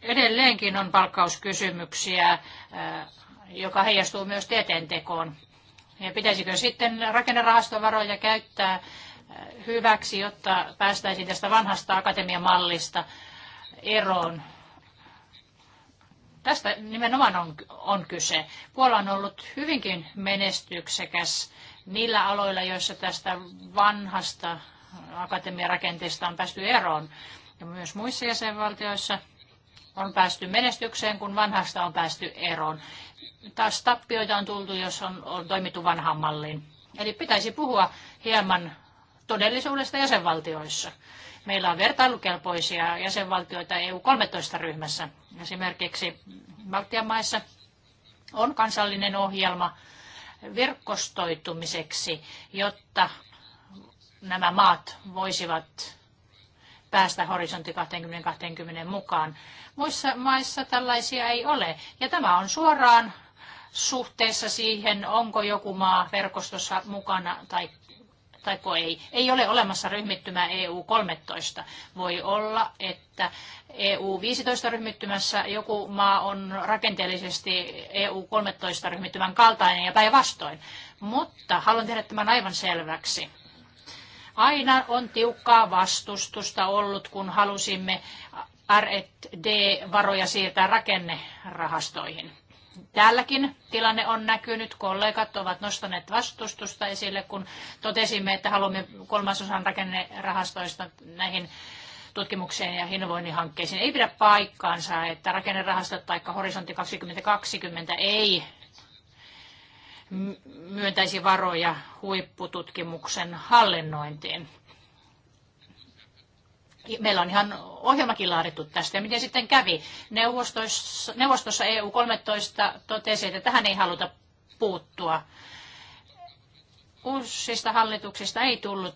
edelleenkin on palkkauskysymyksiä, ää, joka heijastuu myös tieteentekoon. Ja pitäisikö sitten rakennerahastovaroja käyttää hyväksi, jotta päästäisiin tästä vanhasta akatemiamallista eroon. Tästä nimenomaan on, on kyse. Puola on ollut hyvinkin menestyksekäs niillä aloilla, joissa tästä vanhasta akatemiarakenteesta on päästy eroon. Ja myös muissa jäsenvaltioissa on päästy menestykseen, kun vanhasta on päästy eroon. Taas tappioita on tultu, jos on, on toimittu vanhaan malliin. Eli pitäisi puhua hieman todellisuudesta jäsenvaltioissa. Meillä on vertailukelpoisia jäsenvaltioita EU-13-ryhmässä. Esimerkiksi Baltian maissa on kansallinen ohjelma verkostoitumiseksi, jotta nämä maat voisivat päästä horisontti 2020 mukaan. Muissa maissa tällaisia ei ole. Ja tämä on suoraan suhteessa siihen, onko joku maa verkostossa mukana tai tai ei. Ei ole olemassa ryhmittymää EU-13. Voi olla, että EU-15-ryhmittymässä joku maa on rakenteellisesti EU-13-ryhmittymän kaltainen ja päinvastoin. Mutta haluan tehdä tämän aivan selväksi. Aina on tiukkaa vastustusta ollut, kun halusimme R&D-varoja siirtää rakennerahastoihin Täälläkin tilanne on näkynyt, kollegat ovat nostaneet vastustusta esille, kun totesimme, että haluamme kolmasosan rakennerahastoista näihin tutkimukseen ja hankkeisiin. Ei pidä paikkaansa, että rakennerahastot tai horisontti 2020 ei myöntäisi varoja huippututkimuksen hallinnointiin. Meillä on ihan ohjelmakin laadittu tästä. Ja miten sitten kävi? Neuvostossa, neuvostossa EU-13 totesi, että tähän ei haluta puuttua. Uusista hallituksista ei tullut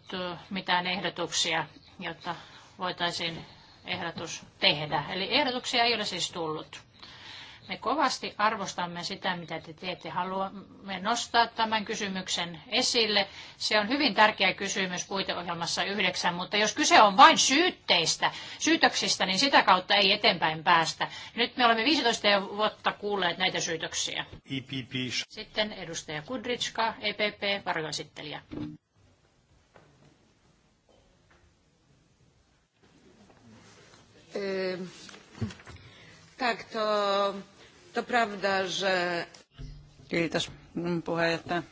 mitään ehdotuksia, jotta voitaisiin ehdotus tehdä. Eli ehdotuksia ei ole siis tullut. Me kovasti arvostamme sitä, mitä te teette. Haluamme nostaa tämän kysymyksen esille. Se on hyvin tärkeä kysymys puiteohjelmassa yhdeksän, mutta jos kyse on vain syytteistä, syytöksistä, niin sitä kautta ei eteenpäin päästä. Nyt me olemme 15 vuotta kuulleet näitä syytöksiä. EPP. Sitten edustaja Kudritska, EPP, varjoesittelijä. Tak, to To prawda, że... Kiitos puheenjohtaja.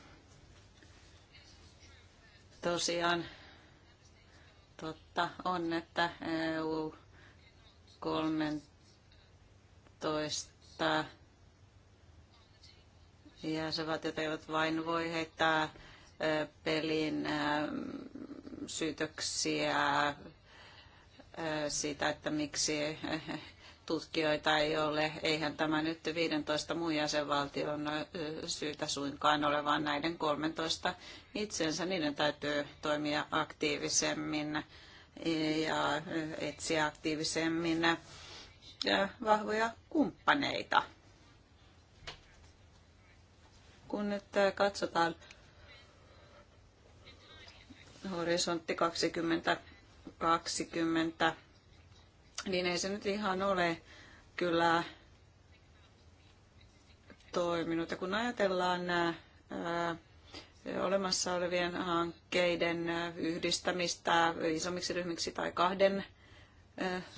Tosiaan totta on, että EU 13 jäsenvaltiot eivät vain voi heittää e, pelin e, syytöksiä e, siitä, että miksi tutkijoita ei ole. Eihän tämä nyt 15 muun jäsenvaltion syytä suinkaan ole, vaan näiden 13 itsensä. Niiden täytyy toimia aktiivisemmin ja etsiä aktiivisemmin vahvoja kumppaneita. Kun nyt katsotaan horisontti 2020, niin ei se nyt ihan ole kyllä toiminut. Ja kun ajatellaan nämä olemassa olevien hankkeiden yhdistämistä isommiksi ryhmiksi tai kahden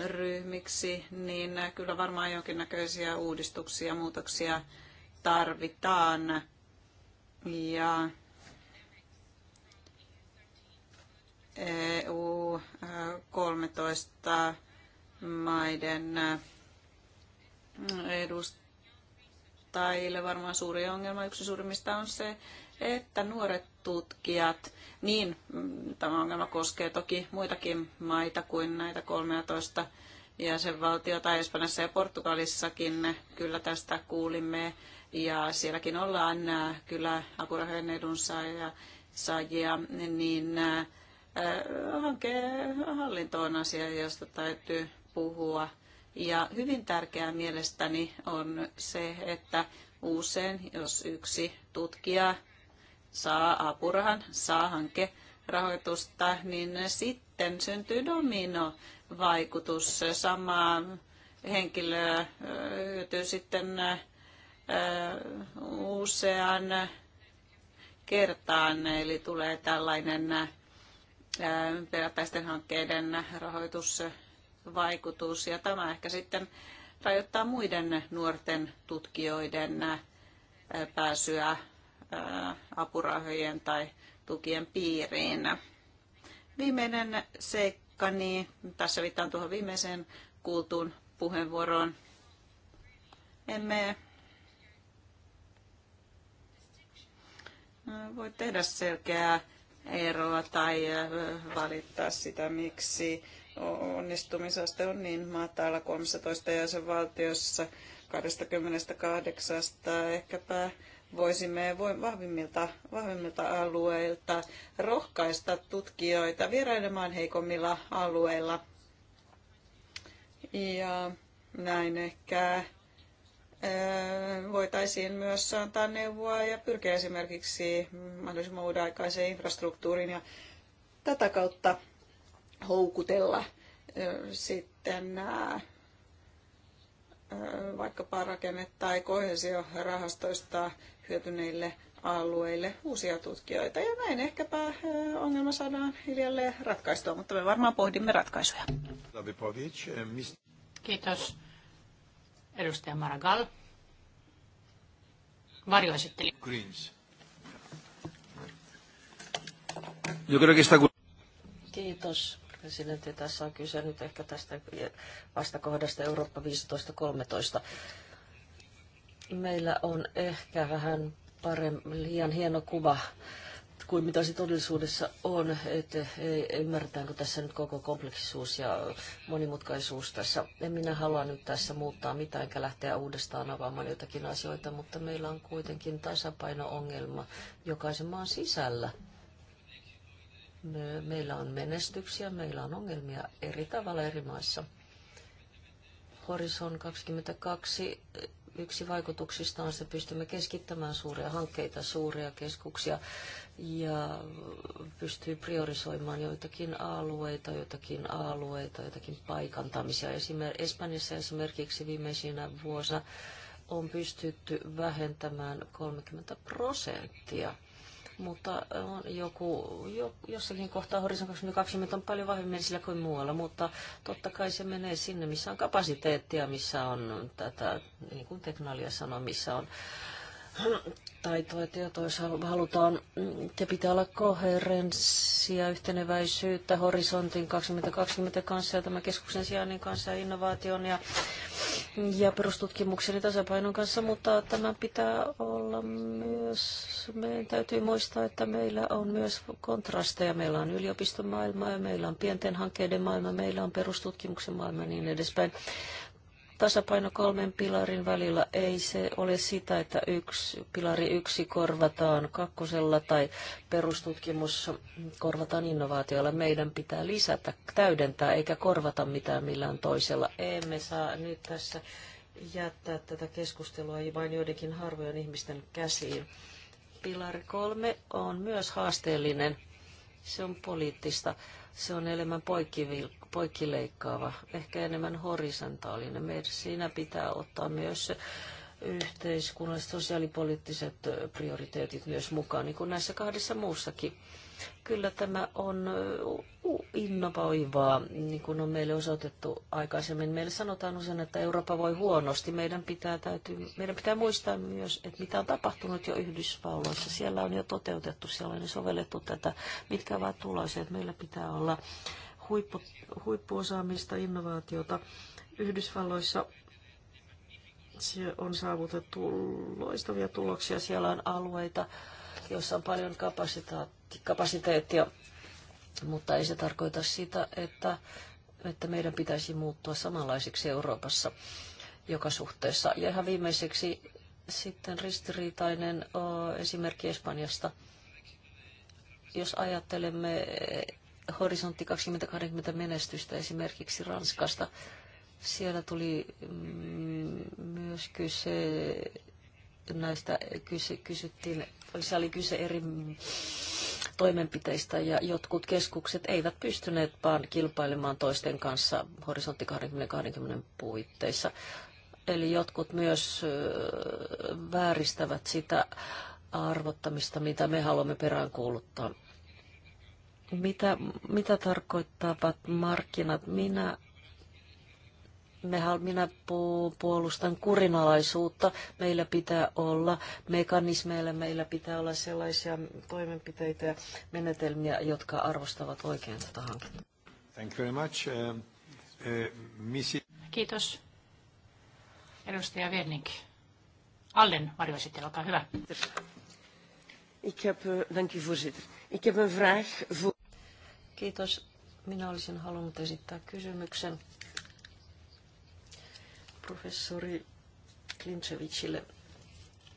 ryhmiksi, niin kyllä varmaan jonkinnäköisiä uudistuksia ja muutoksia tarvitaan. Ja EU 13 maiden äh, edustajille varmaan suuri ongelma, yksi suurimmista on se, että nuoret tutkijat, niin mm, tämä ongelma koskee toki muitakin maita kuin näitä 13 jäsenvaltiota, Espanjassa ja Portugalissakin kyllä tästä kuulimme, ja sielläkin ollaan äh, kyllä apurahojen edunsaajia, saajia, niin äh, hankkeen hallinto on asia, josta täytyy puhua. Ja hyvin tärkeää mielestäni on se, että usein, jos yksi tutkija saa apurahan, saa hanke rahoitusta, niin sitten syntyy dominovaikutus. Sama henkilö hyötyy sitten usean kertaan, eli tulee tällainen peräpäisten hankkeiden rahoitus vaikutus ja tämä ehkä sitten rajoittaa muiden nuorten tutkijoiden pääsyä apurahojen tai tukien piiriin. Viimeinen seikka, niin tässä viittaan tuohon viimeiseen kuultuun puheenvuoroon. Emme voi tehdä selkeää eroa tai valittaa sitä, miksi onnistumisaste on niin matala 13 jäsenvaltiossa 28 ehkäpä voisimme vahvimmilta, vahvimmilta alueilta rohkaista tutkijoita vierailemaan heikommilla alueilla. Ja näin ehkä voitaisiin myös antaa neuvoa ja pyrkiä esimerkiksi mahdollisimman uuden infrastruktuurin ja tätä kautta houkutella sitten vaikkapa rakenne- tai kohesiorahastoista hyötyneille alueille uusia tutkijoita. Ja näin ehkäpä ongelma saadaan hiljalleen ratkaistua, mutta me varmaan pohdimme ratkaisuja. Kiitos. Edustaja Maragall. Varjoesitteli. Greens. Kiitos presidentti. Tässä on kyse nyt ehkä tästä vastakohdasta Eurooppa 1513. Meillä on ehkä vähän paremmin, liian hieno kuva kuin mitä se todellisuudessa on, että e, ymmärretäänkö tässä nyt koko kompleksisuus ja monimutkaisuus tässä. En minä halua nyt tässä muuttaa mitään, enkä lähteä uudestaan avaamaan jotakin asioita, mutta meillä on kuitenkin tasapaino-ongelma jokaisen maan sisällä me, meillä on menestyksiä, meillä on ongelmia eri tavalla eri maissa. Horizon 22 eh, yksi vaikutuksista on se, että pystymme keskittämään suuria hankkeita, suuria keskuksia ja pystyy priorisoimaan joitakin alueita, joitakin alueita, joitakin paikantamisia. Esimerkiksi Espanjassa esimerkiksi viimeisinä vuosina on pystytty vähentämään 30 prosenttia mutta äh, on joku, jo, jossakin kohtaa Horizon 2020 on paljon vahvemmin sillä kuin muualla, mutta totta kai se menee sinne, missä on kapasiteettia, missä on tätä, niin kuin teknologia sanoo, missä on äh, tai ja tietoa, jos halutaan, mm, te pitää olla koherenssia, yhteneväisyyttä horisontin 2020 kanssa ja tämän keskuksen sijainnin kanssa ja innovaation ja, ja perustutkimuksen ja tasapainon kanssa, mutta tämä pitää olla myös, meidän täytyy muistaa, että meillä on myös kontrasteja, meillä on yliopistomaailma ja meillä on pienten hankkeiden maailma, meillä on perustutkimuksen maailma ja niin edespäin. Tasapaino kolmen pilarin välillä ei se ole sitä, että yksi, pilari yksi korvataan kakkosella tai perustutkimus korvataan innovaatioilla. Meidän pitää lisätä, täydentää eikä korvata mitään millään toisella. Emme saa nyt tässä jättää tätä keskustelua vain joidenkin harvojen ihmisten käsiin. Pilari kolme on myös haasteellinen. Se on poliittista se on enemmän poikkileikkaava, ehkä enemmän horisontaalinen. Meidän siinä pitää ottaa myös yhteiskunnalliset sosiaalipoliittiset prioriteetit myös mukaan, niin kuin näissä kahdessa muussakin Kyllä tämä on innovoivaa, niin kuin on meille osoitettu aikaisemmin. Meille sanotaan usein, että Eurooppa voi huonosti. Meidän pitää, täytyy, meidän pitää muistaa myös, että mitä on tapahtunut jo Yhdysvalloissa. Siellä on jo toteutettu, siellä on jo sovellettu tätä, mitkä ovat tuloiset. Meillä pitää olla huippu, huippuosaamista, innovaatiota. Yhdysvalloissa on saavutettu loistavia tuloksia. Siellä on alueita, jossa on paljon kapasiteettia, mutta ei se tarkoita sitä, että, että meidän pitäisi muuttua samanlaiseksi Euroopassa joka suhteessa. Ja ihan viimeiseksi sitten ristiriitainen esimerkki Espanjasta. Jos ajattelemme eh, Horisontti 2020 menestystä esimerkiksi Ranskasta, siellä tuli mm, myös kyse näistä kysy, kysyttiin, se oli kyse eri toimenpiteistä ja jotkut keskukset eivät pystyneet vaan kilpailemaan toisten kanssa horisontti 2020 puitteissa. Eli jotkut myös vääristävät sitä arvottamista, mitä me haluamme peräänkuuluttaa. Mitä, mitä tarkoittavat markkinat? Minä minä puolustan kurinalaisuutta. Meillä pitää olla mekanismeilla, meillä pitää olla sellaisia toimenpiteitä ja menetelmiä, jotka arvostavat oikein tätä hanketta. Thank you very much. Uh, uh, missi... Kiitos. Edustaja Wernink. Allen varjoesittely, olkaa hyvä. Ik heb, eh, dank u voorzitter. Ik heb een vraag voor... Kiitos. Minä olisin halunnut esittää kysymyksen professori Klintsevicille.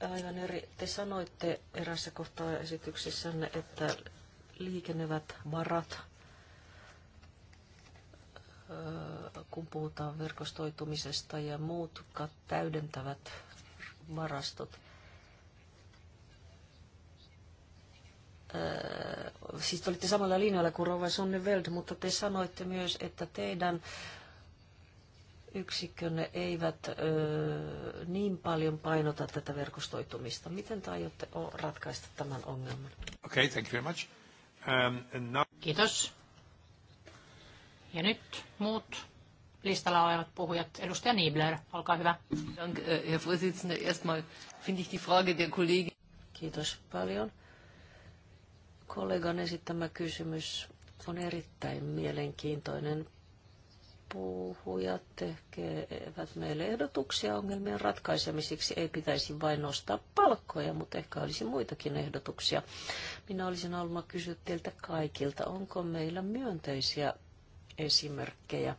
Aivan eri. Te sanoitte erässä kohtaa esityksessänne, että liikenevät varat, äh, kun puhutaan verkostoitumisesta ja muut täydentävät varastot, äh, siis te olitte samalla linjalla kuin Rova Sonneveld, mutta te sanoitte myös, että teidän yksikkönne eivät ö, niin paljon painota tätä verkostoitumista. Miten te aiotte ratkaista tämän ongelman? Okay, thank you very much. Um, now... Kiitos. Ja nyt muut listalla olevat puhujat. Edustaja Niebler, olkaa hyvä. Dank, äh, Herr Vorsitzender. Erstmal finde ich die Frage der Kollegin. Kiitos paljon. Kollegan esittämä kysymys on erittäin mielenkiintoinen puhujat tekevät meille ehdotuksia ongelmien ratkaisemiseksi. Ei pitäisi vain nostaa palkkoja, mutta ehkä olisi muitakin ehdotuksia. Minä olisin halunnut kysyä teiltä kaikilta, onko meillä myönteisiä esimerkkejä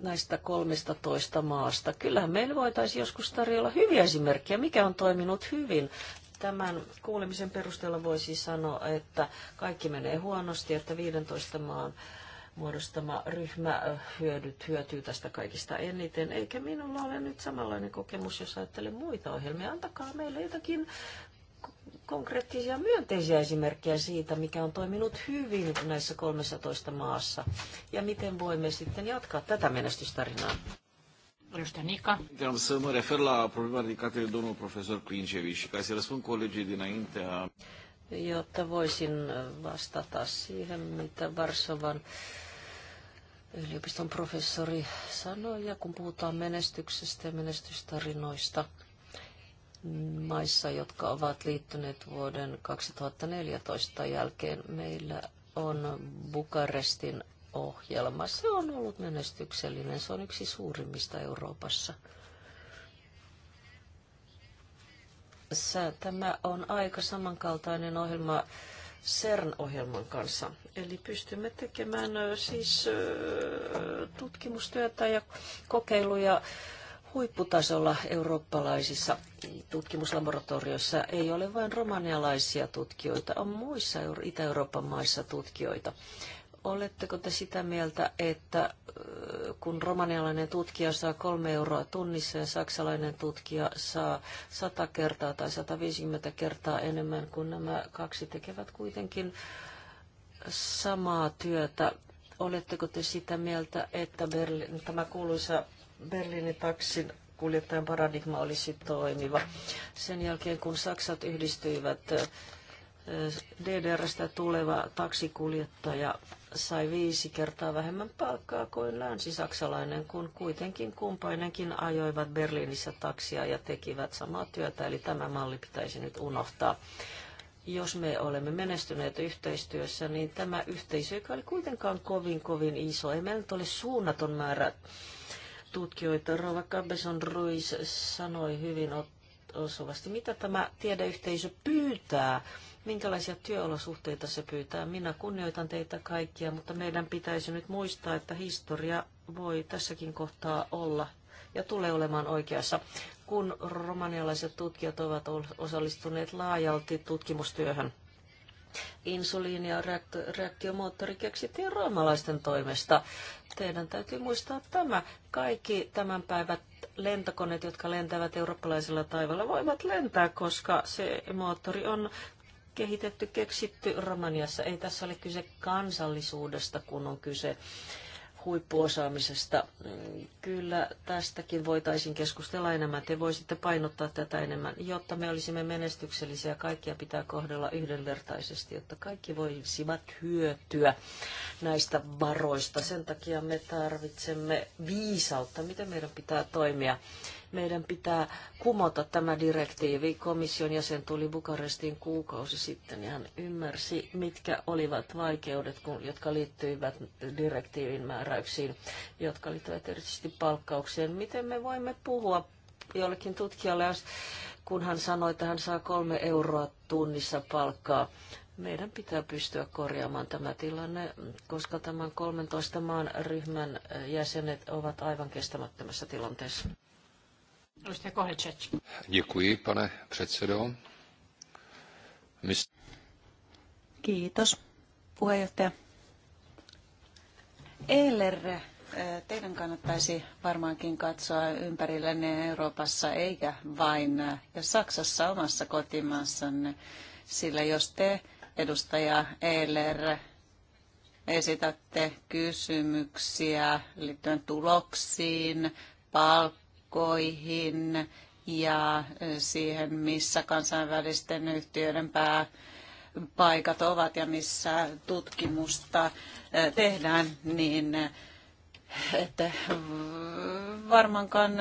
näistä 13 maasta. Kyllähän meillä voitaisiin joskus tarjolla hyviä esimerkkejä, mikä on toiminut hyvin Tämän kuulemisen perusteella voisi sanoa, että kaikki menee huonosti, että 15 maan muodostama ryhmä hyödyt, hyötyy tästä kaikista eniten, eikä minulla ole nyt samanlainen kokemus, jos ajattelen muita ohjelmia. Antakaa meille jotakin konkreettisia myönteisiä esimerkkejä siitä, mikä on toiminut hyvin näissä 13 maassa ja miten voimme sitten jatkaa tätä menestystarinaa. Răștănica. Nica. Am să mă refer la problema ridicată de domnul profesor Clinceviș, ca să răspund colegii dinainte. dinaintea. Jotta voisin vastata uh, siihen, mitä Varsovan yliopiston e professori e, sanoi, ja e kun puhutaan menestyksestä ja menestystarinoista maissa, jotka ovat liittyneet vuoden 2014 jälkeen, meillä on Bukarestin ohjelma. Se on ollut menestyksellinen. Se on yksi suurimmista Euroopassa. Tämä on aika samankaltainen ohjelma CERN-ohjelman kanssa. Eli pystymme tekemään siis tutkimustyötä ja kokeiluja huipputasolla eurooppalaisissa tutkimuslaboratorioissa. Ei ole vain romanialaisia tutkijoita, on muissa Itä-Euroopan maissa tutkijoita. Oletteko te sitä mieltä, että kun romanialainen tutkija saa kolme euroa tunnissa ja saksalainen tutkija saa 100 kertaa tai 150 kertaa enemmän kuin nämä kaksi tekevät kuitenkin samaa työtä, oletteko te sitä mieltä, että Berliin, tämä kuuluisa Berliinin taksin kuljettajan paradigma olisi toimiva? Sen jälkeen kun Saksat yhdistyivät DDRstä tuleva taksikuljettaja sai viisi kertaa vähemmän palkkaa kuin länsisaksalainen, kun kuitenkin kumpainenkin ajoivat Berliinissä taksia ja tekivät samaa työtä, eli tämä malli pitäisi nyt unohtaa. Jos me olemme menestyneet yhteistyössä, niin tämä yhteisö, joka oli kuitenkaan kovin, kovin iso, ei meillä nyt ole suunnaton määrä tutkijoita. Rova Cabezon Ruiz sanoi hyvin osuvasti, mitä tämä tiedeyhteisö pyytää minkälaisia työolosuhteita se pyytää. Minä kunnioitan teitä kaikkia, mutta meidän pitäisi nyt muistaa, että historia voi tässäkin kohtaa olla ja tulee olemaan oikeassa, kun romanialaiset tutkijat ovat osallistuneet laajalti tutkimustyöhön. Insuliini ja reaktiomoottori keksittiin roomalaisten toimesta. Teidän täytyy muistaa tämä. Kaikki tämän päivät lentokoneet, jotka lentävät eurooppalaisella taivaalla, voivat lentää, koska se moottori on kehitetty, keksitty Romaniassa. Ei tässä ole kyse kansallisuudesta, kun on kyse huippuosaamisesta. Kyllä tästäkin voitaisiin keskustella enemmän. Te voisitte painottaa tätä enemmän, jotta me olisimme menestyksellisiä. Kaikkia pitää kohdella yhdenvertaisesti, jotta kaikki voisivat hyötyä näistä varoista. Sen takia me tarvitsemme viisautta, miten meidän pitää toimia. Meidän pitää kumota tämä direktiivi. Komission jäsen tuli Bukarestiin kuukausi sitten ja hän ymmärsi, mitkä olivat vaikeudet, jotka liittyivät direktiivin määräyksiin, jotka liittyvät erityisesti palkkaukseen. Miten me voimme puhua jollekin tutkijalle, kun hän sanoi, että hän saa kolme euroa tunnissa palkkaa. Meidän pitää pystyä korjaamaan tämä tilanne, koska tämän 13 maan ryhmän jäsenet ovat aivan kestämättömässä tilanteessa. Děkuji, pane předsedo. Kiitos, puheenjohtaja. Eiler, eh, teidän kannattaisi varmaankin katsoa ympärillenne Euroopassa eikä vain eh, ja Saksassa omassa kotimaassanne, sillä jos te, edustaja Eiler, esitätte kysymyksiä liittyen tuloksiin, palkkoihin, palkkoihin ja siihen, missä kansainvälisten yhtiöiden pääpaikat ovat ja missä tutkimusta tehdään, niin että varmaankaan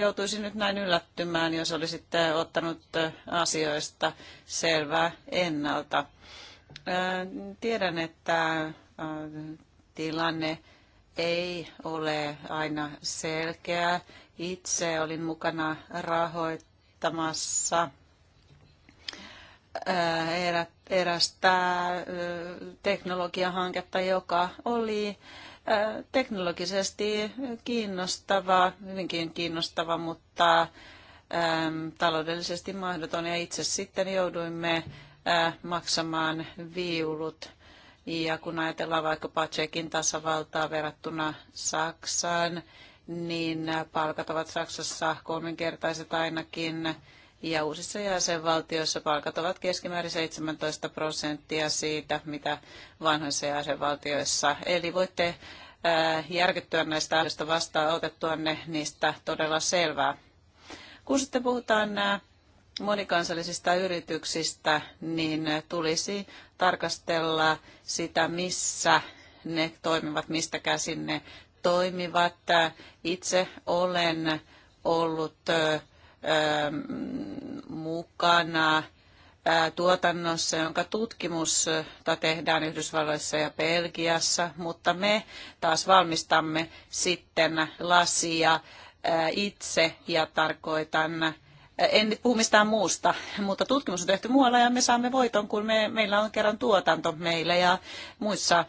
joutuisi nyt näin yllättymään, jos olisitte ottanut asioista selvää ennalta. Tiedän, että tilanne ei ole aina selkeää. Itse olin mukana rahoittamassa erästä teknologiahanketta, joka oli teknologisesti kiinnostava, hyvinkin kiinnostava, mutta taloudellisesti mahdoton. Ja itse sitten jouduimme maksamaan viulut ja kun ajatellaan vaikkapa Tsekin tasavaltaa verrattuna Saksaan, niin palkat ovat Saksassa kolminkertaiset ainakin. Ja uusissa jäsenvaltioissa palkat ovat keskimäärin 17 prosenttia siitä, mitä vanhoissa jäsenvaltioissa. Eli voitte äh, järkyttyä näistä asioista vastaan ne niistä todella selvää. Kun sitten puhutaan äh, monikansallisista yrityksistä, niin tulisi tarkastella sitä, missä ne toimivat, mistä käsin ne toimivat. Itse olen ollut mukana tuotannossa, jonka tutkimusta tehdään Yhdysvalloissa ja Belgiassa, mutta me taas valmistamme sitten lasia itse ja tarkoitan en puhu mistään muusta, mutta tutkimus on tehty muualla ja me saamme voiton, kun me, meillä on kerran tuotanto meillä ja muissa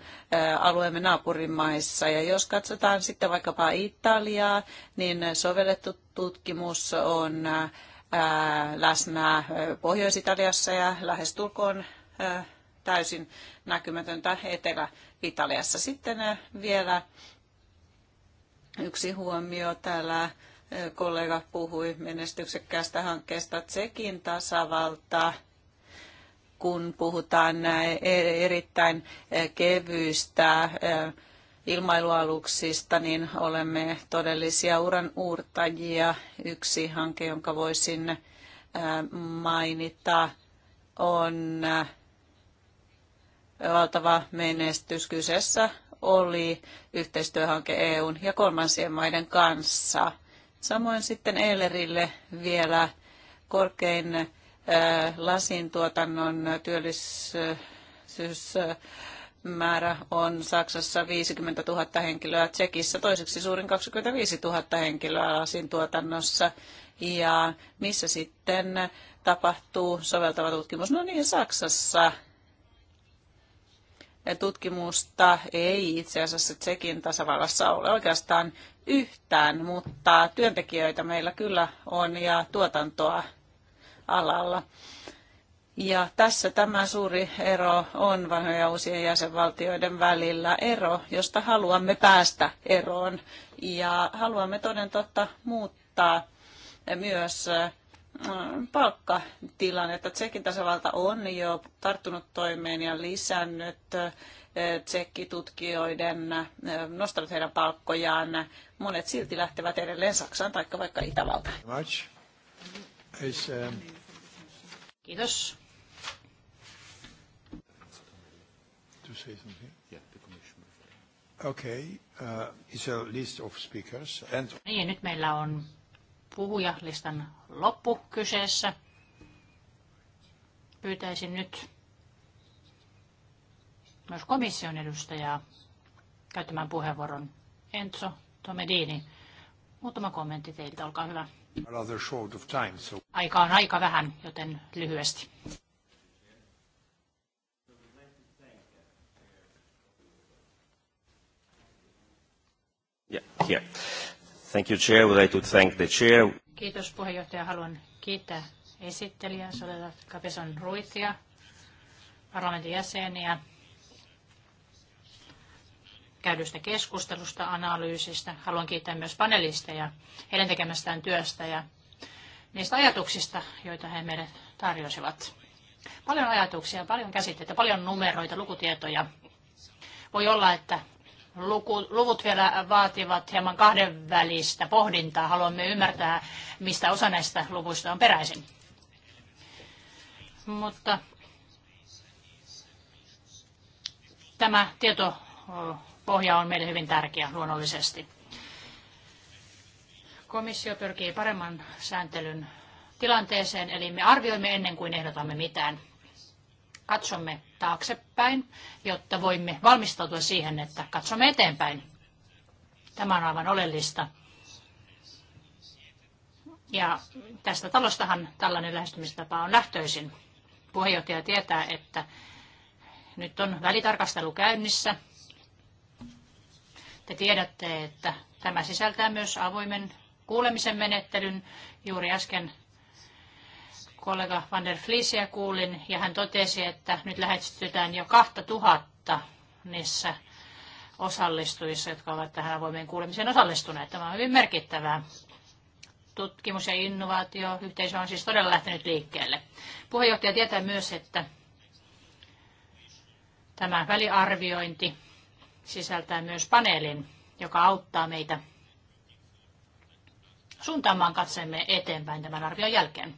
alueemme naapurimaissa. Ja jos katsotaan sitten vaikkapa Italiaa, niin sovellettu tutkimus on läsnä Pohjois-Italiassa ja lähestulkoon täysin näkymätöntä Etelä-Italiassa. Sitten vielä yksi huomio täällä kollega puhui menestyksekkäästä hankkeesta Tsekin tasavalta, kun puhutaan e- erittäin kevyistä e, ilmailualuksista, niin olemme todellisia uran uurtajia. Yksi hanke, jonka voisin e, mainita, on valtava menestys. Kyseessä oli yhteistyöhanke EUn ja kolmansien maiden kanssa. Samoin sitten Eilerille vielä korkein lasintuotannon työllisyys määrä on Saksassa 50 000 henkilöä, Tsekissä toiseksi suurin 25 000 henkilöä lasin tuotannossa. Ja missä sitten tapahtuu soveltava tutkimus? No niin, Saksassa tutkimusta ei itse asiassa Tsekin tasavallassa ole oikeastaan yhtään, mutta työntekijöitä meillä kyllä on ja tuotantoa alalla. Ja tässä tämä suuri ero on vanhojen ja uusien jäsenvaltioiden välillä ero, josta haluamme päästä eroon. Ja haluamme toden totta muuttaa myös Mm, että Tsekin tasavalta on jo tarttunut toimeen ja lisännyt tsekkitutkijoiden, nostanut heidän palkkojaan. Monet silti lähtevät edelleen Saksaan tai vaikka Itävaltaan. Um, Kiitos. Okay, uh, is a list of speakers. And... Niin, nyt meillä on puhujalistan loppu kyseessä. Pyytäisin nyt myös komission edustajaa käyttämään puheenvuoron. Enzo Tomedini, muutama kommentti teiltä, olkaa hyvä. Aika on aika vähän, joten lyhyesti. Yeah, here. Thank you, Chair. Would like to thank the Chair. Kiitos puheenjohtaja. Haluan kiittää esittelijää, Soledad Cabezón-Ruizia, parlamentin jäseniä, käydystä keskustelusta, analyysistä. Haluan kiittää myös panelisteja heidän tekemästään työstä ja niistä ajatuksista, joita he meille tarjosivat. Paljon ajatuksia, paljon käsitteitä, paljon numeroita, lukutietoja. Voi olla, että luku, luvut vielä vaativat hieman kahdenvälistä pohdintaa. Haluamme ymmärtää, mistä osa näistä luvuista on peräisin. Mutta tämä tietopohja on meille hyvin tärkeä luonnollisesti. Komissio pyrkii paremman sääntelyn tilanteeseen, eli me arvioimme ennen kuin ehdotamme mitään katsomme taaksepäin, jotta voimme valmistautua siihen, että katsomme eteenpäin. Tämä on aivan oleellista. Ja tästä talostahan tällainen lähestymistapa on lähtöisin. Puheenjohtaja tietää, että nyt on välitarkastelu käynnissä. Te tiedätte, että tämä sisältää myös avoimen kuulemisen menettelyn. Juuri äsken kollega Van der Fliesiä kuulin ja hän totesi, että nyt lähestytään jo 2000 niissä osallistujissa, jotka ovat tähän avoimeen kuulemiseen osallistuneet. Tämä on hyvin merkittävää. Tutkimus- ja innovaatioyhteisö on siis todella lähtenyt liikkeelle. Puheenjohtaja tietää myös, että tämä väliarviointi sisältää myös paneelin, joka auttaa meitä suuntaamaan katseemme eteenpäin tämän arvion jälkeen.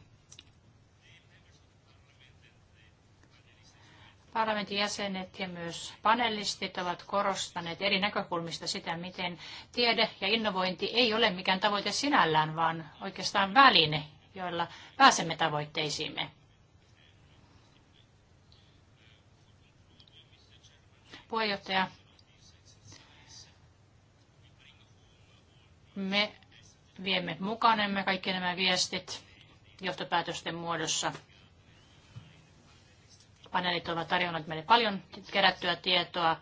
Parlamentin jäsenet ja myös panelistit ovat korostaneet eri näkökulmista sitä, miten tiede ja innovointi ei ole mikään tavoite sinällään, vaan oikeastaan väline, joilla pääsemme tavoitteisiimme. Puheenjohtaja, me viemme mukanemme kaikki nämä viestit johtopäätösten muodossa – paneelit ovat tarjonneet meille paljon kerättyä tietoa.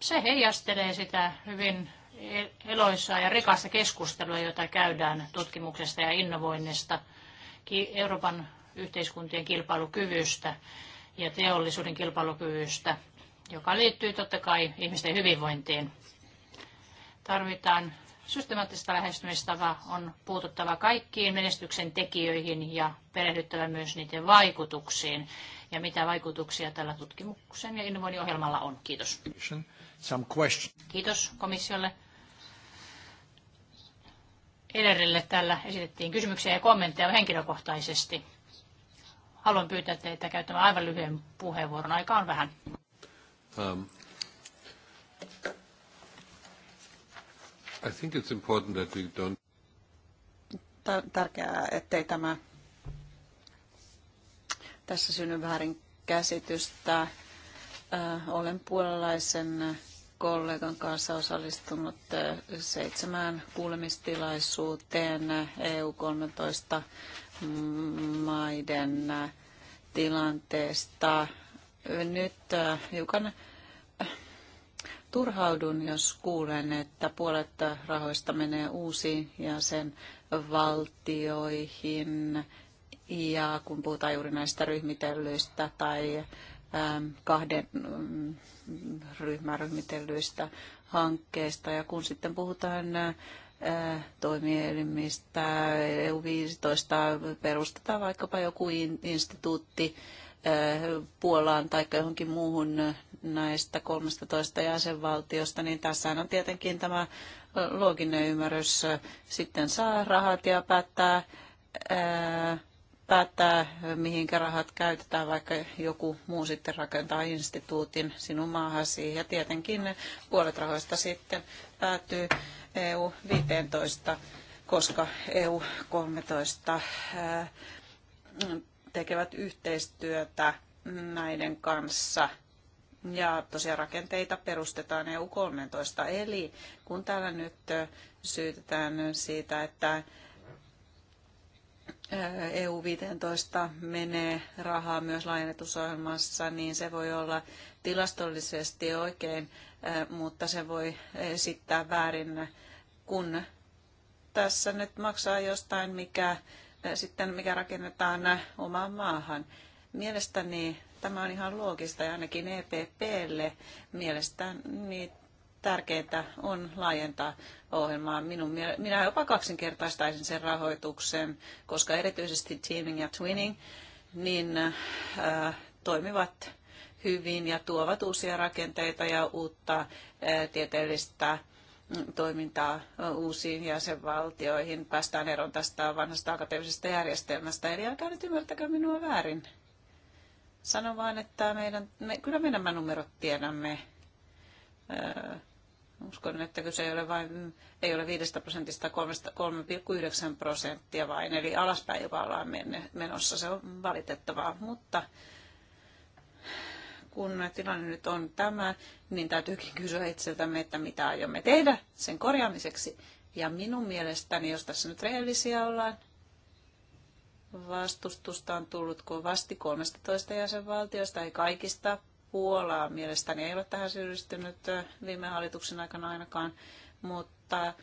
Se heijastelee sitä hyvin e- eloisaa ja rikasta keskustelua, jota käydään tutkimuksesta ja innovoinnista, Euroopan yhteiskuntien kilpailukyvystä ja teollisuuden kilpailukyvystä, joka liittyy totta kai ihmisten hyvinvointiin. Tarvitaan systemaattista lähestymistavaa, on puututtava kaikkiin menestyksen tekijöihin ja perehdyttävä myös niiden vaikutuksiin ja mitä vaikutuksia tällä tutkimuksen ja innovoinnin ohjelmalla on. Kiitos. Kiitos komissiolle. Ellerille täällä esitettiin kysymyksiä ja kommentteja henkilökohtaisesti. Haluan pyytää teitä käyttämään aivan lyhyen puheenvuoron. Aika on vähän. Um, I think it's important that we don't... Tärkeää, ettei tämä tässä synny väärin käsitystä. Olen puolalaisen kollegan kanssa osallistunut seitsemään kuulemistilaisuuteen EU-13 maiden tilanteesta. Nyt hiukan turhaudun, jos kuulen, että puolet rahoista menee uusiin valtioihin. Ja kun puhutaan juuri näistä ryhmitellyistä tai ähm, kahden mm, ryhmäryhmitellyistä hankkeista ja kun sitten puhutaan äh, toimielimistä, EU-15 perustetaan vaikkapa joku instituutti äh, Puolaan tai johonkin muuhun näistä 13 jäsenvaltiosta, niin tässä on tietenkin tämä äh, looginen ymmärrys sitten saa rahat ja päättää päättää, mihinkä rahat käytetään, vaikka joku muu sitten rakentaa instituutin sinun maahasi. Ja tietenkin ne puolet rahoista sitten päätyy EU-15, koska EU-13 tekevät yhteistyötä näiden kanssa. Ja tosiaan rakenteita perustetaan EU-13. Eli kun täällä nyt syytetään siitä, että EU-15 menee rahaa myös laajennetusohjelmassa, niin se voi olla tilastollisesti oikein, mutta se voi esittää väärin, kun tässä nyt maksaa jostain, mikä, sitten, mikä rakennetaan omaan maahan. Mielestäni tämä on ihan loogista ja ainakin EPPlle mielestäni tärkeää on laajentaa ohjelmaa. Minun, minä jopa kaksinkertaistaisin sen rahoituksen, koska erityisesti teaming ja twinning niin, äh, toimivat hyvin ja tuovat uusia rakenteita ja uutta äh, tieteellistä mm, toimintaa äh, uusiin jäsenvaltioihin. Päästään eroon tästä vanhasta akateemisesta järjestelmästä. Eli älkää nyt ymmärtäkää minua väärin. Sanon vaan, että meidän, me, kyllä meidän nämä numerot tiedämme. Äh, Uskon, että kyse ei ole vain ei ole 5 prosentista 3,9 prosenttia vain, eli alaspäin jopa ollaan menossa. Se on valitettavaa, mutta kun tilanne nyt on tämä, niin täytyykin kysyä itseltämme, että mitä aiomme tehdä sen korjaamiseksi. Ja minun mielestäni, jos tässä nyt rehellisiä ollaan, vastustusta on tullut kovasti 13 jäsenvaltiosta, ei kaikista, Puolaa mielestäni ei ole tähän syyllistynyt viime hallituksen aikana ainakaan, mutta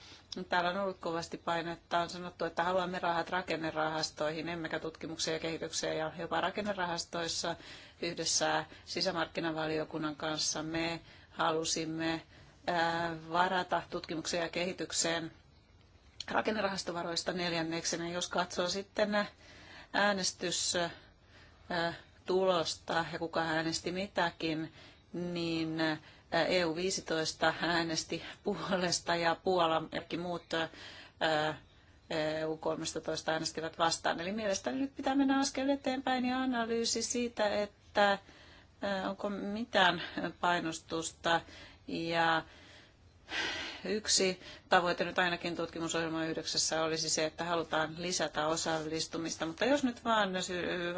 täällä on ollut kovasti painetta. On sanottu, että haluamme rahat rakennerahastoihin, emmekä tutkimukseen ja kehitykseen ja jopa rakennerahastoissa yhdessä sisämarkkinavaliokunnan kanssa me halusimme varata tutkimukseen ja kehitykseen rakennerahastovaroista neljänneksen. Ja jos katsoo sitten äänestys tulosta ja kuka äänesti mitäkin, niin EU-15 äänesti puolesta ja Puola ja muut EU-13 äänestivät vastaan. Eli mielestäni nyt pitää mennä askel eteenpäin ja analyysi siitä, että onko mitään painostusta ja Yksi tavoite nyt ainakin tutkimusohjelma yhdeksässä olisi se, että halutaan lisätä osallistumista, mutta jos nyt vaan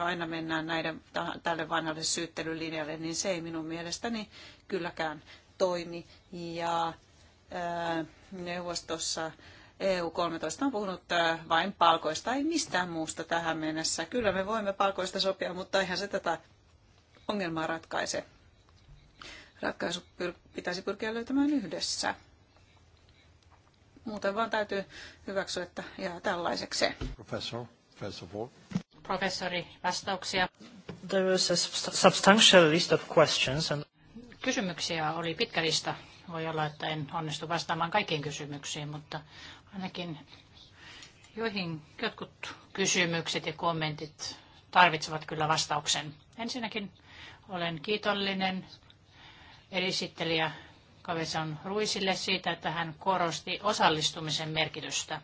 aina mennään näiden, tälle vanhalle syyttelylinjalle, niin se ei minun mielestäni kylläkään toimi. Ja ää, neuvostossa EU13 on puhunut vain palkoista, ei mistään muusta tähän mennessä. Kyllä me voimme palkoista sopia, mutta eihän se tätä ongelmaa ratkaise ratkaisu pitäisi pyrkiä löytämään yhdessä. Muuten vaan täytyy hyväksyä, että jää tällaiseksi. Professor, first of all. Professori, vastauksia. There was a substantial list of questions and... Kysymyksiä oli pitkä lista. Voi olla, että en onnistu vastaamaan kaikkiin kysymyksiin, mutta ainakin joihin jotkut kysymykset ja kommentit tarvitsevat kyllä vastauksen. Ensinnäkin olen kiitollinen esittelijä Kavesan Ruisille siitä, että hän korosti osallistumisen merkitystä.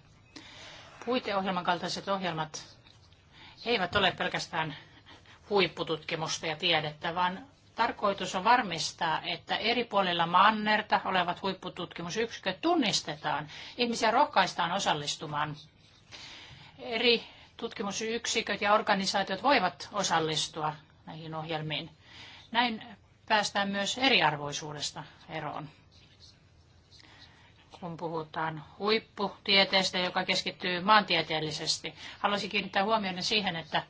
Puiteohjelman kaltaiset ohjelmat eivät ole pelkästään huippututkimusta ja tiedettä, vaan tarkoitus on varmistaa, että eri puolilla mannerta olevat huippututkimusyksiköt tunnistetaan. Ihmisiä rohkaistaan osallistumaan. Eri tutkimusyksiköt ja organisaatiot voivat osallistua näihin ohjelmiin. Näin päästään myös eriarvoisuudesta eroon. Kun puhutaan huipputieteestä, joka keskittyy maantieteellisesti, haluaisin kiinnittää huomioon siihen, että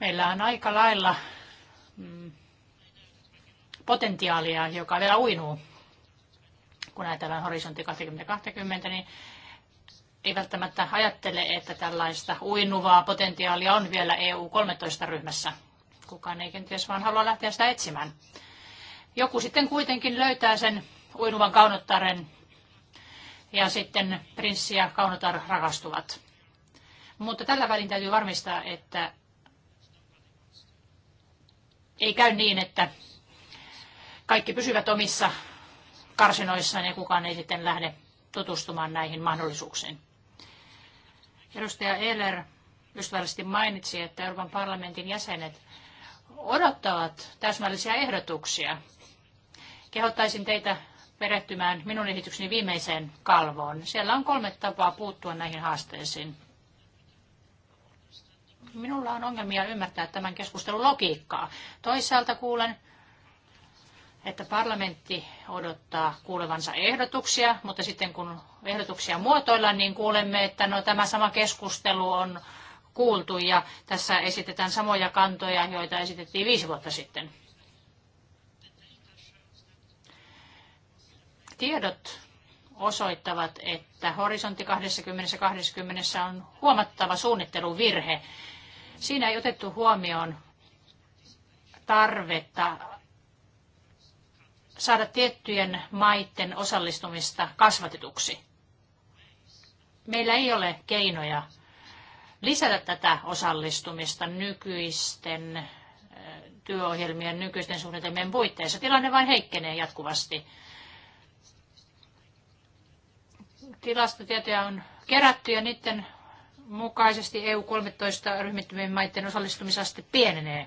meillä on aika lailla mm, potentiaalia, joka vielä uinuu. Kun ajatellaan horisontti 2020, niin ei välttämättä ajattele, että tällaista uinuvaa potentiaalia on vielä EU-13 ryhmässä kukaan ei kenties vaan halua lähteä sitä etsimään. Joku sitten kuitenkin löytää sen uinuvan kaunottaren ja sitten prinssi ja kaunotar rakastuvat. Mutta tällä välin täytyy varmistaa, että ei käy niin, että kaikki pysyvät omissa karsinoissaan ja kukaan ei sitten lähde tutustumaan näihin mahdollisuuksiin. Edustaja Eller ystävällisesti mainitsi, että Euroopan parlamentin jäsenet odottavat täsmällisiä ehdotuksia. Kehottaisin teitä perehtymään minun esitykseni viimeiseen kalvoon. Siellä on kolme tapaa puuttua näihin haasteisiin. Minulla on ongelmia ymmärtää tämän keskustelun logiikkaa. Toisaalta kuulen, että parlamentti odottaa kuulevansa ehdotuksia, mutta sitten kun ehdotuksia muotoillaan, niin kuulemme, että no, tämä sama keskustelu on kuultu ja tässä esitetään samoja kantoja, joita esitettiin viisi vuotta sitten. Tiedot osoittavat, että horisontti 2020 on huomattava suunnitteluvirhe. Siinä ei otettu huomioon tarvetta saada tiettyjen maiden osallistumista kasvatetuksi. Meillä ei ole keinoja lisätä tätä osallistumista nykyisten työohjelmien, nykyisten suunnitelmien puitteissa. Tilanne vain heikkenee jatkuvasti. Tilastotietoja on kerätty ja niiden mukaisesti EU-13 ryhmittymien maiden osallistumisaste pienenee.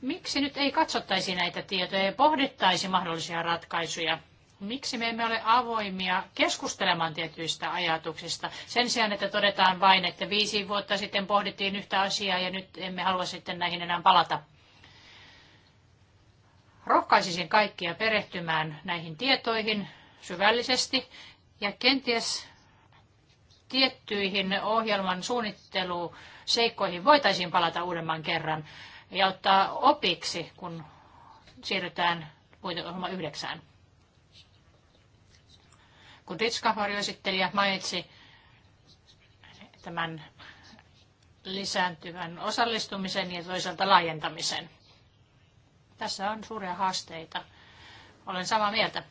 Miksi nyt ei katsottaisi näitä tietoja ja pohdittaisi mahdollisia ratkaisuja? miksi me emme ole avoimia keskustelemaan tietyistä ajatuksista? Sen sijaan, että todetaan vain, että viisi vuotta sitten pohdittiin yhtä asiaa ja nyt emme halua sitten näihin enää palata. Rohkaisisin kaikkia perehtymään näihin tietoihin syvällisesti ja kenties tiettyihin ohjelman suunnitteluseikkoihin voitaisiin palata uudemman kerran ja ottaa opiksi, kun siirrytään puiteohjelma yhdeksään. Kun Ritska varjoesittelijä mainitsi tämän lisääntyvän osallistumisen ja toisaalta laajentamisen. Tässä on suuria haasteita. Olen samaa mieltä.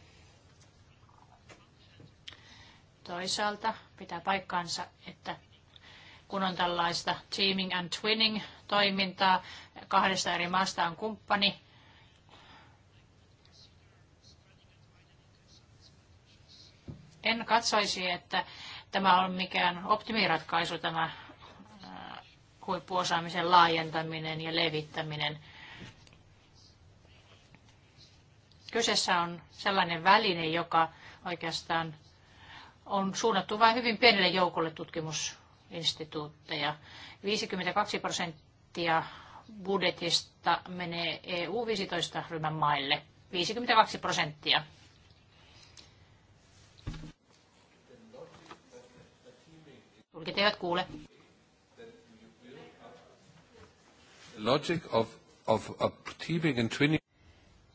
Toisaalta pitää paikkaansa, että kun on tällaista teaming and twinning toimintaa, kahdesta eri maasta on kumppani, En katsoisi, että tämä on mikään optimiratkaisu tämä huippuosaamisen laajentaminen ja levittäminen. Kyseessä on sellainen väline, joka oikeastaan on suunnattu vain hyvin pienelle joukolle tutkimusinstituutteja. 52 prosenttia budjetista menee EU-15-ryhmän maille. 52 prosenttia. Tulkit eivät kuule. Logic of, of, of teaming and twinning.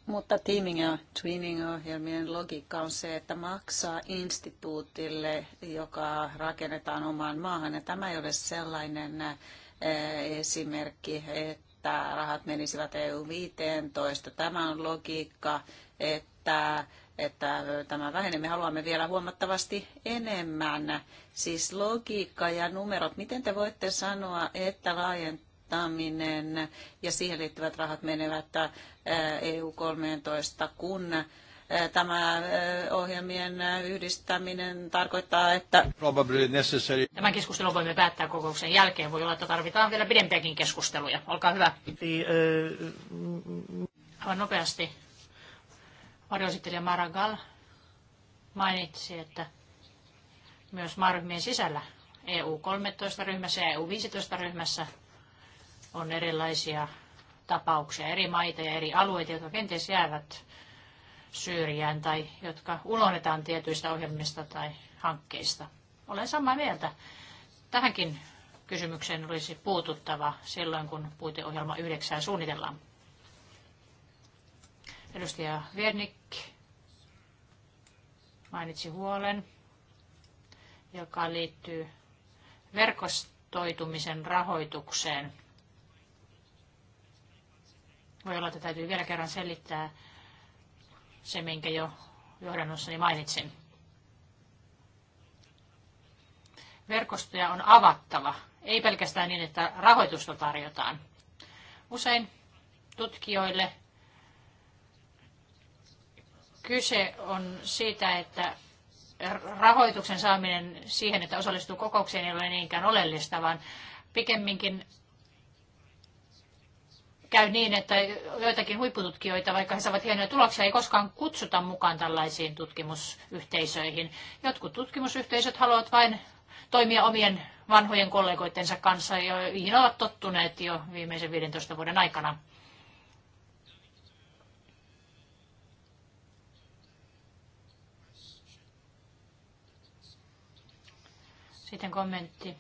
Mutta teaming ja twinning-ohjelmien logiikka on se, että maksaa instituutille, joka rakennetaan omaan maahan. Ja tämä ei ole sellainen eh, esimerkki, että rahat menisivät EU-15. Tämä on logiikka, että että äh, tämä vähenee. Me haluamme vielä huomattavasti enemmän. Siis logiikka ja numerot. Miten te voitte sanoa, että laajentaminen ja siihen liittyvät rahat menevät äh, EU-13, kun äh, tämä ohjelmien yhdistäminen tarkoittaa, että... Tämän keskustelun voimme päättää kokouksen jälkeen. Voi olla, että tarvitaan vielä pidempiäkin keskusteluja. Olkaa hyvä. Aivan nopeasti Varjoesittelijä Maragall mainitsi, että myös maaryhmien sisällä EU-13-ryhmässä ja EU-15-ryhmässä on erilaisia tapauksia, eri maita ja eri alueita, jotka kenties jäävät syrjään tai jotka ulonetaan tietyistä ohjelmista tai hankkeista. Olen samaa mieltä. Tähänkin kysymykseen olisi puututtava silloin, kun puiteohjelma 9 suunnitellaan. Edustaja Vernik mainitsi huolen, joka liittyy verkostoitumisen rahoitukseen. Voi olla, että täytyy vielä kerran selittää se, minkä jo johdannossani mainitsin. Verkostoja on avattava, ei pelkästään niin, että rahoitusta tarjotaan. Usein tutkijoille Kyse on siitä, että rahoituksen saaminen siihen, että osallistuu kokoukseen, ei ole niinkään oleellista, vaan pikemminkin käy niin, että joitakin huippututkijoita, vaikka he saavat hienoja tuloksia, ei koskaan kutsuta mukaan tällaisiin tutkimusyhteisöihin. Jotkut tutkimusyhteisöt haluavat vain toimia omien vanhojen kollegoitensa kanssa, joihin ovat tottuneet jo viimeisen 15 vuoden aikana. Sitten kommentti,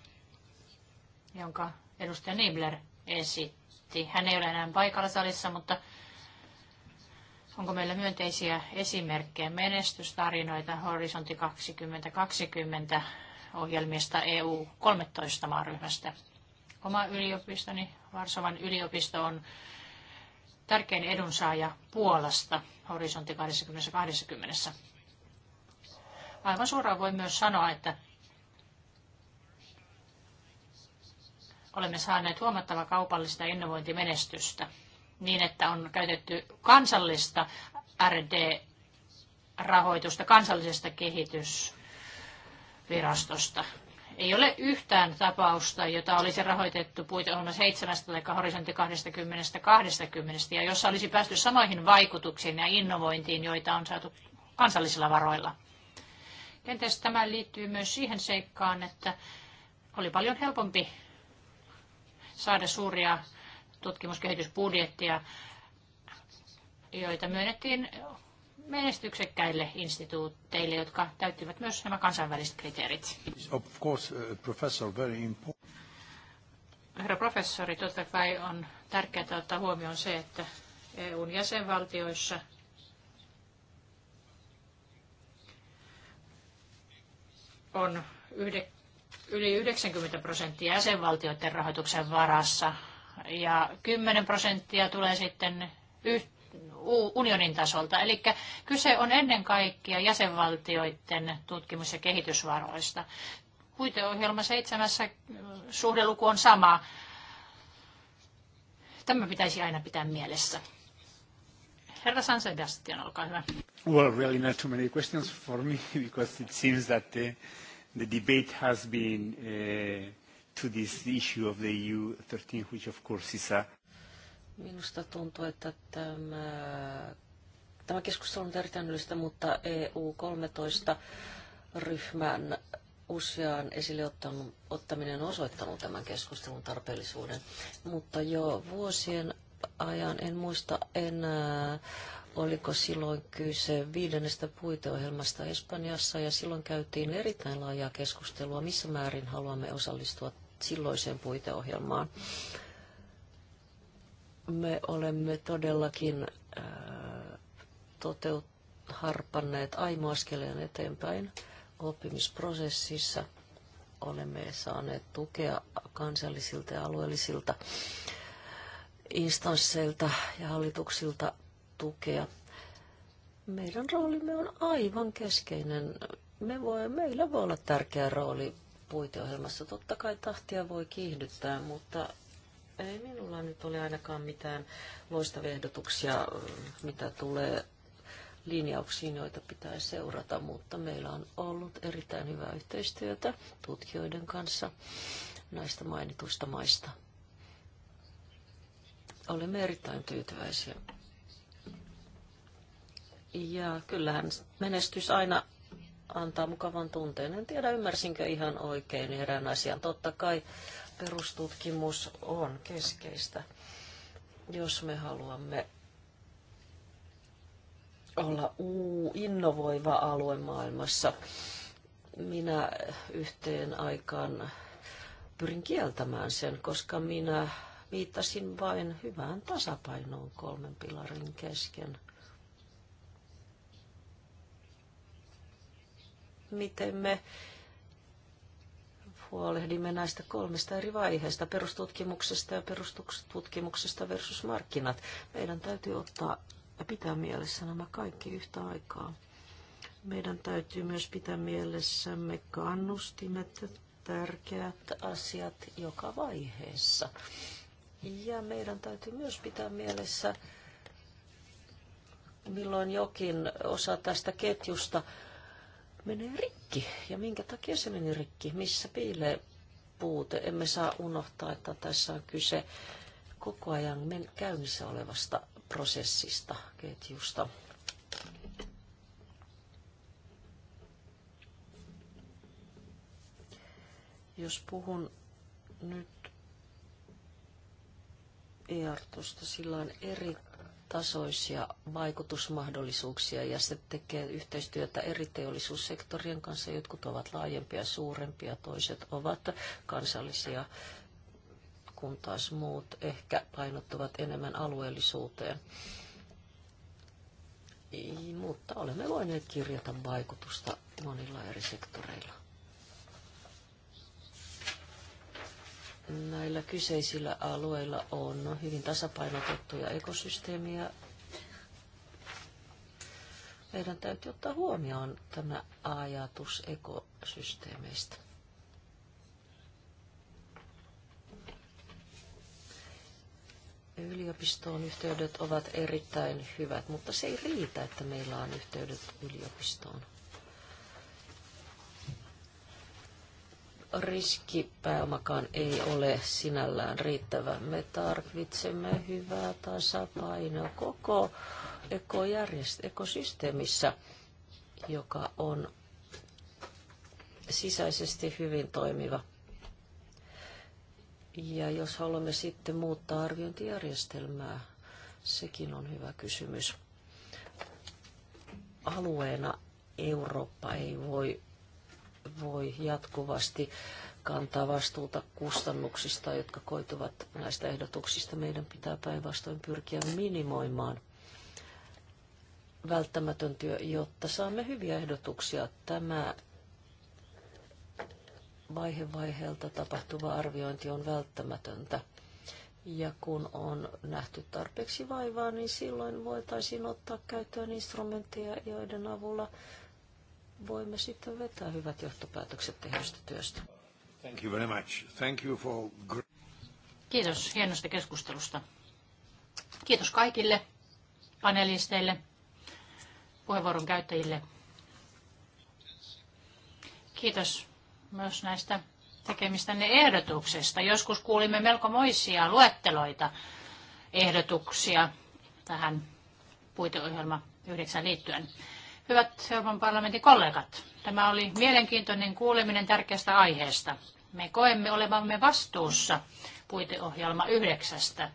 jonka edustaja Nibler esitti. Hän ei ole enää paikalla salissa, mutta onko meillä myönteisiä esimerkkejä, menestystarinoita Horisontti 2020 ohjelmista EU-13 maaryhmästä? Oma yliopistoni, Varsovan yliopisto, on tärkein edunsaaja Puolasta Horisontti 2020. Aivan suoraan voi myös sanoa, että olemme saaneet huomattavaa kaupallista innovointimenestystä niin, että on käytetty kansallista RD-rahoitusta kansallisesta kehitysvirastosta. Ei ole yhtään tapausta, jota olisi rahoitettu puiteohjelma 7 tai horisontti 20 20 ja jossa olisi päästy samoihin vaikutuksiin ja innovointiin, joita on saatu kansallisilla varoilla. Kenties tämä liittyy myös siihen seikkaan, että oli paljon helpompi saada suuria tutkimuskehitysbudjettia, joita myönnettiin menestyksekkäille instituutteille, jotka täyttivät myös nämä kansainväliset kriteerit. Of course, uh, professor, very important. Herra professori, totta kai on tärkeää ottaa huomioon se, että EUn jäsenvaltioissa on yli 90 prosenttia jäsenvaltioiden rahoituksen varassa ja 10 prosenttia tulee sitten unionin tasolta. Eli kyse on ennen kaikkea jäsenvaltioiden tutkimus- ja kehitysvaroista. Puiteohjelma seitsemässä suhdeluku on sama. Tämä pitäisi aina pitää mielessä. Herra San Sebastian, olkaa hyvä. Well, really not too many questions for me, because it seems that the The debate has been uh, to this issue of the EU 13, which of course is a... Minusta tuntuu, että tämä, tämä keskustelu on erittäin mutta EU-13 ryhmän useaan esille ottaminen on osoittanut tämän keskustelun tarpeellisuuden. Mutta jo vuosien ajan en muista enää oliko silloin kyse viidennestä puiteohjelmasta Espanjassa ja silloin käytiin erittäin laajaa keskustelua, missä määrin haluamme osallistua silloiseen puiteohjelmaan. Me olemme todellakin äh, toteut, harpanneet aimoaskeleen eteenpäin oppimisprosessissa. Olemme saaneet tukea kansallisilta ja alueellisilta instansseilta ja hallituksilta tukea. Meidän roolimme on aivan keskeinen. Me voi, meillä voi olla tärkeä rooli puiteohjelmassa. Totta kai tahtia voi kiihdyttää, mutta ei minulla nyt ole ainakaan mitään loistavia ehdotuksia, mitä tulee linjauksiin, joita pitää seurata, mutta meillä on ollut erittäin hyvää yhteistyötä tutkijoiden kanssa näistä mainituista maista. Olemme erittäin tyytyväisiä ja kyllähän menestys aina antaa mukavan tunteen. En tiedä, ymmärsinkö ihan oikein erään asian. Totta kai perustutkimus on keskeistä, jos me haluamme olla uu, innovoiva alue maailmassa. Minä yhteen aikaan pyrin kieltämään sen, koska minä viittasin vain hyvään tasapainoon kolmen pilarin kesken – miten me huolehdimme näistä kolmesta eri vaiheesta, perustutkimuksesta ja perustutkimuksesta versus markkinat. Meidän täytyy ottaa ja pitää mielessä nämä kaikki yhtä aikaa. Meidän täytyy myös pitää mielessämme kannustimet, tärkeät asiat joka vaiheessa. Ja meidän täytyy myös pitää mielessä, milloin jokin osa tästä ketjusta menee rikki. Ja minkä takia se meni rikki? Missä piilee puute? Emme saa unohtaa, että tässä on kyse koko ajan käynnissä olevasta prosessista, ketjusta. Jos puhun nyt Eartosta, sillä on eri tasoisia vaikutusmahdollisuuksia ja se tekee yhteistyötä eri teollisuussektorien kanssa. Jotkut ovat laajempia, suurempia, toiset ovat kansallisia, kun taas muut ehkä painottuvat enemmän alueellisuuteen. Mutta olemme voineet kirjata vaikutusta monilla eri sektoreilla. näillä kyseisillä alueilla on hyvin tasapainotettuja ekosysteemiä. Meidän täytyy ottaa huomioon tämä ajatus ekosysteemeistä. Yliopistoon yhteydet ovat erittäin hyvät, mutta se ei riitä, että meillä on yhteydet yliopistoon. riskipääomakaan ei ole sinällään riittävä. Me tarvitsemme hyvää tasapainoa koko ekojärjest- ekosysteemissä, joka on sisäisesti hyvin toimiva. Ja jos haluamme sitten muuttaa arviointijärjestelmää, sekin on hyvä kysymys. Alueena Eurooppa ei voi voi jatkuvasti kantaa vastuuta kustannuksista, jotka koituvat näistä ehdotuksista. Meidän pitää päinvastoin pyrkiä minimoimaan välttämätön työ, jotta saamme hyviä ehdotuksia. Tämä vaihe vaiheelta tapahtuva arviointi on välttämätöntä. Ja kun on nähty tarpeeksi vaivaa, niin silloin voitaisiin ottaa käyttöön instrumentteja, joiden avulla voimme sitten vetää hyvät johtopäätökset tehdystä työstä. Thank you very much. Thank you for... Kiitos hienosta keskustelusta. Kiitos kaikille panelisteille, puheenvuoron käyttäjille. Kiitos myös näistä tekemistänne ehdotuksesta. Joskus kuulimme melko moisia luetteloita ehdotuksia tähän puiteohjelma 9 liittyen. Hyvät Euroopan parlamentin kollegat, tämä oli mielenkiintoinen kuuleminen tärkeästä aiheesta. Me koemme olevamme vastuussa puiteohjelma yhdeksästä.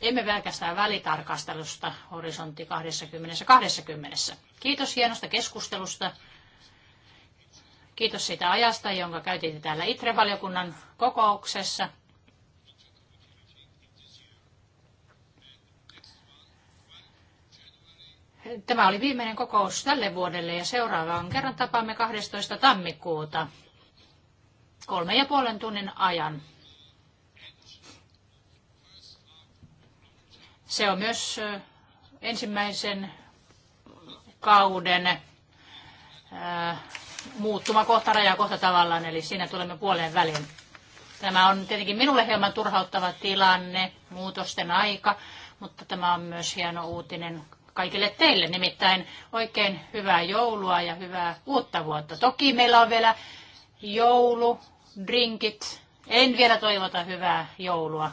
Emme pelkästään välitarkastelusta horisontti 2020. Kiitos hienosta keskustelusta. Kiitos siitä ajasta, jonka käytitte täällä ITRE-valiokunnan kokouksessa. Tämä oli viimeinen kokous tälle vuodelle ja seuraavaan kerran tapaamme 12. tammikuuta kolme ja puolen tunnin ajan. Se on myös ensimmäisen kauden muuttuma kohta rajaa kohta tavallaan, eli siinä tulemme puoleen väliin. Tämä on tietenkin minulle hieman turhauttava tilanne, muutosten aika, mutta tämä on myös hieno uutinen kaikille teille. Nimittäin oikein hyvää joulua ja hyvää uutta vuotta. Toki meillä on vielä joulu, drinkit. En vielä toivota hyvää joulua.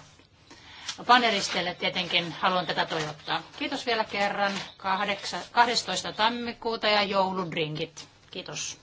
Panelisteille tietenkin haluan tätä toivottaa. Kiitos vielä kerran 12. tammikuuta ja jouludrinkit. Kiitos.